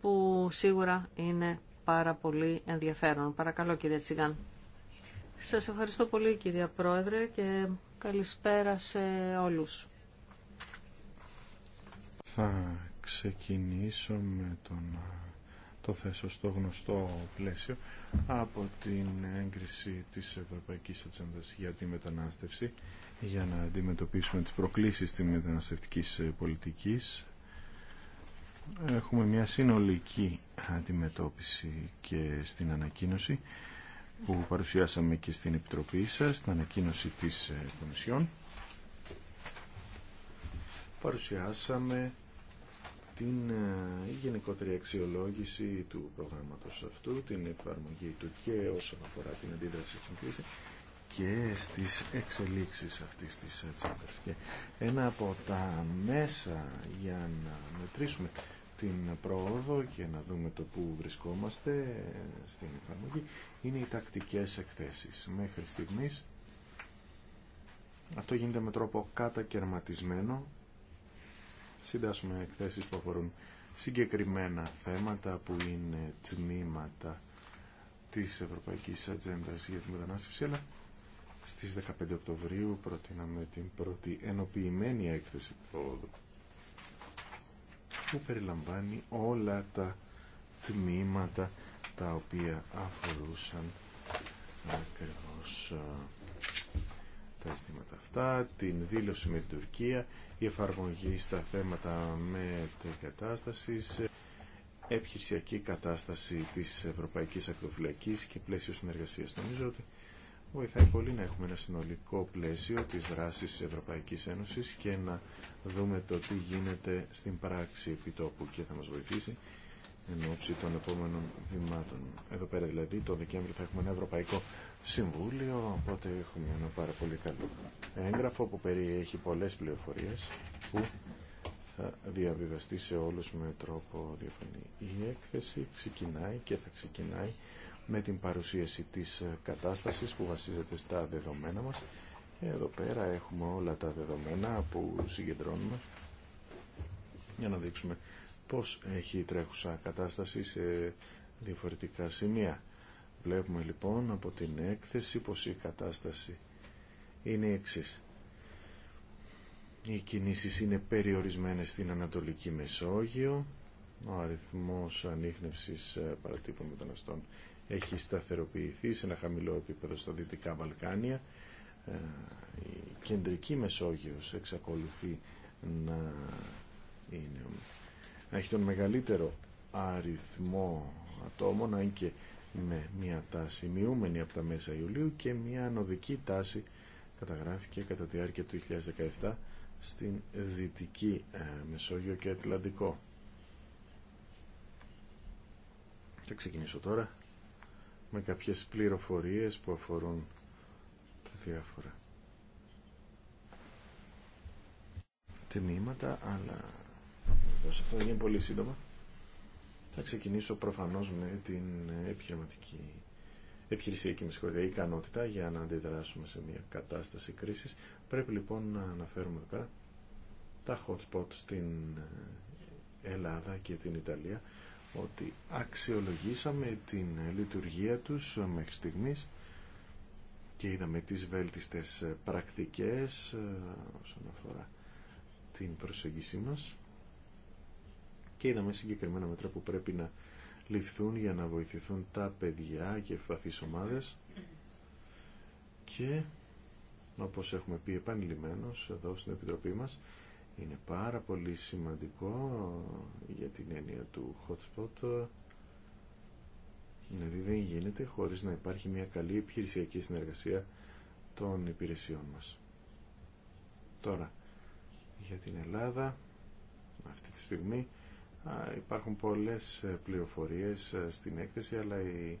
που σίγουρα είναι πάρα πολύ ενδιαφέρον. Παρακαλώ κύριε Τσιγκάν. Σας ευχαριστώ πολύ κυρία Πρόεδρε και καλησπέρα σε όλους. Θα ξεκινήσω με τον το θέσω στο γνωστό πλαίσιο από την έγκριση της Ευρωπαϊκής Ατζέντας για τη μετανάστευση για να αντιμετωπίσουμε τις προκλήσεις της μεταναστευτικής πολιτικής. Έχουμε μια συνολική αντιμετώπιση και στην ανακοίνωση που παρουσιάσαμε και στην Επιτροπή σας, στην ανακοίνωση της ε, Κομισιόν. Παρουσιάσαμε την ε, γενικότερη αξιολόγηση του προγράμματος αυτού, την εφαρμογή του και όσον αφορά την αντίδραση στην κρίση και στις εξελίξεις αυτής της ε, τσάντας. Και ένα από τα μέσα για να μετρήσουμε την πρόοδο και να δούμε το πού βρισκόμαστε στην εφαρμογή είναι οι τακτικές εκθέσεις. Μέχρι στιγμής αυτό γίνεται με τρόπο κατακαιρματισμένο. Συντάσσουμε εκθέσεις που αφορούν συγκεκριμένα θέματα που είναι τμήματα της Ευρωπαϊκής Ατζέντα για τη Μετανάστευση, αλλά στις 15 Οκτωβρίου προτείναμε την πρώτη ενοποιημένη έκθεση πρόοδου που περιλαμβάνει όλα τα τμήματα τα οποία αφορούσαν ακριβώς ε, τα ζητήματα αυτά, την δήλωση με την Τουρκία, η εφαρμογή στα θέματα με την κατάσταση, επιχειρησιακή κατάσταση της Ευρωπαϊκής Ακτοφυλακής και πλαίσιο συνεργασίας. Νομίζω ότι βοηθάει πολύ να έχουμε ένα συνολικό πλαίσιο της δράσης της Ευρωπαϊκής Ένωσης και να δούμε το τι γίνεται στην πράξη επιτόπου και θα μας βοηθήσει εν ώψη των επόμενων βημάτων. Εδώ πέρα δηλαδή το Δεκέμβριο θα έχουμε ένα Ευρωπαϊκό Συμβούλιο, οπότε έχουμε ένα πάρα πολύ καλό έγγραφο που περιέχει πολλές πληροφορίες που θα διαβιβαστεί σε όλους με τρόπο διαφανή. Η έκθεση ξεκινάει και θα ξεκινάει με την παρουσίαση της ε, κατάστασης που βασίζεται στα δεδομένα μας εδώ πέρα έχουμε όλα τα δεδομένα που συγκεντρώνουμε για να δείξουμε πώς έχει η τρέχουσα κατάσταση σε διαφορετικά σημεία. Βλέπουμε λοιπόν από την έκθεση πως η κατάσταση είναι η εξής. Οι κινήσεις είναι περιορισμένες στην Ανατολική Μεσόγειο. Ο αριθμός ανείχνευσης ε, παρατύπων μεταναστών έχει σταθεροποιηθεί σε ένα χαμηλό επίπεδο στα Δυτικά Βαλκάνια. Ε, η κεντρική Μεσόγειος εξακολουθεί να, είναι, να έχει τον μεγαλύτερο αριθμό ατόμων, αν και με μια τάση μειούμενη από τα μέσα Ιουλίου και μια ανωδική τάση καταγράφηκε κατά τη διάρκεια του 2017 στην Δυτική ε, Μεσόγειο και Ατλαντικό. Θα ξεκινήσω τώρα με κάποιες πληροφορίες που αφορούν τα διάφορα τμήματα, αλλά αυτό θα γίνει πολύ σύντομα. Θα ξεκινήσω προφανώς με την επιχειρηματική επιχειρησιακή ή ικανότητα για να αντιδράσουμε σε μια κατάσταση κρίσης. Πρέπει λοιπόν να αναφέρουμε εδώ τα hotspots στην Ελλάδα και την Ιταλία ότι αξιολογήσαμε την λειτουργία τους μέχρι στιγμής και είδαμε τις βέλτιστες πρακτικές ε, όσον αφορά την προσέγγιση μας και είδαμε συγκεκριμένα μέτρα που πρέπει να ληφθούν για να βοηθηθούν τα παιδιά και ευπαθείς ομάδες και όπως έχουμε πει επανειλημμένως εδώ στην Επιτροπή μας είναι πάρα πολύ σημαντικό για την έννοια του hotspot δηλαδή δεν γίνεται χωρίς να υπάρχει μια καλή επιχειρησιακή συνεργασία των υπηρεσιών μας τώρα για την Ελλάδα αυτή τη στιγμή υπάρχουν πολλές πληροφορίες στην έκθεση αλλά η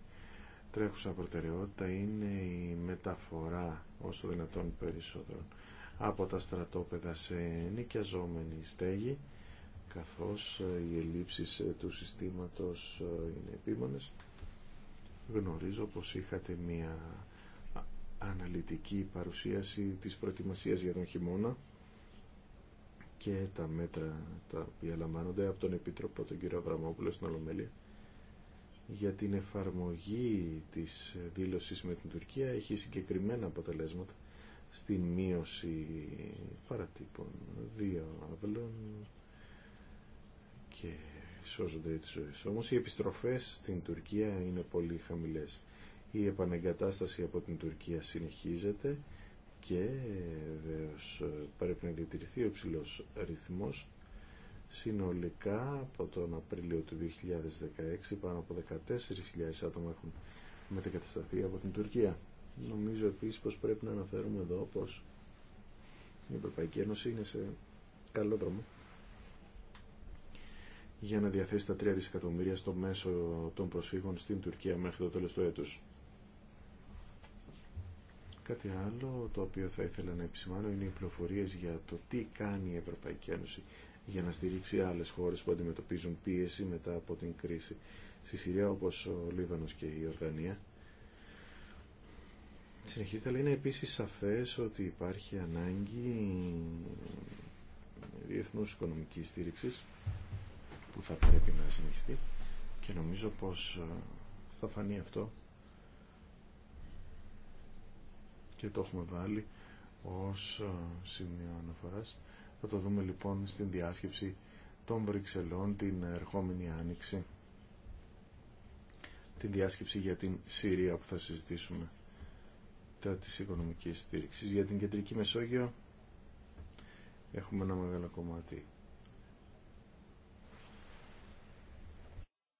τρέχουσα προτεραιότητα είναι η μεταφορά όσο δυνατόν περισσότερων από τα στρατόπεδα σε νοικιαζόμενη στέγη καθώς ε, οι ελλείψεις ε, του συστήματος ε, είναι επίμονες. Γνωρίζω πως είχατε μία αναλυτική παρουσίαση της προετοιμασίας για τον χειμώνα και τα μέτρα τα οποία λαμβάνονται από τον Επίτροπο τον κύριο Αβραμόπουλο στην Ολομέλεια για την εφαρμογή της δήλωσης με την Τουρκία έχει συγκεκριμένα αποτελέσματα στην μείωση παρατύπων δύο άδελων και σώζονται έτσι ζωές. Όμως οι επιστροφές στην Τουρκία είναι πολύ χαμηλές. Η επανεγκατάσταση από την Τουρκία συνεχίζεται και βεβαίω πρέπει να διατηρηθεί ο ψηλός ρυθμός. Συνολικά από τον Απρίλιο του 2016 πάνω από 14.000 άτομα έχουν μετεγκατασταθεί από την Τουρκία. Νομίζω επίσης πως πρέπει να αναφέρουμε εδώ πως η Ευρωπαϊκή Ένωση είναι σε καλό δρόμο για να διαθέσει τα 3 δισεκατομμύρια στο μέσο των προσφύγων στην Τουρκία μέχρι το τέλος του έτους. Κάτι άλλο το οποίο θα ήθελα να επισημάνω είναι οι πληροφορίες για το τι κάνει η Ευρωπαϊκή Ένωση για να στηρίξει άλλες χώρες που αντιμετωπίζουν πίεση μετά από την κρίση στη Συρία όπως ο Λίβανος και η Ορδανία Συνεχίζεται, αλλά είναι επίσης σαφές ότι υπάρχει ανάγκη διεθνούς οικονομικής στήριξης που θα πρέπει να συνεχιστεί και νομίζω πως ε, θα φανεί αυτό και το έχουμε βάλει ως ε, σημείο αναφοράς. Θα το δούμε λοιπόν στην διάσκεψη των Βρυξελών την ερχόμενη άνοιξη την διάσκεψη για την Συρία που θα συζητήσουμε. Τη της οικονομικής στήριξης. Για την Κεντρική Μεσόγειο έχουμε ένα μεγάλο κομμάτι.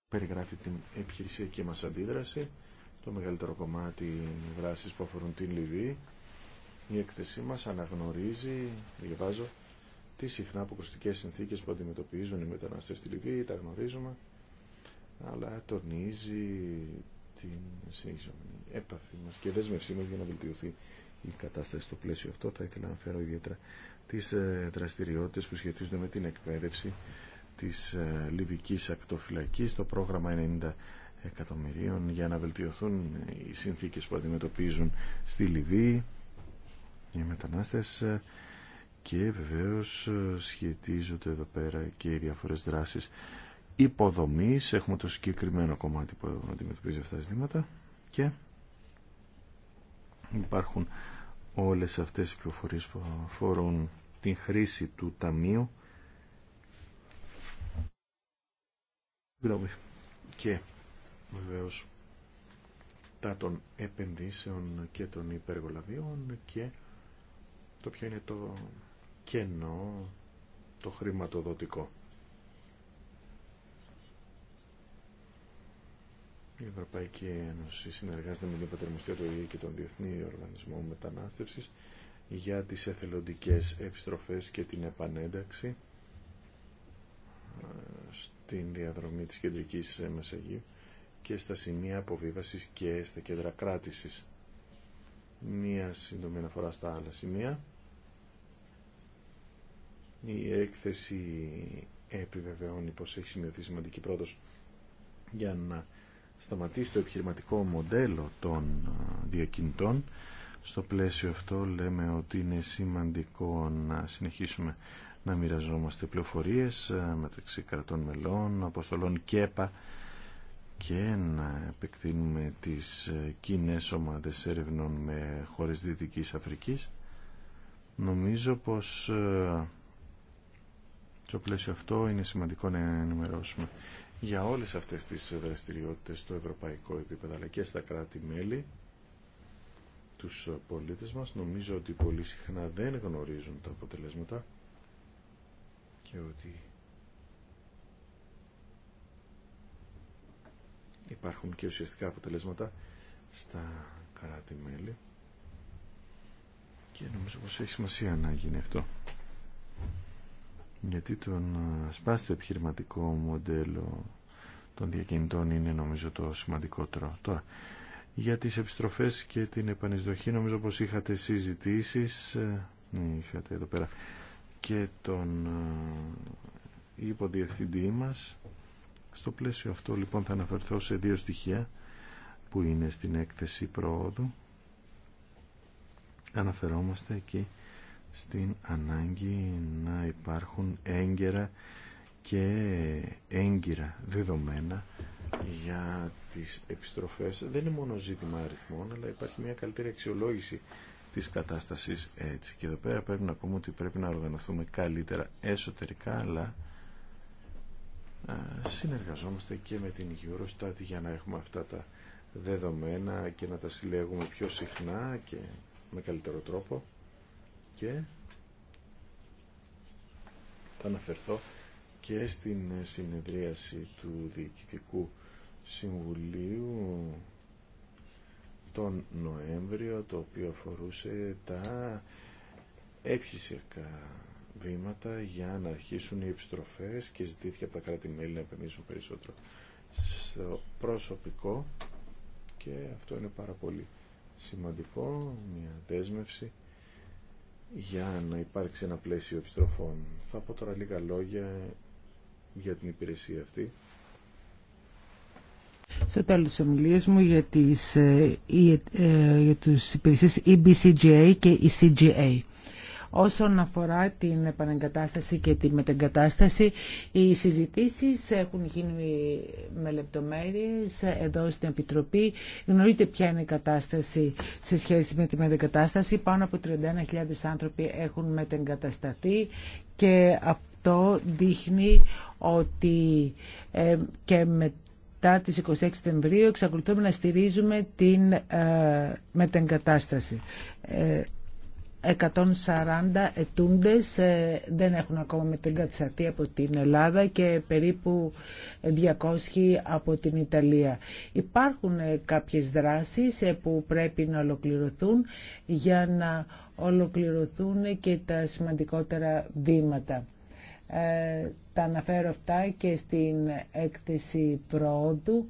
Περιγράφει την επιχειρησιακή μας αντίδραση, το μεγαλύτερο κομμάτι δράσης που αφορούν την Λιβύη. Η έκθεσή μας αναγνωρίζει, διαβάζω, τι συχνά αποκρουστικές συνθήκες που αντιμετωπίζουν οι μεταναστές στη Λιβύη, τα γνωρίζουμε, αλλά τονίζει την σύγχρονη έπαφη μας και δέσμευσή μας για να βελτιωθεί η κατάσταση στο πλαίσιο αυτό. Θα ήθελα να φέρω ιδιαίτερα τις ε, δραστηριότητες που σχετίζονται με την εκπαίδευση της ε, Λιβικής Ακτοφυλακής, το πρόγραμμα 90 εκατομμυρίων για να βελτιωθούν οι συνθήκες που αντιμετωπίζουν στη Λιβύη οι μετανάστες και βεβαίως ε, σχετίζονται εδώ πέρα και οι διαφορές δράσεις υποδομής, έχουμε το συγκεκριμένο κομμάτι που αντιμετωπίζει αυτά τα ζητήματα και υπάρχουν όλες αυτές οι πληροφορίες που αφορούν την χρήση του ταμείου και βεβαίω τα των επενδύσεων και των υπεργολαβίων και το ποιο είναι το κενό το χρηματοδοτικό. Η Ευρωπαϊκή Ένωση συνεργάζεται με την Πατερμοστία του και τον Διεθνή Οργανισμό Μετανάστευσης για τις εθελοντικές επιστροφές και την επανένταξη ε, στην διαδρομή της κεντρικής μεσαγίου και στα σημεία αποβίβασης και στα κέντρα κράτησης. Μία σύντομη αναφορά στα άλλα σημεία. Η έκθεση επιβεβαιώνει πως έχει σημειωθεί σημαντική πρόοδος για να σταματήσει το επιχειρηματικό μοντέλο των ε, διακινητών. Στο πλαίσιο αυτό λέμε ότι είναι σημαντικό να συνεχίσουμε να μοιραζόμαστε πληροφορίες ε, μεταξύ κρατών μελών, αποστολών ΚΕΠΑ και να επεκτείνουμε τις ε, κοινέ ομάδες έρευνων με χώρες Δυτικής Αφρικής. Νομίζω πως στο πλαίσιο αυτό είναι σημαντικό να ενημερώσουμε για όλες αυτές τις δραστηριότητες στο ευρωπαϊκό επίπεδο αλλά και στα κράτη-μέλη τους πολίτες μας νομίζω ότι πολύ συχνά δεν γνωρίζουν τα αποτελέσματα και ότι υπάρχουν και ουσιαστικά αποτελέσματα στα κράτη-μέλη και νομίζω πως έχει σημασία να γίνει αυτό γιατί το ε, σπάστο το επιχειρηματικό μοντέλο των διακινητών είναι νομίζω το σημαντικότερο. Τώρα, για τις επιστροφές και την επανεισδοχή νομίζω πως είχατε συζητήσεις, ε, ναι, είχατε εδώ πέρα και τον ε, υποδιευθυντή μας. Στο πλαίσιο αυτό λοιπόν θα αναφερθώ σε δύο στοιχεία που είναι στην έκθεση προόδου. Αναφερόμαστε εκεί στην ανάγκη να υπάρχουν έγκαιρα και έγκυρα δεδομένα για τις επιστροφές. Δεν είναι μόνο ζήτημα αριθμών, αλλά υπάρχει μια καλύτερη αξιολόγηση της κατάστασης έτσι. Και εδώ πέρα πρέπει να πούμε ότι πρέπει να οργανωθούμε καλύτερα εσωτερικά, αλλά συνεργαζόμαστε και με την Eurostat για να έχουμε αυτά τα δεδομένα και να τα συλλέγουμε πιο συχνά και με καλύτερο τρόπο και θα αναφερθώ και στην συνεδρίαση του Διοικητικού Συμβουλίου τον Νοέμβριο το οποίο αφορούσε τα έπιχησιακά βήματα για να αρχίσουν οι επιστροφές και ζητήθηκε από τα κράτη-μέλη να επενδύσουν περισσότερο στο προσωπικό και αυτό είναι πάρα πολύ σημαντικό, μια δέσμευση για να υπάρξει ένα πλαίσιο επιστροφών. Θα πω τώρα λίγα λόγια για την υπηρεσία αυτή. Στο τέλος της ομιλίας μου για, τις, ε, ε, ε, για τους υπηρεσίες EBCGA και ECGA. Όσον αφορά την επανεγκατάσταση και τη μετεγκατάσταση, οι συζητήσεις έχουν γίνει με λεπτομέρειες εδώ στην Επιτροπή. Γνωρίζετε ποια είναι η κατάσταση σε σχέση με τη μετεγκατάσταση. Πάνω από 31.000 άνθρωποι έχουν μετεγκατασταθεί και αυτό δείχνει ότι ε, και μετά τις 26 Σεπτεμβρίου εξακολουθούμε να στηρίζουμε την ε, μετεγκατάσταση. Ε, 140 ετούντες ε, δεν έχουν ακόμα μετεγκατσαθεί από την Ελλάδα και περίπου 200 από την Ιταλία. Υπάρχουν ε, κάποιες δράσεις ε, που πρέπει να ολοκληρωθούν για να ολοκληρωθούν και τα σημαντικότερα βήματα. Ε, τα αναφέρω αυτά και στην έκθεση πρόοδου.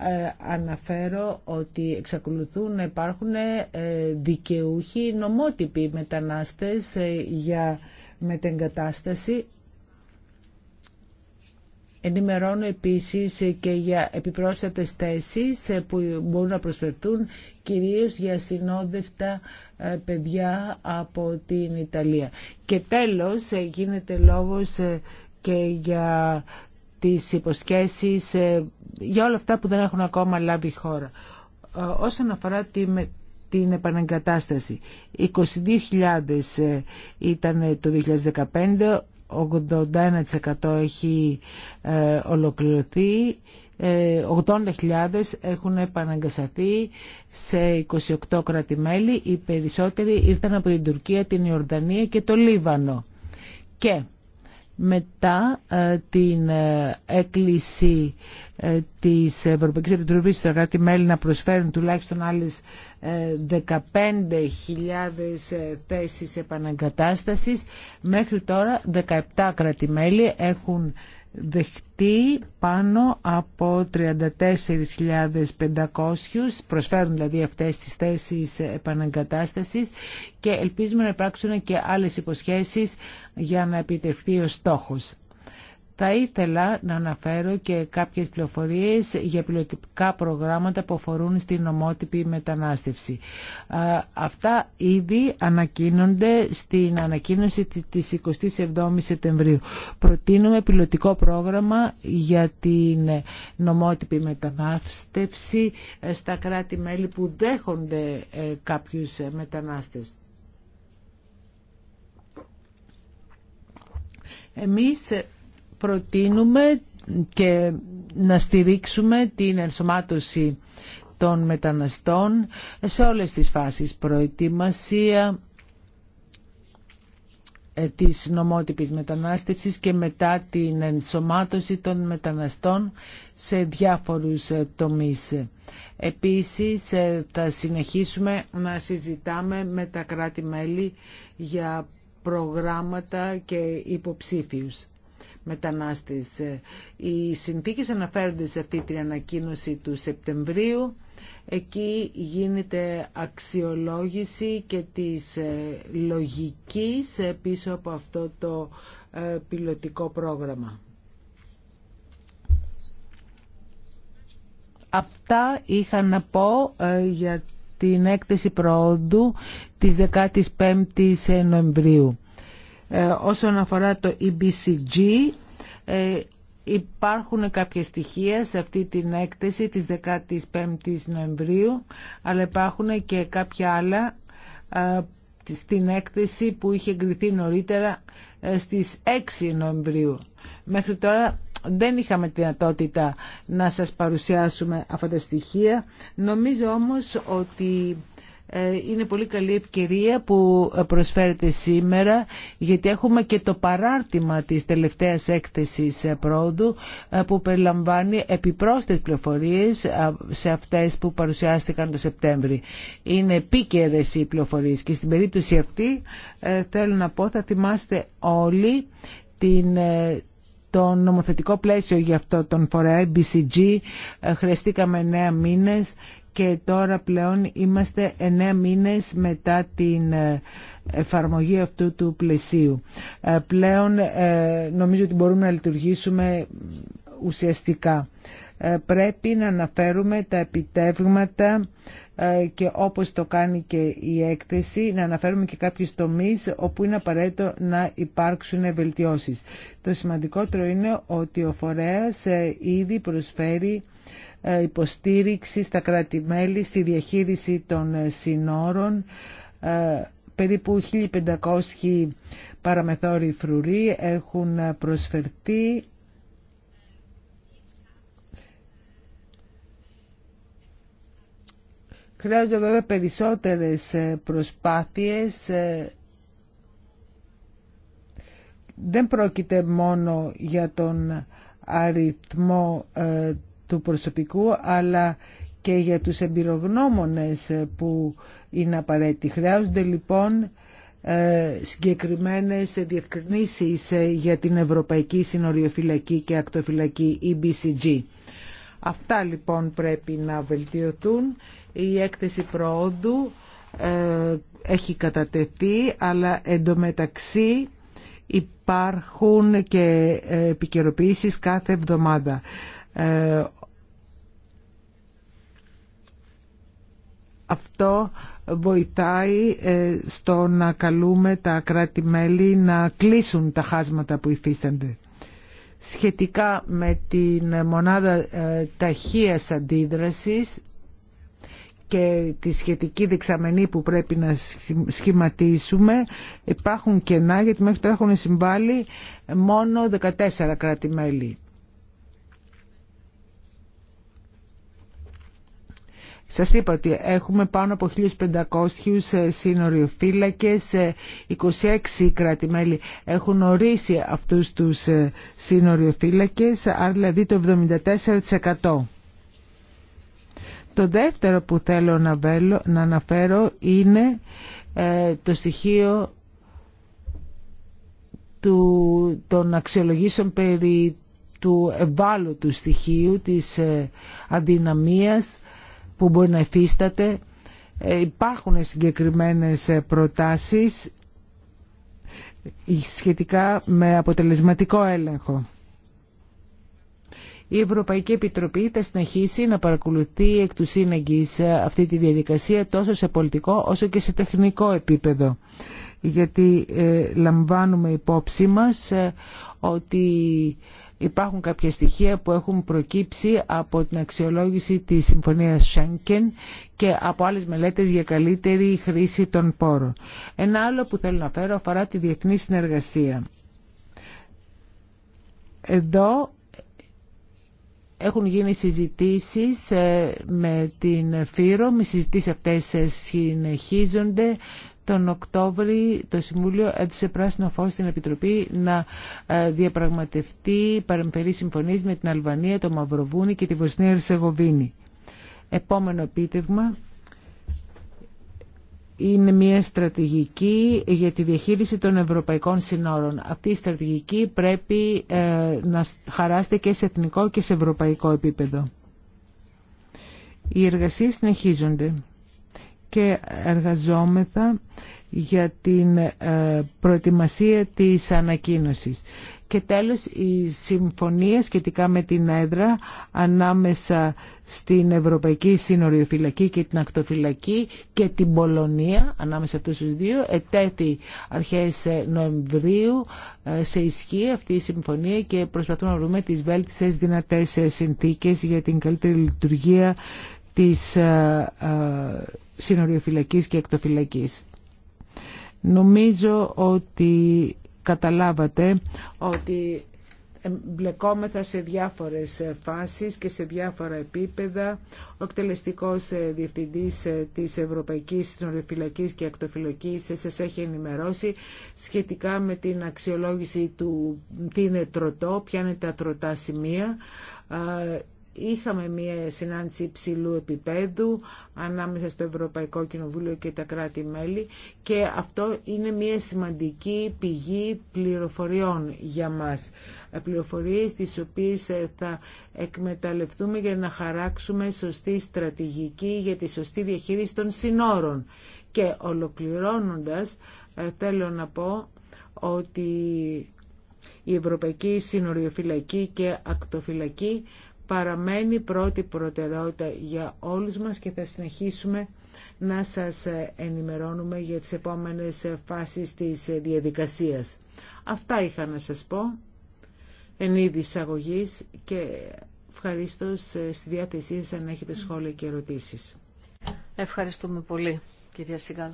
Ε, αναφέρω ότι εξακολουθούν να υπάρχουν ε, δικαιούχοι νομότυποι μετανάστες για μετεγκατάσταση Ενημερώνω επίσης και για επιπρόσθετες θέσεις που μπορούν να προσφερθούν κυρίως για συνόδευτα ε, παιδιά από την Ιταλία. Και τέλος ε, γίνεται λόγος ε, και για τις υποσχέσεις, για όλα αυτά που δεν έχουν ακόμα λάβει χώρα. Όσον αφορά την την επαναγκατάσταση. 22.000 ήταν το 2015, 81% έχει ε, ολοκληρωθεί, 80.000 ε, έχουν επαναγκασταθεί σε 28 κρατημέλη μελη Οι περισσότεροι ήρθαν από την Τουρκία, την Ιορδανία και το Λίβανο. Και μετά ε, την έκκληση της Ευρωπαϊκής Επιτροπής στα κράτη-μέλη να προσφέρουν τουλάχιστον άλλες 15.000 θέσεις επαναγκατάστασης. Μέχρι τώρα 17 κρατημέλη έχουν δεχτεί πάνω από 34.500 προσφέρουν δηλαδή αυτές τις θέσεις επαναγκατάστασης και ελπίζουμε να υπάρξουν και άλλες υποσχέσεις για να επιτευχθεί ο στόχος. Θα ήθελα να αναφέρω και κάποιες πληροφορίες για πιλωτικά προγράμματα που αφορούν στην ομότυπη μετανάστευση. Αυτά ήδη ανακοίνονται στην ανακοίνωση της 27ης Σεπτεμβρίου. Προτείνουμε πιλωτικό πρόγραμμα για την νομότυπη μετανάστευση ε, στα κράτη-μέλη που δέχονται ε, κάποιους μετανάστες. Εμείς ε, προτείνουμε και να στηρίξουμε την ενσωμάτωση των μεταναστών σε όλες τις φάσεις προετοιμασία ε, της νομότυπης μετανάστευσης και μετά την ενσωμάτωση των μεταναστών σε διάφορους ε, τομείς. Επίσης ε, θα συνεχίσουμε να συζητάμε με τα κράτη-μέλη για προγράμματα και υποψήφιους μετανάστες. Ε, οι συνθήκες αναφέρονται σε αυτή την ανακοίνωση του Σεπτεμβρίου. Εκεί γίνεται αξιολόγηση και της ε, λογικής ε, πίσω από αυτό το πιλωτικό πρόγραμμα. Αυτά είχα να πω για την έκθεση προόδου της 15ης Νοεμβρίου. Ε, όσον αφορά το EBCG, ε, υπάρχουν κάποια στοιχεία σε αυτή την έκθεση της 15ης Νοεμβρίου, αλλά υπάρχουν και κάποια άλλα ε, στην έκθεση που είχε εγκριθεί νωρίτερα στις 6 Νοεμβρίου. Μέχρι τώρα δεν είχαμε τη δυνατότητα να σας παρουσιάσουμε αυτά τα στοιχεία. Νομίζω όμως ότι ε, είναι πολύ καλή ευκαιρία που προσφέρεται σήμερα γιατί έχουμε και το παράρτημα της τελευταίας έκθεσης ε, πρόοδου ε, που περιλαμβάνει επιπρόσθετες πληροφορίες σε αυτές που παρουσιάστηκαν το Σεπτέμβρη. Είναι επίκαιρε οι πληροφορίες και στην περίπτωση αυτή θέλω να πω θα θυμάστε όλοι την το νομοθετικό πλαίσιο για αυτό τον φορέα BCG χρειαστήκαμε νέα μήνες και τώρα πλέον είμαστε εννέα μήνες μετά την ε, εφαρμογή αυτού του πλαισίου. Ε, πλέον ε, νομίζω ότι μπορούμε να λειτουργήσουμε ουσιαστικά. Πρέπει να αναφέρουμε τα επιτεύγματα και όπως το κάνει και η έκθεση, να αναφέρουμε και κάποιες τομείς όπου είναι απαραίτητο να υπάρξουν βελτιώσεις. Το σημαντικότερο είναι ότι ο φορέας ήδη προσφέρει ε, υποστήριξη στα κράτη-μέλη στη διαχείριση των ε, συνόρων, ε, περίπου 1500 παραμεθόροι φρουροί έχουν προσφερθεί Χρειάζονται βέβαια περισσότερες προσπάθειες. Δεν πρόκειται μόνο για τον αριθμό του προσωπικού αλλά και για τους εμπειρογνώμονες που είναι απαραίτητοι. Χρειάζονται λοιπόν ε, συγκεκριμένες διευκρινήσεις ε, για την Ευρωπαϊκή Συνοριοφυλακή και Ακτοφυλακή EBCG. Αυτά λοιπόν πρέπει να βελτιωθούν. Η έκθεση προόδου ε, έχει κατατεθεί, αλλά εντωμεταξύ υπάρχουν και επικαιροποιήσεις κάθε εβδομάδα. Αυτό βοηθάει ε, στο να καλούμε τα κράτη-μέλη να κλείσουν τα χάσματα που υφίστανται. Σχετικά με την μονάδα ε, ταχείας αντίδρασης και τη σχετική δεξαμενή που πρέπει να σχηματίσουμε υπάρχουν κενά γιατί μέχρι τώρα έχουν συμβάλει μόνο 14 κράτη-μέλη. Σας είπα ότι έχουμε πάνω από 1.500 ε, σύνοριοφύλακες, 26 ε, κράτη-μέλη έχουν ορίσει αυτούς τους ε, σύνοριοφύλακες, άρα δηλαδή το 74%. Το δεύτερο που θέλω να, βέλω, να αναφέρω είναι το στοιχείο του, των αξιολογήσεων περί του ευάλωτου στοιχείου της αδυναμίας που μπορεί να εφίσταται. Ε, υπάρχουν συγκεκριμένες ε, προτάσεις ε, σχετικά με αποτελεσματικό έλεγχο. Η Ευρωπαϊκή Επιτροπή θα συνεχίσει να παρακολουθεί εκ του σύνεγγυς αυτή τη διαδικασία τόσο σε πολιτικό όσο και σε τεχνικό επίπεδο. Γιατί λαμβάνουμε υπόψη μας ότι Υπάρχουν κάποια στοιχεία που έχουν προκύψει από την αξιολόγηση της Συμφωνίας Σέγκεν και από άλλες μελέτες για καλύτερη χρήση των πόρων. Ένα άλλο που θέλω να φέρω αφορά τη διεθνή συνεργασία. Εδώ έχουν γίνει συζητήσεις ε, με την ΦΥΡΟΜ, οι συζητήσεις αυτές συνεχίζονται τον Οκτώβρη το Συμβούλιο έδωσε πράσινο φως στην Επιτροπή να ε, διαπραγματευτεί παρεμφερή συμφωνίες με την Αλβανία, το Μαυροβούνι και τη Βοσνία Ερσεγοβίνη. Επόμενο επίτευγμα είναι μια στρατηγική για τη διαχείριση των ευρωπαϊκών συνόρων. Αυτή η στρατηγική πρέπει ε, να χαράστε και σε εθνικό και σε ευρωπαϊκό επίπεδο. Οι εργασίες συνεχίζονται και εργαζόμεθα για την ε, προετοιμασία της ανακοίνωσης. Και τέλος, η συμφωνία σχετικά με την έδρα ανάμεσα στην Ευρωπαϊκή Συνοριοφυλακή και την Ακτοφυλακή και την Πολωνία, ανάμεσα αυτούς τους δύο, ετέθη αρχές Νοεμβρίου ε, σε ισχύ αυτή η συμφωνία και προσπαθούμε να βρούμε τις βέλτιστες δυνατές συνθήκες για την καλύτερη λειτουργία της ε, συνοριοφυλακής και εκτοφυλακής. Νομίζω ότι καταλάβατε ότι μπλεκόμεθα σε διάφορες φάσεις και σε διάφορα επίπεδα. Ο εκτελεστικός διευθυντής της Ευρωπαϊκής Συνοριοφυλακής και Ακτοφυλακής σα έχει ενημερώσει σχετικά με την αξιολόγηση του τι είναι τροτό, ποια είναι τα τροτά σημεία Είχαμε μία συνάντηση υψηλού επίπεδου ανάμεσα στο Ευρωπαϊκό Κοινοβούλιο και τα κράτη-μέλη και αυτό είναι μία σημαντική πηγή πληροφοριών για μας. Πληροφορίες τις οποίες ε, θα εκμεταλλευτούμε για να χαράξουμε σωστή στρατηγική για τη σωστή διαχείριση των συνόρων. Και ολοκληρώνοντας ε, θέλω να πω ότι η Ευρωπαϊκή Συνοριοφυλακή και Ακτοφυλακή παραμένει πρώτη προτεραιότητα για όλους μας και θα συνεχίσουμε να σας ενημερώνουμε για τις επόμενες φάσεις της διαδικασίας. Αυτά είχα να σας πω εν είδη εισαγωγής και ευχαριστώ στη διάθεσή σας αν έχετε σχόλια και ερωτήσεις. Ευχαριστούμε πολύ κυρία Σιγκάλ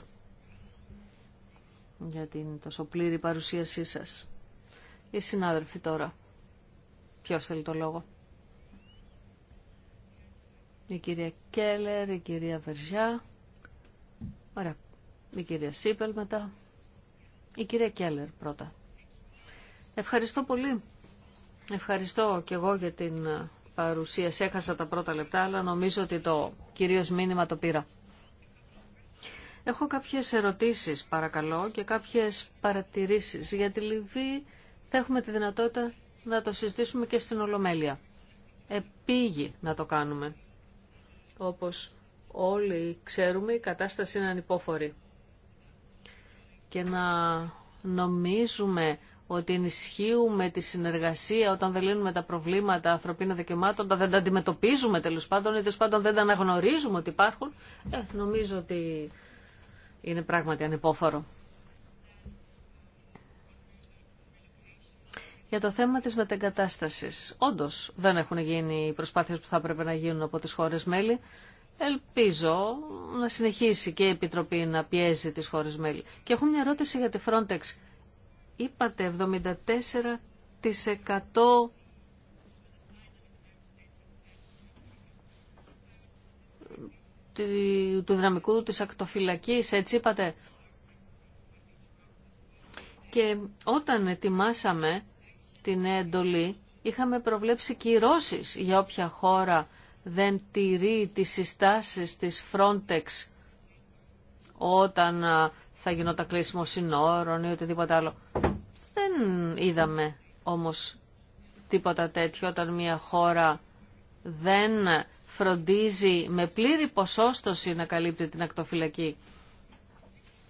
για την τόσο πλήρη παρουσίασή σας. Οι συνάδελφοι τώρα. Ποιος θέλει το λόγο η κυρία Κέλλερ, η κυρία Βερζιά. Ωραία. Η κυρία Σίπελ μετά. Η κυρία Κέλλερ πρώτα. Ευχαριστώ πολύ. Ευχαριστώ και εγώ για την ε, παρουσία. Έχασα τα πρώτα λεπτά, αλλά νομίζω ότι το κυρίως μήνυμα το πήρα. Έχω κάποιες ερωτήσεις, παρακαλώ, και κάποιες παρατηρήσεις. Για τη Λιβύη θα έχουμε τη δυνατότητα να το συζητήσουμε και στην Ολομέλεια. Επίγει να το κάνουμε. Όπως όλοι ξέρουμε, η κατάσταση είναι ανυπόφορη. Και να νομίζουμε ότι ενισχύουμε τη συνεργασία όταν δεν λύνουμε τα προβλήματα ανθρωπίνων δικαιωμάτων, όταν δεν τα αντιμετωπίζουμε τέλο πάντων ή τέλο πάντων δεν τα αναγνωρίζουμε ότι υπάρχουν, ε, νομίζω ότι είναι πράγματι ανυπόφορο. για το θέμα της μετεγκατάστασης. Όντως δεν έχουν γίνει οι προσπάθειες που θα έπρεπε να γίνουν από τις χώρες μέλη. Ελπίζω να συνεχίσει και η Επιτροπή να πιέζει τις χώρες μέλη. Και έχω μια ερώτηση για τη Frontex. Είπατε 74% του δυναμικού της ακτοφυλακής, έτσι είπατε. Και όταν ετοιμάσαμε την έντολη είχαμε προβλέψει κυρώσεις για όποια χώρα δεν τηρεί τις συστάσεις της Frontex όταν θα γινόταν κλείσιμο συνόρων ή οτιδήποτε άλλο. Δεν είδαμε όμως τίποτα τέτοιο όταν μια χώρα δεν φροντίζει με πλήρη ποσόστοση να καλύπτει την ακτοφυλακή.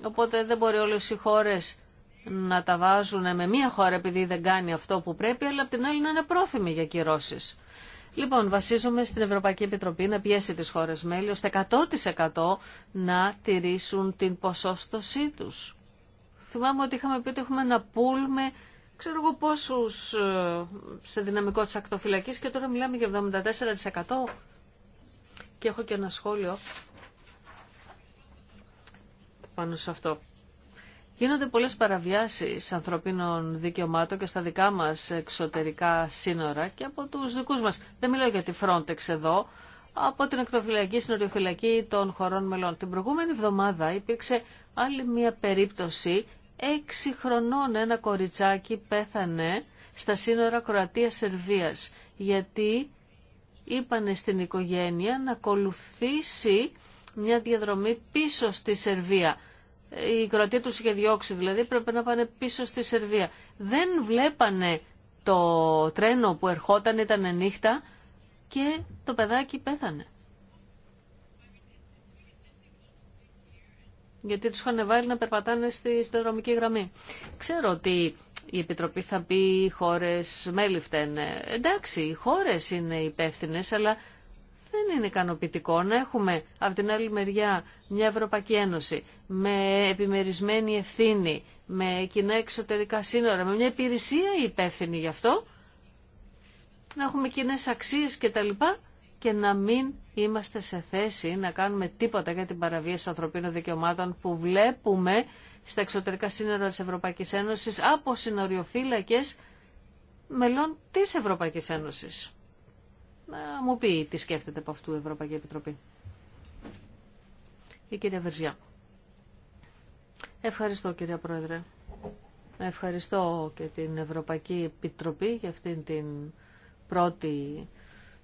Οπότε δεν μπορεί όλες οι χώρες να τα βάζουν με μία χώρα επειδή δεν κάνει αυτό που πρέπει, αλλά απ' την άλλη να είναι πρόθυμοι για κυρώσει. Λοιπόν, βασίζομαι στην Ευρωπαϊκή Επιτροπή να πιέσει τις χώρες μέλη ώστε 100% να τηρήσουν την ποσόστοσή τους. Θυμάμαι ότι είχαμε πει ότι έχουμε ένα πουλ με ξέρω εγώ πόσους ε, σε δυναμικό της ακτοφυλακής και τώρα μιλάμε για 74%. Και έχω και ένα σχόλιο πάνω σε αυτό. Γίνονται πολλές παραβιάσεις ανθρωπίνων δικαιωμάτων και στα δικά μας εξωτερικά σύνορα και από τους δικούς μας. Δεν μιλάω για τη Frontex εδώ, από την εκτοφυλακή συνοριοφυλακή των χωρών μελών. Την προηγούμενη εβδομάδα υπήρξε άλλη μια περίπτωση, έξι χρονών ένα κοριτσάκι πέθανε στα συνορα κροατια Κροατίας-Σερβίας, γιατί είπανε στην οικογένεια να ακολουθήσει μια διαδρομή πίσω στη Σερβία η Κροατία τους είχε διώξει, δηλαδή πρέπει να πάνε πίσω στη Σερβία. Δεν βλέπανε το τρένο που ερχόταν, ήταν νύχτα και το παιδάκι πέθανε. γιατί τους είχαν βάλει να περπατάνε στη συνδρομική γραμμή. Ξέρω ότι η Επιτροπή θα πει χώρες μέλη φταίνε. Εντάξει, οι χώρες είναι υπεύθυνε, αλλά δεν είναι ικανοποιητικό να έχουμε από την άλλη μεριά μια Ευρωπαϊκή Ένωση με επιμερισμένη ευθύνη, με κοινά εξωτερικά σύνορα, με μια υπηρεσία υπεύθυνη γι' αυτό, να έχουμε κοινέ αξίε κτλ. και να μην είμαστε σε θέση να κάνουμε τίποτα για την παραβίαση ανθρωπίνων δικαιωμάτων που βλέπουμε στα εξωτερικά σύνορα της Ευρωπαϊκής Ένωσης από συνοριοφύλακες μελών της Ευρωπαϊκής Ένωσης να μου πει τι σκέφτεται από αυτού η Ευρωπαϊκή Επιτροπή. Η κυρία Βερζιά. Ευχαριστώ κυρία Πρόεδρε. Ευχαριστώ και την Ευρωπαϊκή Επιτροπή για αυτήν την πρώτη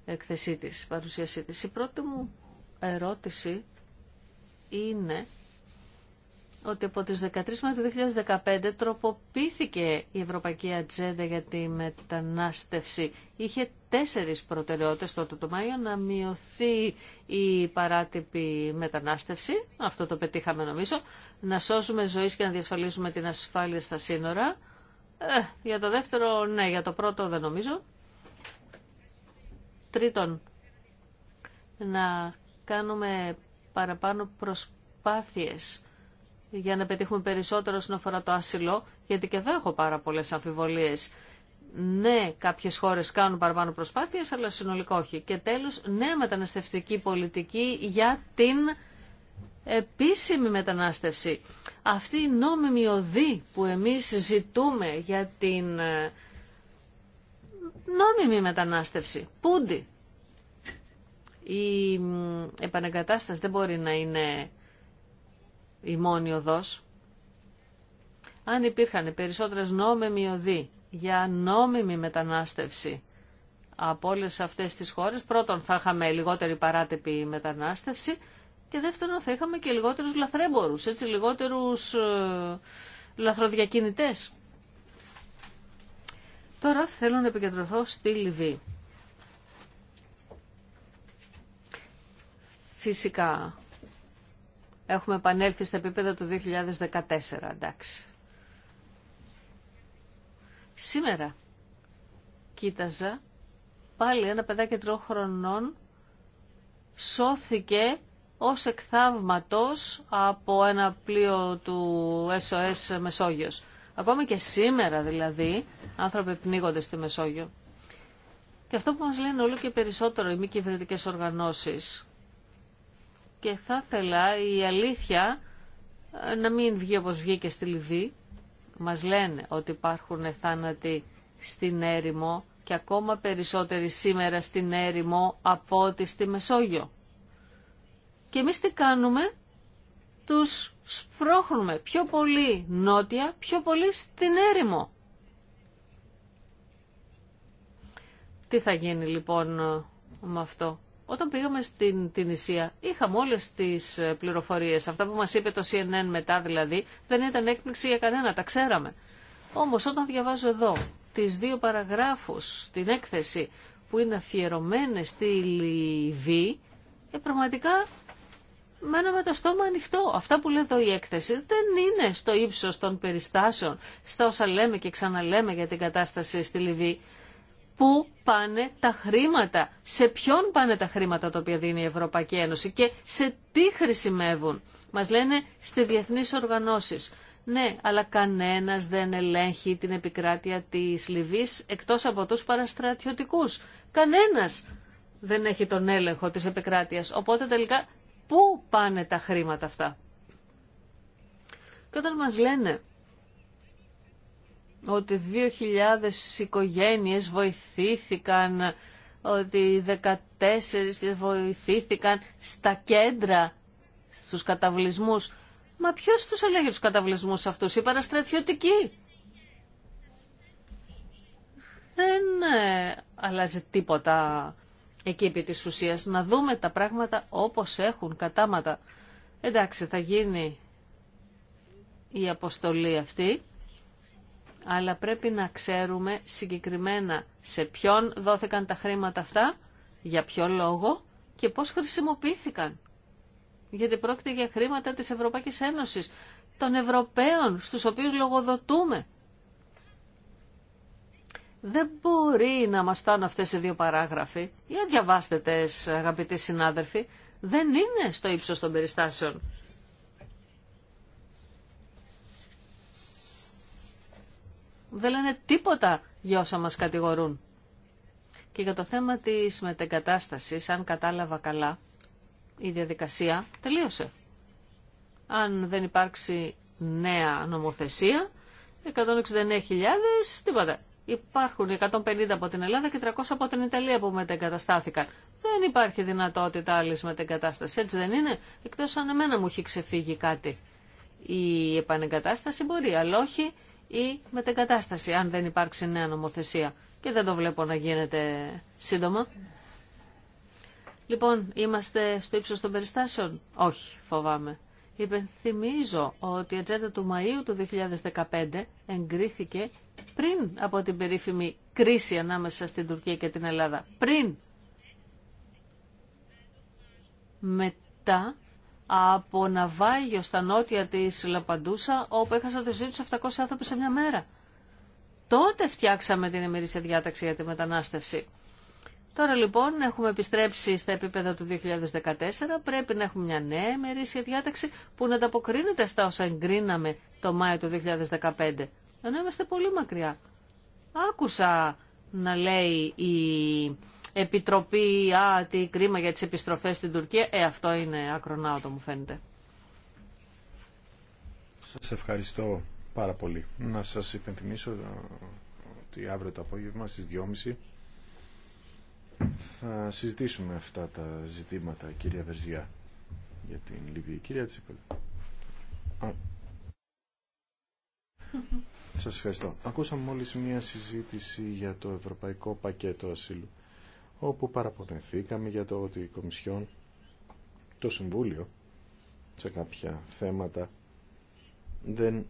εκθεσή της, παρουσίασή της. Η πρώτη μου ερώτηση είναι ότι από τις 13 Μαρτίου 2015 τροποποιήθηκε η Ευρωπαϊκή Ατζέντα για τη μετανάστευση. Είχε τέσσερις προτεραιότητες τότε το Μάιο να μειωθεί η παράτυπη μετανάστευση, αυτό το πετύχαμε νομίζω, να σώσουμε ζωής και να διασφαλίσουμε την ασφάλεια στα σύνορα. Ε, για το δεύτερο, ναι, για το πρώτο δεν νομίζω. Τρίτον, να κάνουμε παραπάνω προσπάθειες για να πετύχουμε περισσότερο όσον αφορά το άσυλο, γιατί και εδώ έχω πάρα πολλέ αμφιβολίες. Ναι, κάποιες χώρες κάνουν παραπάνω προσπάθειε αλλά συνολικά όχι. Και τέλος, ναι, μεταναστευτική πολιτική για την επίσημη μετανάστευση. Αυτή η νόμιμη οδή που εμείς ζητούμε για την ε, νόμιμη μετανάστευση. Πούντι. Η επανεγκατάσταση δεν μπορεί να είναι η μόνη οδός. Αν υπήρχαν περισσότερες νόμιμοι οδοί για νόμιμη μετανάστευση από όλε αυτές τις χώρες, πρώτον θα είχαμε λιγότερη παράτυπη μετανάστευση και δεύτερον θα είχαμε και λιγότερους λαθρέμπορους, έτσι λιγότερους ε, λαθροδιακινητές. Τώρα θέλω να επικεντρωθώ στη Λιβύη. Φυσικά έχουμε επανέλθει στα επίπεδα του 2014, εντάξει. Σήμερα κοίταζα πάλι ένα παιδάκι τριών χρονών σώθηκε ως εκθαύματος από ένα πλοίο του SOS Μεσόγειος. Ακόμα και σήμερα δηλαδή άνθρωποι πνίγονται στη Μεσόγειο. Και αυτό που μας λένε όλο και περισσότερο οι μη κυβερνητικέ οργανώσεις και θα ήθελα η αλήθεια ε, να μην βγει όπως βγήκε στη Λιβύη. Μας λένε ότι υπάρχουν θάνατοι στην έρημο και ακόμα περισσότεροι σήμερα στην έρημο από ό,τι στη Μεσόγειο. Και εμείς τι κάνουμε, τους σπρώχνουμε πιο πολύ νότια, πιο πολύ στην έρημο. Τι θα γίνει λοιπόν με αυτό. Όταν πήγαμε στην Ισία, είχαμε όλε τις ε, πληροφορίες. Αυτά που μας είπε το CNN μετά δηλαδή, δεν ήταν έκπληξη για κανένα, τα ξέραμε. Όμω, όταν διαβάζω εδώ τις δύο παραγράφους στην έκθεση που είναι αφιερωμένε στη Λιβύη, ε, πραγματικά μένω με το στόμα ανοιχτό. Αυτά που λέει εδώ η έκθεση δεν είναι στο ύψος των περιστάσεων, στα όσα λέμε και ξαναλέμε για την κατάσταση στη Λιβύη πού πάνε τα χρήματα, σε ποιον πάνε τα χρήματα τα οποία δίνει η Ευρωπαϊκή Ένωση και σε τι χρησιμεύουν. Μας λένε στις διεθνείς οργανώσεις. Ναι, αλλά κανένας δεν ελέγχει την επικράτεια της Λιβύης εκτός από τους παραστρατιωτικούς. Κανένας δεν έχει τον έλεγχο της επικράτειας. Οπότε τελικά πού πάνε τα χρήματα αυτά. Και όταν μας λένε ότι 2.000 οικογένειες βοηθήθηκαν, ότι 14 βοηθήθηκαν στα κέντρα, στους καταβλισμούς. Μα ποιος τους έλεγε τους καταβλισμούς αυτούς, οι παραστρατιωτικοί. Δεν ε, αλλάζει τίποτα εκεί επί της ουσίας. Να δούμε τα πράγματα όπως έχουν κατάματα. Εντάξει, θα γίνει η αποστολή αυτή αλλά πρέπει να ξέρουμε συγκεκριμένα σε ποιον δόθηκαν τα χρήματα αυτά, για ποιο λόγο και πώς χρησιμοποιήθηκαν. Γιατί πρόκειται για χρήματα της Ευρωπαϊκής Ένωσης, των Ευρωπαίων, στους οποίους λογοδοτούμε. Δεν μπορεί να μας τάνουν αυτές οι δύο παράγραφοι. Για διαβάστε τες, αγαπητοί συνάδελφοι. Δεν είναι στο ύψος των περιστάσεων. δεν λένε τίποτα για όσα μας κατηγορούν. Και για το θέμα της μετεγκατάστασης, αν κατάλαβα καλά, η διαδικασία τελείωσε. Αν δεν υπάρξει νέα νομοθεσία, 169.000, τίποτα. Υπάρχουν 150 από την Ελλάδα και 300 από την Ιταλία που μετεγκαταστάθηκαν. Δεν υπάρχει δυνατότητα άλλη μετεγκατάσταση. Έτσι δεν είναι. Εκτό αν εμένα μου έχει ξεφύγει κάτι. Η επανεγκατάσταση μπορεί, αλλά όχι ή κατάσταση αν δεν υπάρξει νέα νομοθεσία. Και δεν το βλέπω να γίνεται σύντομα. Λοιπόν, είμαστε στο ύψος των περιστάσεων. Όχι, φοβάμαι. Υπενθυμίζω ότι η ατζέντα του Μαΐου του 2015 εγκρίθηκε πριν από την περίφημη κρίση ανάμεσα στην Τουρκία και την Ελλάδα. Πριν. Μετά από ναυάγιο στα νότια της Λαπαντούσα όπου έχασαν τη ζωή τους 700 άνθρωποι σε μια μέρα. Τότε φτιάξαμε την ημερήσια διάταξη για τη μετανάστευση. Τώρα λοιπόν έχουμε επιστρέψει στα επίπεδα του 2014, πρέπει να έχουμε μια νέα ημερήσια διάταξη που να ανταποκρίνεται στα όσα εγκρίναμε το Μάιο του 2015. Ενώ είμαστε πολύ μακριά. Άκουσα να λέει η επιτροπή, α, τι κρίμα για τις επιστροφές στην Τουρκία. Ε, αυτό είναι ακρονάωτο μου φαίνεται. Σας ευχαριστώ πάρα πολύ. Να σας υπενθυμίσω ε, ότι αύριο το απόγευμα στις 2.30 θα συζητήσουμε αυτά τα ζητήματα, κυρία Βερζιά, για την Λιβύη. Κυρία Τσίπελ. Σας ευχαριστώ. Ακούσαμε μόλις μία συζήτηση για το Ευρωπαϊκό Πακέτο Ασύλου όπου παραπονεθήκαμε για το ότι η Κομισιόν, το Συμβούλιο, σε κάποια θέματα δεν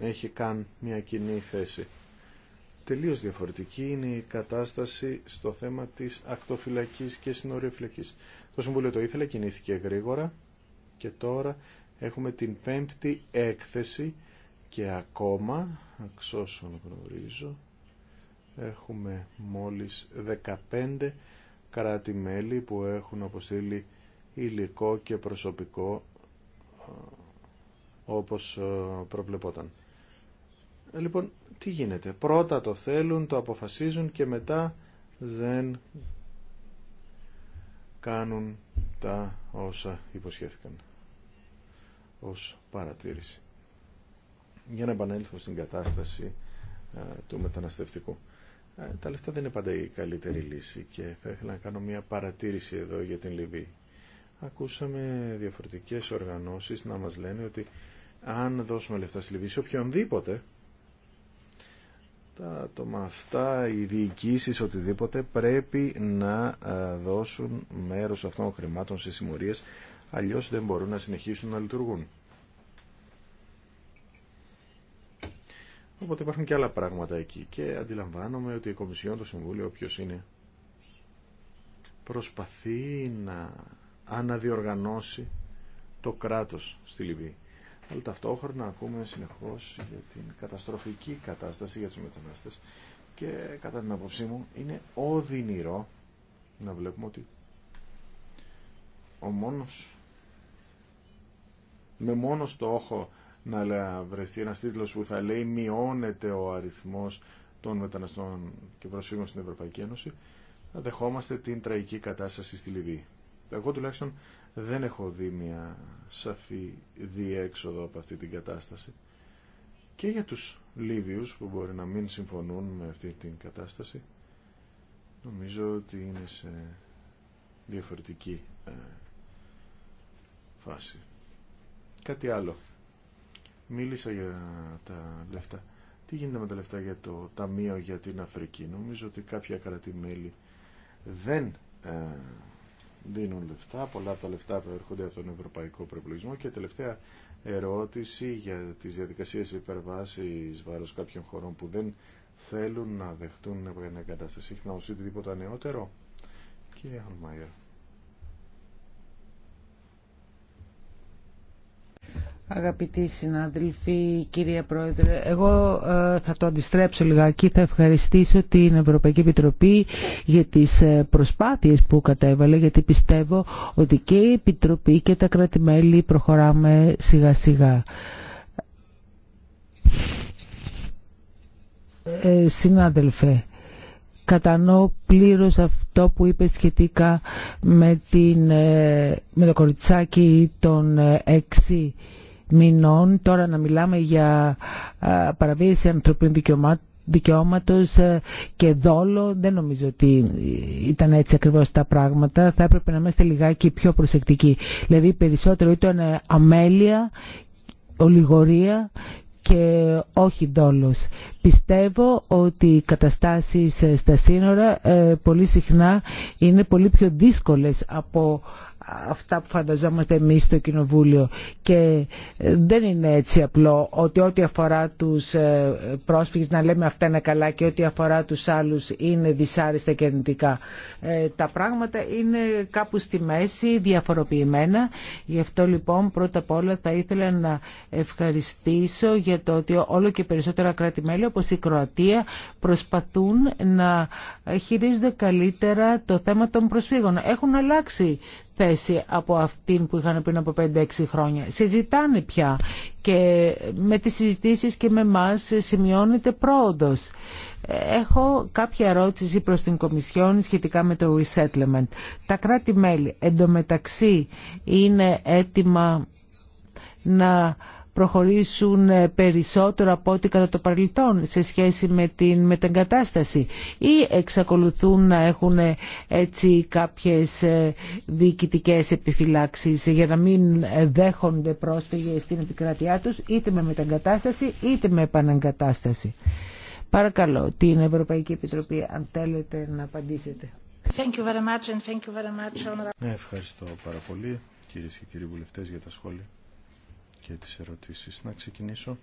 έχει καν μια κοινή θέση. Τελείως διαφορετική είναι η κατάσταση στο θέμα της ακτοφυλακής και συνοριοφυλακής. Το Συμβούλιο το ήθελε, κινήθηκε γρήγορα και τώρα έχουμε την πέμπτη έκθεση και ακόμα, αξόσον γνωρίζω, έχουμε μόλις 15 κράτη-μέλη που έχουν αποστείλει υλικό και προσωπικό ε, όπως ε, προβλεπόταν. Ε, λοιπόν, τι γίνεται. Πρώτα το θέλουν, το αποφασίζουν και μετά δεν κάνουν τα όσα υποσχέθηκαν ως παρατήρηση. Για να επανέλθω στην κατάσταση του μεταναστευτικού. Ε, τα λεφτά δεν είναι πάντα η καλύτερη λύση και θα ήθελα να κάνω μια παρατήρηση εδώ για την Λιβύη. Ακούσαμε διαφορετικές οργανώσεις να μας λένε ότι αν δώσουμε λεφτά στη Λιβύη σε οποιονδήποτε τα άτομα αυτά, οι διοικήσεις, οτιδήποτε πρέπει να ε, δώσουν μέρος αυτών των χρημάτων σε συμμορίες αλλιώς δεν μπορούν να συνεχίσουν να λειτουργούν. Οπότε υπάρχουν και άλλα πράγματα εκεί και αντιλαμβάνομαι ότι η Κομισιόν, το Συμβούλιο, όποιο είναι, προσπαθεί να αναδιοργανώσει το κράτος στη Λιβύη. Αλλά ταυτόχρονα ακούμε συνεχώς για την καταστροφική κατάσταση για τους μετανάστες και κατά την απόψή μου είναι οδυνηρό να βλέπουμε ότι ο μόνος με μόνο στόχο να βρεθεί ένας τίτλος που θα λέει «Μειώνεται ο αριθμός των μεταναστών και προσφύγων στην Ευρωπαϊκή Ένωση», θα δεχόμαστε την τραγική κατάσταση στη Λιβύη. Εγώ τουλάχιστον δεν έχω δει μια σαφή διέξοδο από αυτή την κατάσταση. Και για τους Λίβιους που μπορεί να μην συμφωνούν με αυτή την κατάσταση, νομίζω ότι είναι σε διαφορετική ε, φάση. Κάτι άλλο Μίλησα για τα λεφτά. Τι γίνεται με τα λεφτά για το Ταμείο για την Αφρική. Νομίζω ότι κάποια κρατημέλη δεν ε, δίνουν λεφτά. Πολλά από τα λεφτά προέρχονται από τον Ευρωπαϊκό Προπολογισμό. Και τελευταία ερώτηση για τις διαδικασίες υπερβάσης βάρος κάποιων χωρών που δεν θέλουν να δεχτούν μια κατάσταση. Έχει να τίποτα νεότερο. Κύριε Αγαπητοί συνάδελφοι, κυρία Πρόεδρε, εγώ ε, θα το αντιστρέψω λιγάκι. Θα ευχαριστήσω την Ευρωπαϊκή Επιτροπή για τις ε, προσπάθειες που κατέβαλε, γιατί πιστεύω ότι και η Επιτροπή και τα κράτη-μέλη προχωράμε σιγά-σιγά. Ε, συνάδελφε, κατανοώ πλήρως αυτό που είπε σχετικά με, την, με το κοριτσάκι των έξι μηνών τώρα να μιλάμε για παραβίαση ανθρωπίνων δικαιωμάτων δικαιώματος ε, και δόλο. Δεν νομίζω ότι ήταν έτσι ακριβώς τα πράγματα. Θα έπρεπε να είμαστε λιγάκι πιο προσεκτικοί. Δηλαδή περισσότερο ήταν αμέλεια, ολιγορία και όχι δόλος. Πιστεύω ότι οι καταστάσεις ε, στα σύνορα ε, πολύ συχνά είναι πολύ πιο δύσκολες από αυτά που φανταζόμαστε εμείς στο Κοινοβούλιο και ε, δεν είναι έτσι απλό ότι ό,τι αφορά τους ε, πρόσφυγες να λέμε αυτά είναι καλά και ό,τι αφορά τους άλλους είναι δυσάριστα και αρνητικά. Ε, τα πράγματα είναι κάπου στη μέση, διαφοροποιημένα. Γι' αυτό λοιπόν πρώτα απ' όλα θα ήθελα να ευχαριστήσω για το ότι όλο και περισσότερα κράτη-μέλη όπως η Κροατία προσπαθούν να χειρίζονται καλύτερα το θέμα των προσφύγων. Έχουν αλλάξει θέση από αυτήν που είχαν πριν από 5-6 χρόνια. Συζητάνε πια και με τις συζητήσεις και με εμά σημειώνεται πρόοδος. Έχω κάποια ερώτηση προς την Κομισιόν σχετικά με το resettlement. Τα κράτη-μέλη εντωμεταξύ είναι έτοιμα να προχωρήσουν ε, περισσότερο από ό,τι κατά το παρελθόν σε σχέση με την μετεγκατάσταση ή εξακολουθούν να έχουν ε, έτσι κάποιες ε, διοικητικές επιφυλάξεις για να μην δέχονται πρόσφυγες στην επικράτειά τους είτε με μετεγκατάσταση είτε με επαναγκατάσταση. Παρακαλώ την Ευρωπαϊκή Επιτροπή αν θέλετε να απαντήσετε. Thank you very much and thank you very much. Ευχαριστώ πάρα πολύ κύριε και κύριοι βουλευτές για τα σχόλια και τις ερωτήσεις. Να ξεκινήσω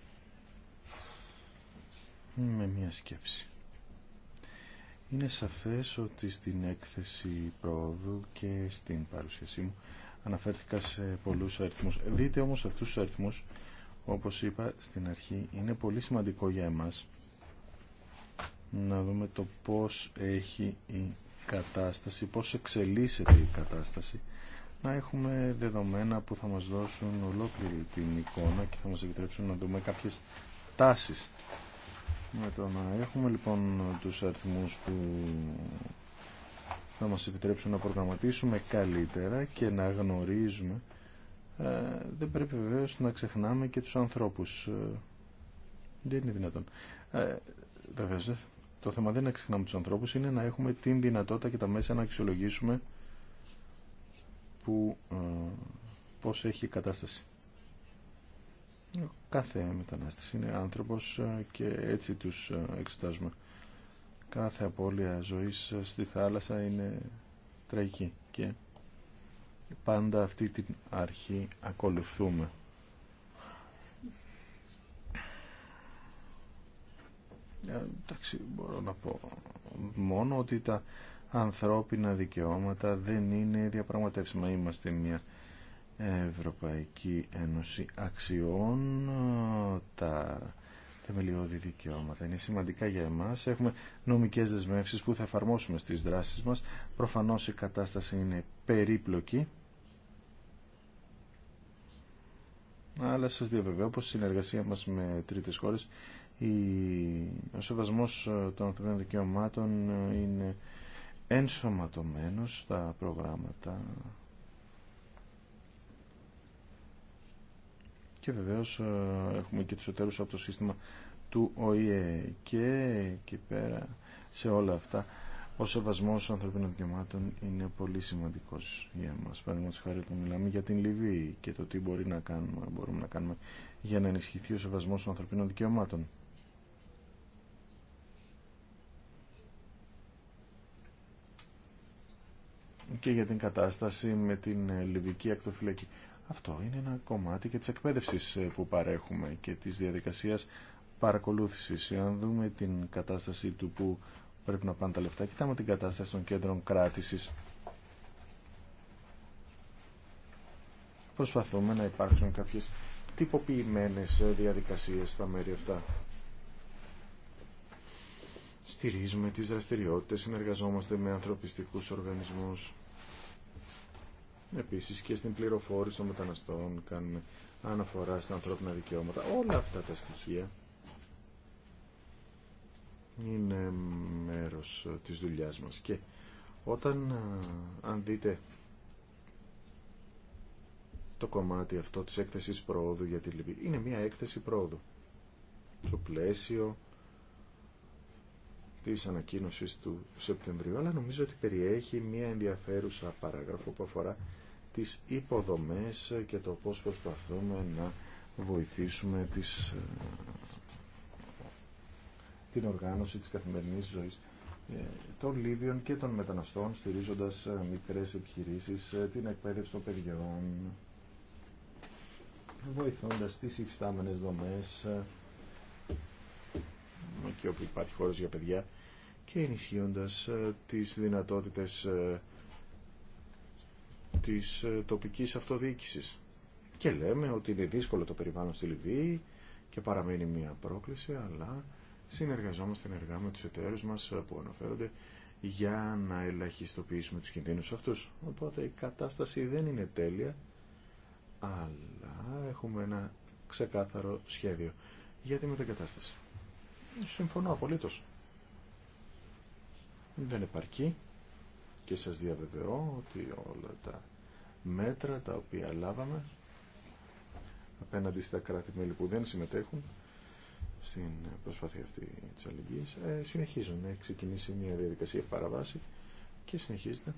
με μια σκέψη. Είναι σαφές ότι στην έκθεση πρόοδου και στην παρουσίασή μου αναφέρθηκα σε πολλούς αριθμούς. Δείτε όμως αυτούς τους αριθμούς, όπως είπα στην αρχή, είναι πολύ σημαντικό για εμάς να δούμε το πώς έχει η κατάσταση, πώς εξελίσσεται η κατάσταση να έχουμε δεδομένα που θα μας δώσουν ολόκληρη την εικόνα και θα μας επιτρέψουν να δούμε κάποιες τάσεις. Με το να έχουμε λοιπόν τους αριθμούς που θα μας επιτρέψουν να προγραμματίσουμε καλύτερα και να γνωρίζουμε ε, δεν πρέπει βεβαίω να ξεχνάμε και τους ανθρώπους. Ε, δεν είναι δυνατόν. Ε, βεβαίως, το θέμα δεν είναι να ξεχνάμε τους ανθρώπους, είναι να έχουμε την δυνατότητα και τα μέσα να αξιολογήσουμε που, ε, πώς έχει κατάσταση. κάθε μετανάστης είναι άνθρωπος ε, και έτσι τους ε, εξετάζουμε. Κάθε απώλεια ζωής στη θάλασσα είναι τραγική και πάντα αυτή την αρχή ακολουθούμε. εντάξει, μπορώ να πω μόνο ότι τα ανθρώπινα δικαιώματα δεν είναι διαπραγματεύσιμα. Είμαστε μια Ευρωπαϊκή Ένωση Αξιών. Τα θεμελιώδη δικαιώματα είναι σημαντικά για εμάς. Έχουμε νομικές δεσμεύσεις που θα εφαρμόσουμε στις δράσεις μας. Προφανώς η κατάσταση είναι περίπλοκη. Αλλά σας διαβεβαιώ πως η συνεργασία μας με τρίτες χώρες η... ο σεβασμός των ανθρωπίνων δικαιωμάτων είναι ενσωματωμένος στα προγράμματα και βεβαίως ε, έχουμε και τους εταίρους από το σύστημα του ΟΗΕ και εκεί πέρα σε όλα αυτά ο σεβασμό των ανθρωπίνων δικαιωμάτων είναι πολύ σημαντικό για μα. Παραδείγματο χάρη, μιλάμε για την Λιβύη και το τι μπορεί να κάνουμε, μπορούμε να κάνουμε για να ενισχυθεί ο σεβασμό των ανθρωπίνων δικαιωμάτων. και για την κατάσταση με την ε, Λιβική ακτοφυλακή. Αυτό είναι ένα κομμάτι και της εκπαίδευσης ε, που παρέχουμε και της διαδικασίας παρακολούθησης. Αν δούμε την κατάσταση του που πρέπει να πάνε τα λεφτά, κοιτάμε την κατάσταση των κέντρων κράτησης. Προσπαθούμε να υπάρξουν κάποιες τυποποιημένες ε, διαδικασίες στα μέρη αυτά. Στηρίζουμε τις δραστηριότητες, συνεργαζόμαστε με ανθρωπιστικούς οργανισμούς. Επίσης και στην πληροφόρηση των μεταναστών κάνουμε αναφορά στα ανθρώπινα δικαιώματα. Όλα αυτά τα στοιχεία είναι μέρος της δουλειάς μας. Και όταν, αν δείτε το κομμάτι αυτό της έκθεσης πρόοδου για τη Λιβύη, είναι μια έκθεση πρόοδου. Το πλαίσιο της ανακοίνωσης του Σεπτεμβρίου, αλλά νομίζω ότι περιέχει μια ενδιαφέρουσα παράγραφο που αφορά τις υποδομές και το πώς προσπαθούμε να βοηθήσουμε τις, ε, την οργάνωση της καθημερινής ζωής ε, των Λίβιων και των μεταναστών στηρίζοντας ε, μικρές επιχειρήσεις, την εκπαίδευση των παιδιών, βοηθώντας τις υφιστάμενες δομές και όπου υπάρχει χώρος για παιδιά και ενισχύοντας τις δυνατότητες της ε, τοπικής αυτοδιοίκησης. Και λέμε ότι είναι δύσκολο το περιβάλλον στη Λιβύη και παραμένει μια πρόκληση, αλλά συνεργαζόμαστε ενεργά με τους εταίρους μας ε, που αναφέρονται για να ελαχιστοποιήσουμε τους κινδύνους αυτούς. Οπότε η κατάσταση δεν είναι τέλεια, αλλά έχουμε ένα ξεκάθαρο σχέδιο για τη μετακατάσταση. Συμφωνώ απολύτως. Δεν επαρκεί και σας διαβεβαιώ ότι όλα τα μέτρα τα οποία λάβαμε απέναντι στα κράτη-μέλη που δεν συμμετέχουν στην προσπάθεια αυτή της αλληλεγγύης ε, συνεχίζουν. Έχει ξεκινήσει μια διαδικασία παραβάση και συνεχίζεται.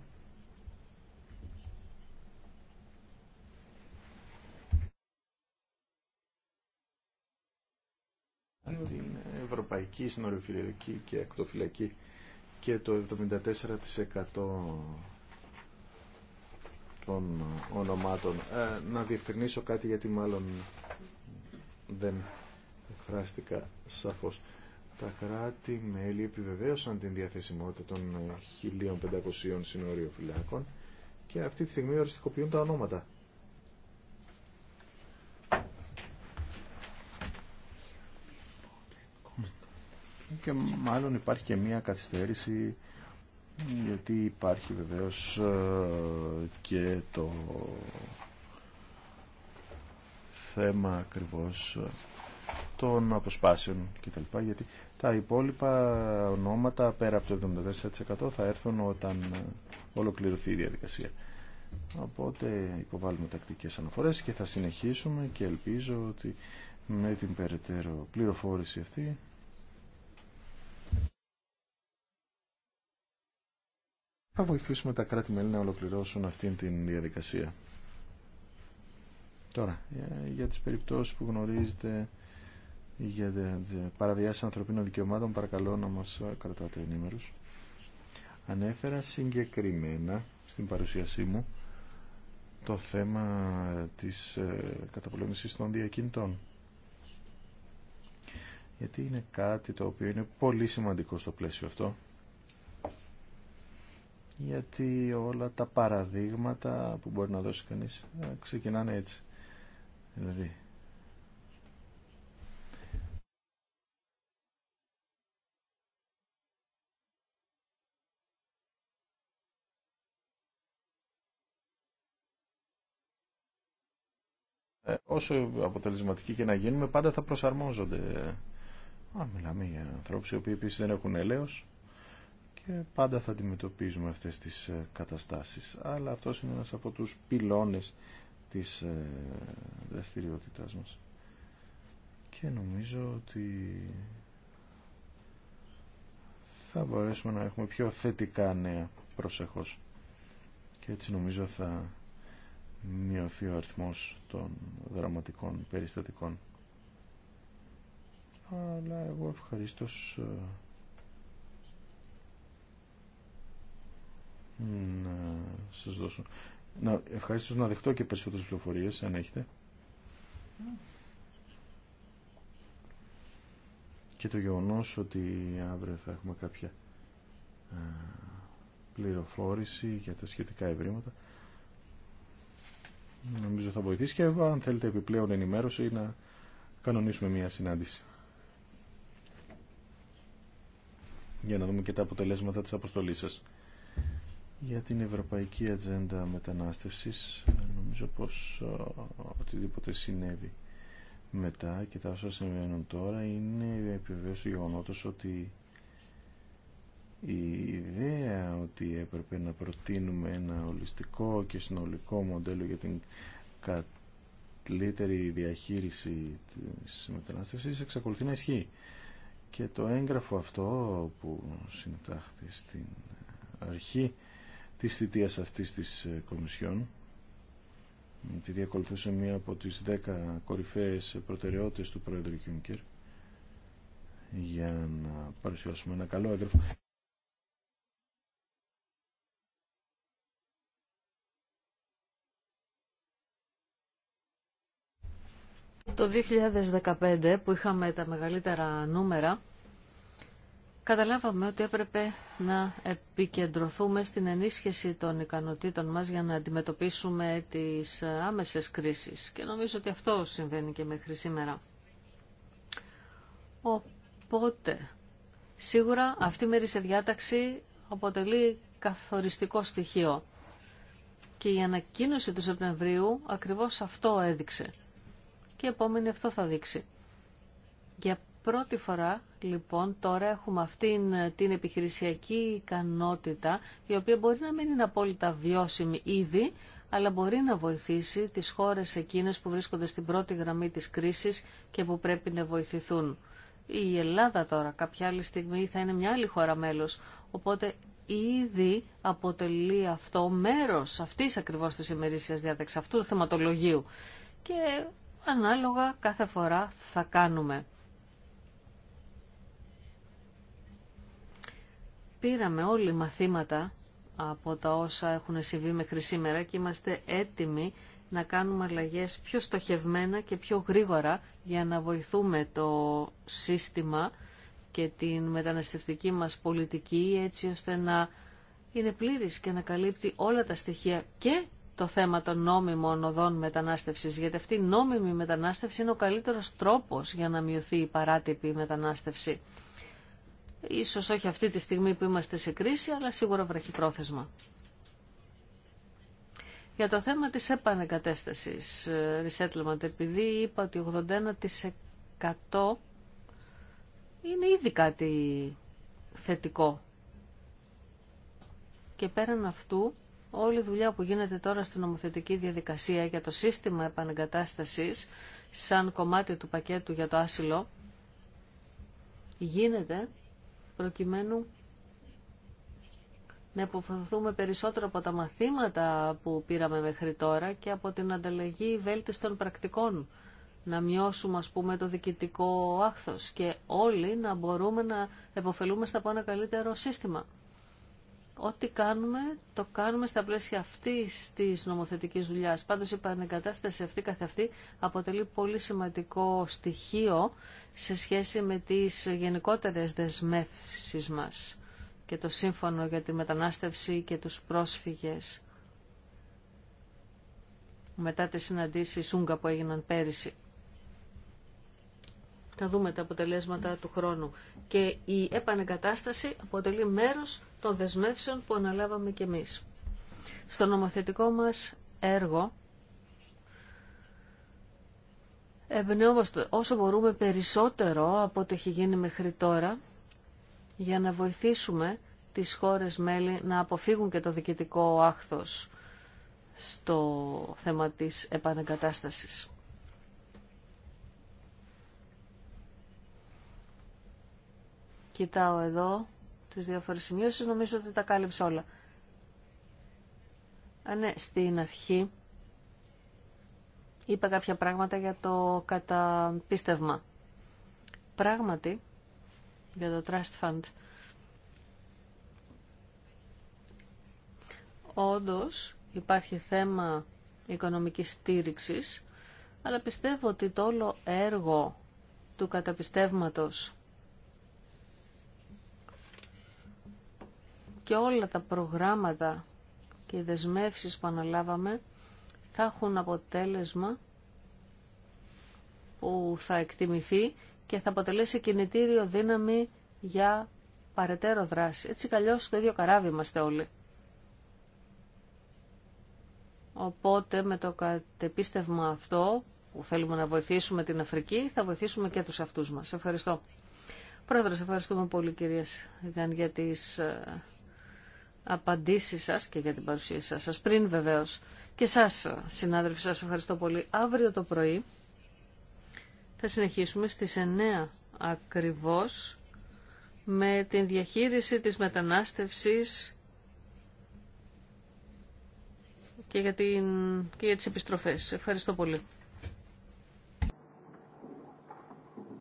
την Ευρωπαϊκή Συνοριοφυλακή και Ακτοφυλακή και το 74% των ονομάτων. Ε, να διευκρινίσω κάτι γιατί μάλλον δεν εκφράστηκα σαφώς. Τα κράτη-μέλη επιβεβαίωσαν την διαθεσιμότητα των 1500 συνοριοφυλάκων και αυτή τη στιγμή οριστικοποιούν τα ονόματα. και μάλλον υπάρχει και μία καθυστέρηση γιατί υπάρχει βεβαίως ε, και το θέμα ακριβώς ε, των αποσπάσεων κτλ. Γιατί τα υπόλοιπα ονόματα πέρα από το 74% θα έρθουν όταν ε, ολοκληρωθεί η διαδικασία. Οπότε υποβάλλουμε τακτικές αναφορές και θα συνεχίσουμε και ελπίζω ότι με την περαιτέρω πληροφόρηση αυτή θα βοηθήσουμε τα κράτη-μέλη να ολοκληρώσουν αυτήν την διαδικασία. Τώρα, για τις περιπτώσεις που γνωρίζετε για παραβιάσεις ανθρωπίνων δικαιωμάτων, παρακαλώ να μας κρατάτε ενήμερους. Ανέφερα συγκεκριμένα στην παρουσίασή μου το θέμα της ε, καταπολέμησης των διακινητών. Γιατί είναι κάτι το οποίο είναι πολύ σημαντικό στο πλαίσιο αυτό γιατί όλα τα παραδείγματα που μπορεί να δώσει κανείς ε, ξεκινάνε έτσι. Δηλαδή, ε, όσο αποτελεσματικοί και να γίνουμε, πάντα θα προσαρμόζονται. αν μιλάμε για ανθρώπους οι οποίοι επίσης δεν έχουν έλεος και πάντα θα αντιμετωπίζουμε αυτές τις ε, καταστάσεις. Αλλά αυτός είναι ένας από τους πυλώνες της ε, δραστηριότητάς μας. Και νομίζω ότι θα μπορέσουμε να έχουμε πιο θετικά νέα προσεχώς. Και έτσι νομίζω θα μειωθεί ο αριθμός των δραματικών περιστατικών. Αλλά εγώ ευχαριστώ ε, να σας δώσω. Να, ευχαριστώ να δεχτώ και περισσότερες πληροφορίες αν έχετε. Και το γεγονό ότι αύριο θα έχουμε κάποια ε, πληροφόρηση για τα σχετικά ευρήματα νομίζω θα βοηθήσει και αν θέλετε επιπλέον ενημέρωση να κανονίσουμε μια συνάντηση για να δούμε και τα αποτελέσματα της αποστολής σας για την Ευρωπαϊκή Ατζέντα Μετανάστευσης νομίζω πως ε, οτιδήποτε συνέβη μετά και τα όσα συμβαίνουν τώρα είναι επιβεβαίωση του γεγονότος ότι η ιδέα ότι έπρεπε να προτείνουμε ένα ολιστικό και συνολικό μοντέλο για την καλύτερη διαχείριση της μετανάστευσης εξακολουθεί να ισχύει. Και το έγγραφο αυτό που συντάχθη στην αρχή της θητείας αυτής της ε, Κομισιόν τη διακολουθούσε μία από τις δέκα κορυφαίες προτεραιότητες του Πρόεδρου Κιούνκερ για να παρουσιάσουμε ένα καλό έγγραφο. Το 2015 που είχαμε τα μεγαλύτερα νούμερα Καταλάβαμε ότι έπρεπε να επικεντρωθούμε στην ενίσχυση των ικανοτήτων μας για να αντιμετωπίσουμε τις άμεσες κρίσεις. Και νομίζω ότι αυτό συμβαίνει και μέχρι σήμερα. Οπότε, σίγουρα αυτή η μέρη σε διάταξη αποτελεί καθοριστικό στοιχείο. Και η ανακοίνωση του Σεπτεμβρίου ακριβώς αυτό έδειξε. Και η επόμενη αυτό θα δείξει. Για πρώτη φορά λοιπόν τώρα έχουμε αυτήν ε, την επιχειρησιακή ικανότητα η οποία μπορεί να μην είναι απόλυτα βιώσιμη ήδη αλλά μπορεί να βοηθήσει τις χώρες εκείνες που βρίσκονται στην πρώτη γραμμή της κρίσης και που πρέπει να βοηθηθούν. Η Ελλάδα τώρα κάποια άλλη στιγμή θα είναι μια άλλη χώρα μέλος, οπότε ήδη αποτελεί αυτό μέρος αυτής ακριβώς της ημερήσιας διάταξης, αυτού του θεματολογίου. Και ανάλογα κάθε φορά θα κάνουμε. πήραμε όλοι μαθήματα από τα όσα έχουν συμβεί μέχρι σήμερα και είμαστε έτοιμοι να κάνουμε αλλαγές πιο στοχευμένα και πιο γρήγορα για να βοηθούμε το σύστημα και την μεταναστευτική μας πολιτική έτσι ώστε να είναι πλήρης και να καλύπτει όλα τα στοιχεία και το θέμα των νόμιμων οδών μετανάστευσης, γιατί αυτή η νόμιμη μετανάστευση είναι ο καλύτερος τρόπος για να μειωθεί η παράτυπη μετανάστευση. Ίσως όχι αυτή τη στιγμή που είμαστε σε κρίση, αλλά σίγουρα βραχυπρόθεσμα. Για το θέμα της επανεγκατέστασης, ε, resettlement, επειδή είπα ότι 81% είναι ήδη κάτι θετικό. Και πέραν αυτού, όλη η δουλειά που γίνεται τώρα στην νομοθετική διαδικασία για το σύστημα επανεγκατάστασης σαν κομμάτι του πακέτου για το άσυλο γίνεται προκειμένου να υποφαθούμε περισσότερο από τα μαθήματα που πήραμε μέχρι τώρα και από την ανταλλαγή βέλτιστων πρακτικών. Να μειώσουμε, ας πούμε, το διοικητικό άχθος και όλοι να μπορούμε να επωφελούμε από ένα καλύτερο σύστημα. Ό,τι κάνουμε, το κάνουμε στα πλαίσια αυτή τη νομοθετική δουλειά. Πάντω, η επανεγκατάσταση αυτή καθ' αυτή αποτελεί πολύ σημαντικό στοιχείο σε σχέση με τι γενικότερε δεσμεύσει μα και το σύμφωνο για τη μετανάστευση και τους πρόσφυγες μετά τι συναντήσει Σούγκα που έγιναν πέρυσι. Θα δούμε τα αποτελέσματα του χρόνου. Και η επανεγκατάσταση αποτελεί μέρος των δεσμεύσεων που αναλάβαμε κι εμείς. Στο νομοθετικό μας έργο εμπνεόμαστε όσο μπορούμε περισσότερο από ό,τι έχει γίνει μέχρι τώρα για να βοηθήσουμε τις χώρες μέλη να αποφύγουν και το διοικητικό άχθος στο θέμα της επανεγκατάστασης. Κοιτάω εδώ τις διάφορες σημειώσεις. Νομίζω ότι τα κάλυψα όλα. Α, ναι, στην αρχή είπα κάποια πράγματα για το καταπίστευμα. Πράγματι, για το Trust Fund, όντως υπάρχει θέμα οικονομικής στήριξης, αλλά πιστεύω ότι το όλο έργο του καταπιστεύματος και όλα τα προγράμματα και οι δεσμεύσεις που αναλάβαμε θα έχουν αποτέλεσμα που θα εκτιμηθεί και θα αποτελέσει κινητήριο δύναμη για παρετέρω δράση. Έτσι καλλιώς στο ίδιο καράβι είμαστε όλοι. Οπότε με το κατεπίστευμα αυτό που θέλουμε να βοηθήσουμε την Αφρική, θα βοηθήσουμε και τους αυτούς μας. Ευχαριστώ. Πρόεδρος, ευχαριστούμε πολύ κυρίες για τις ε, απαντήσεις σας και για την παρουσία σας πριν βεβαίως. Και σας, συνάδελφοι, σας ευχαριστώ πολύ. Αύριο το πρωί θα συνεχίσουμε στις 9 ακριβώς με την διαχείριση της μετανάστευσης και για, την... και για τις επιστροφές. Ευχαριστώ πολύ.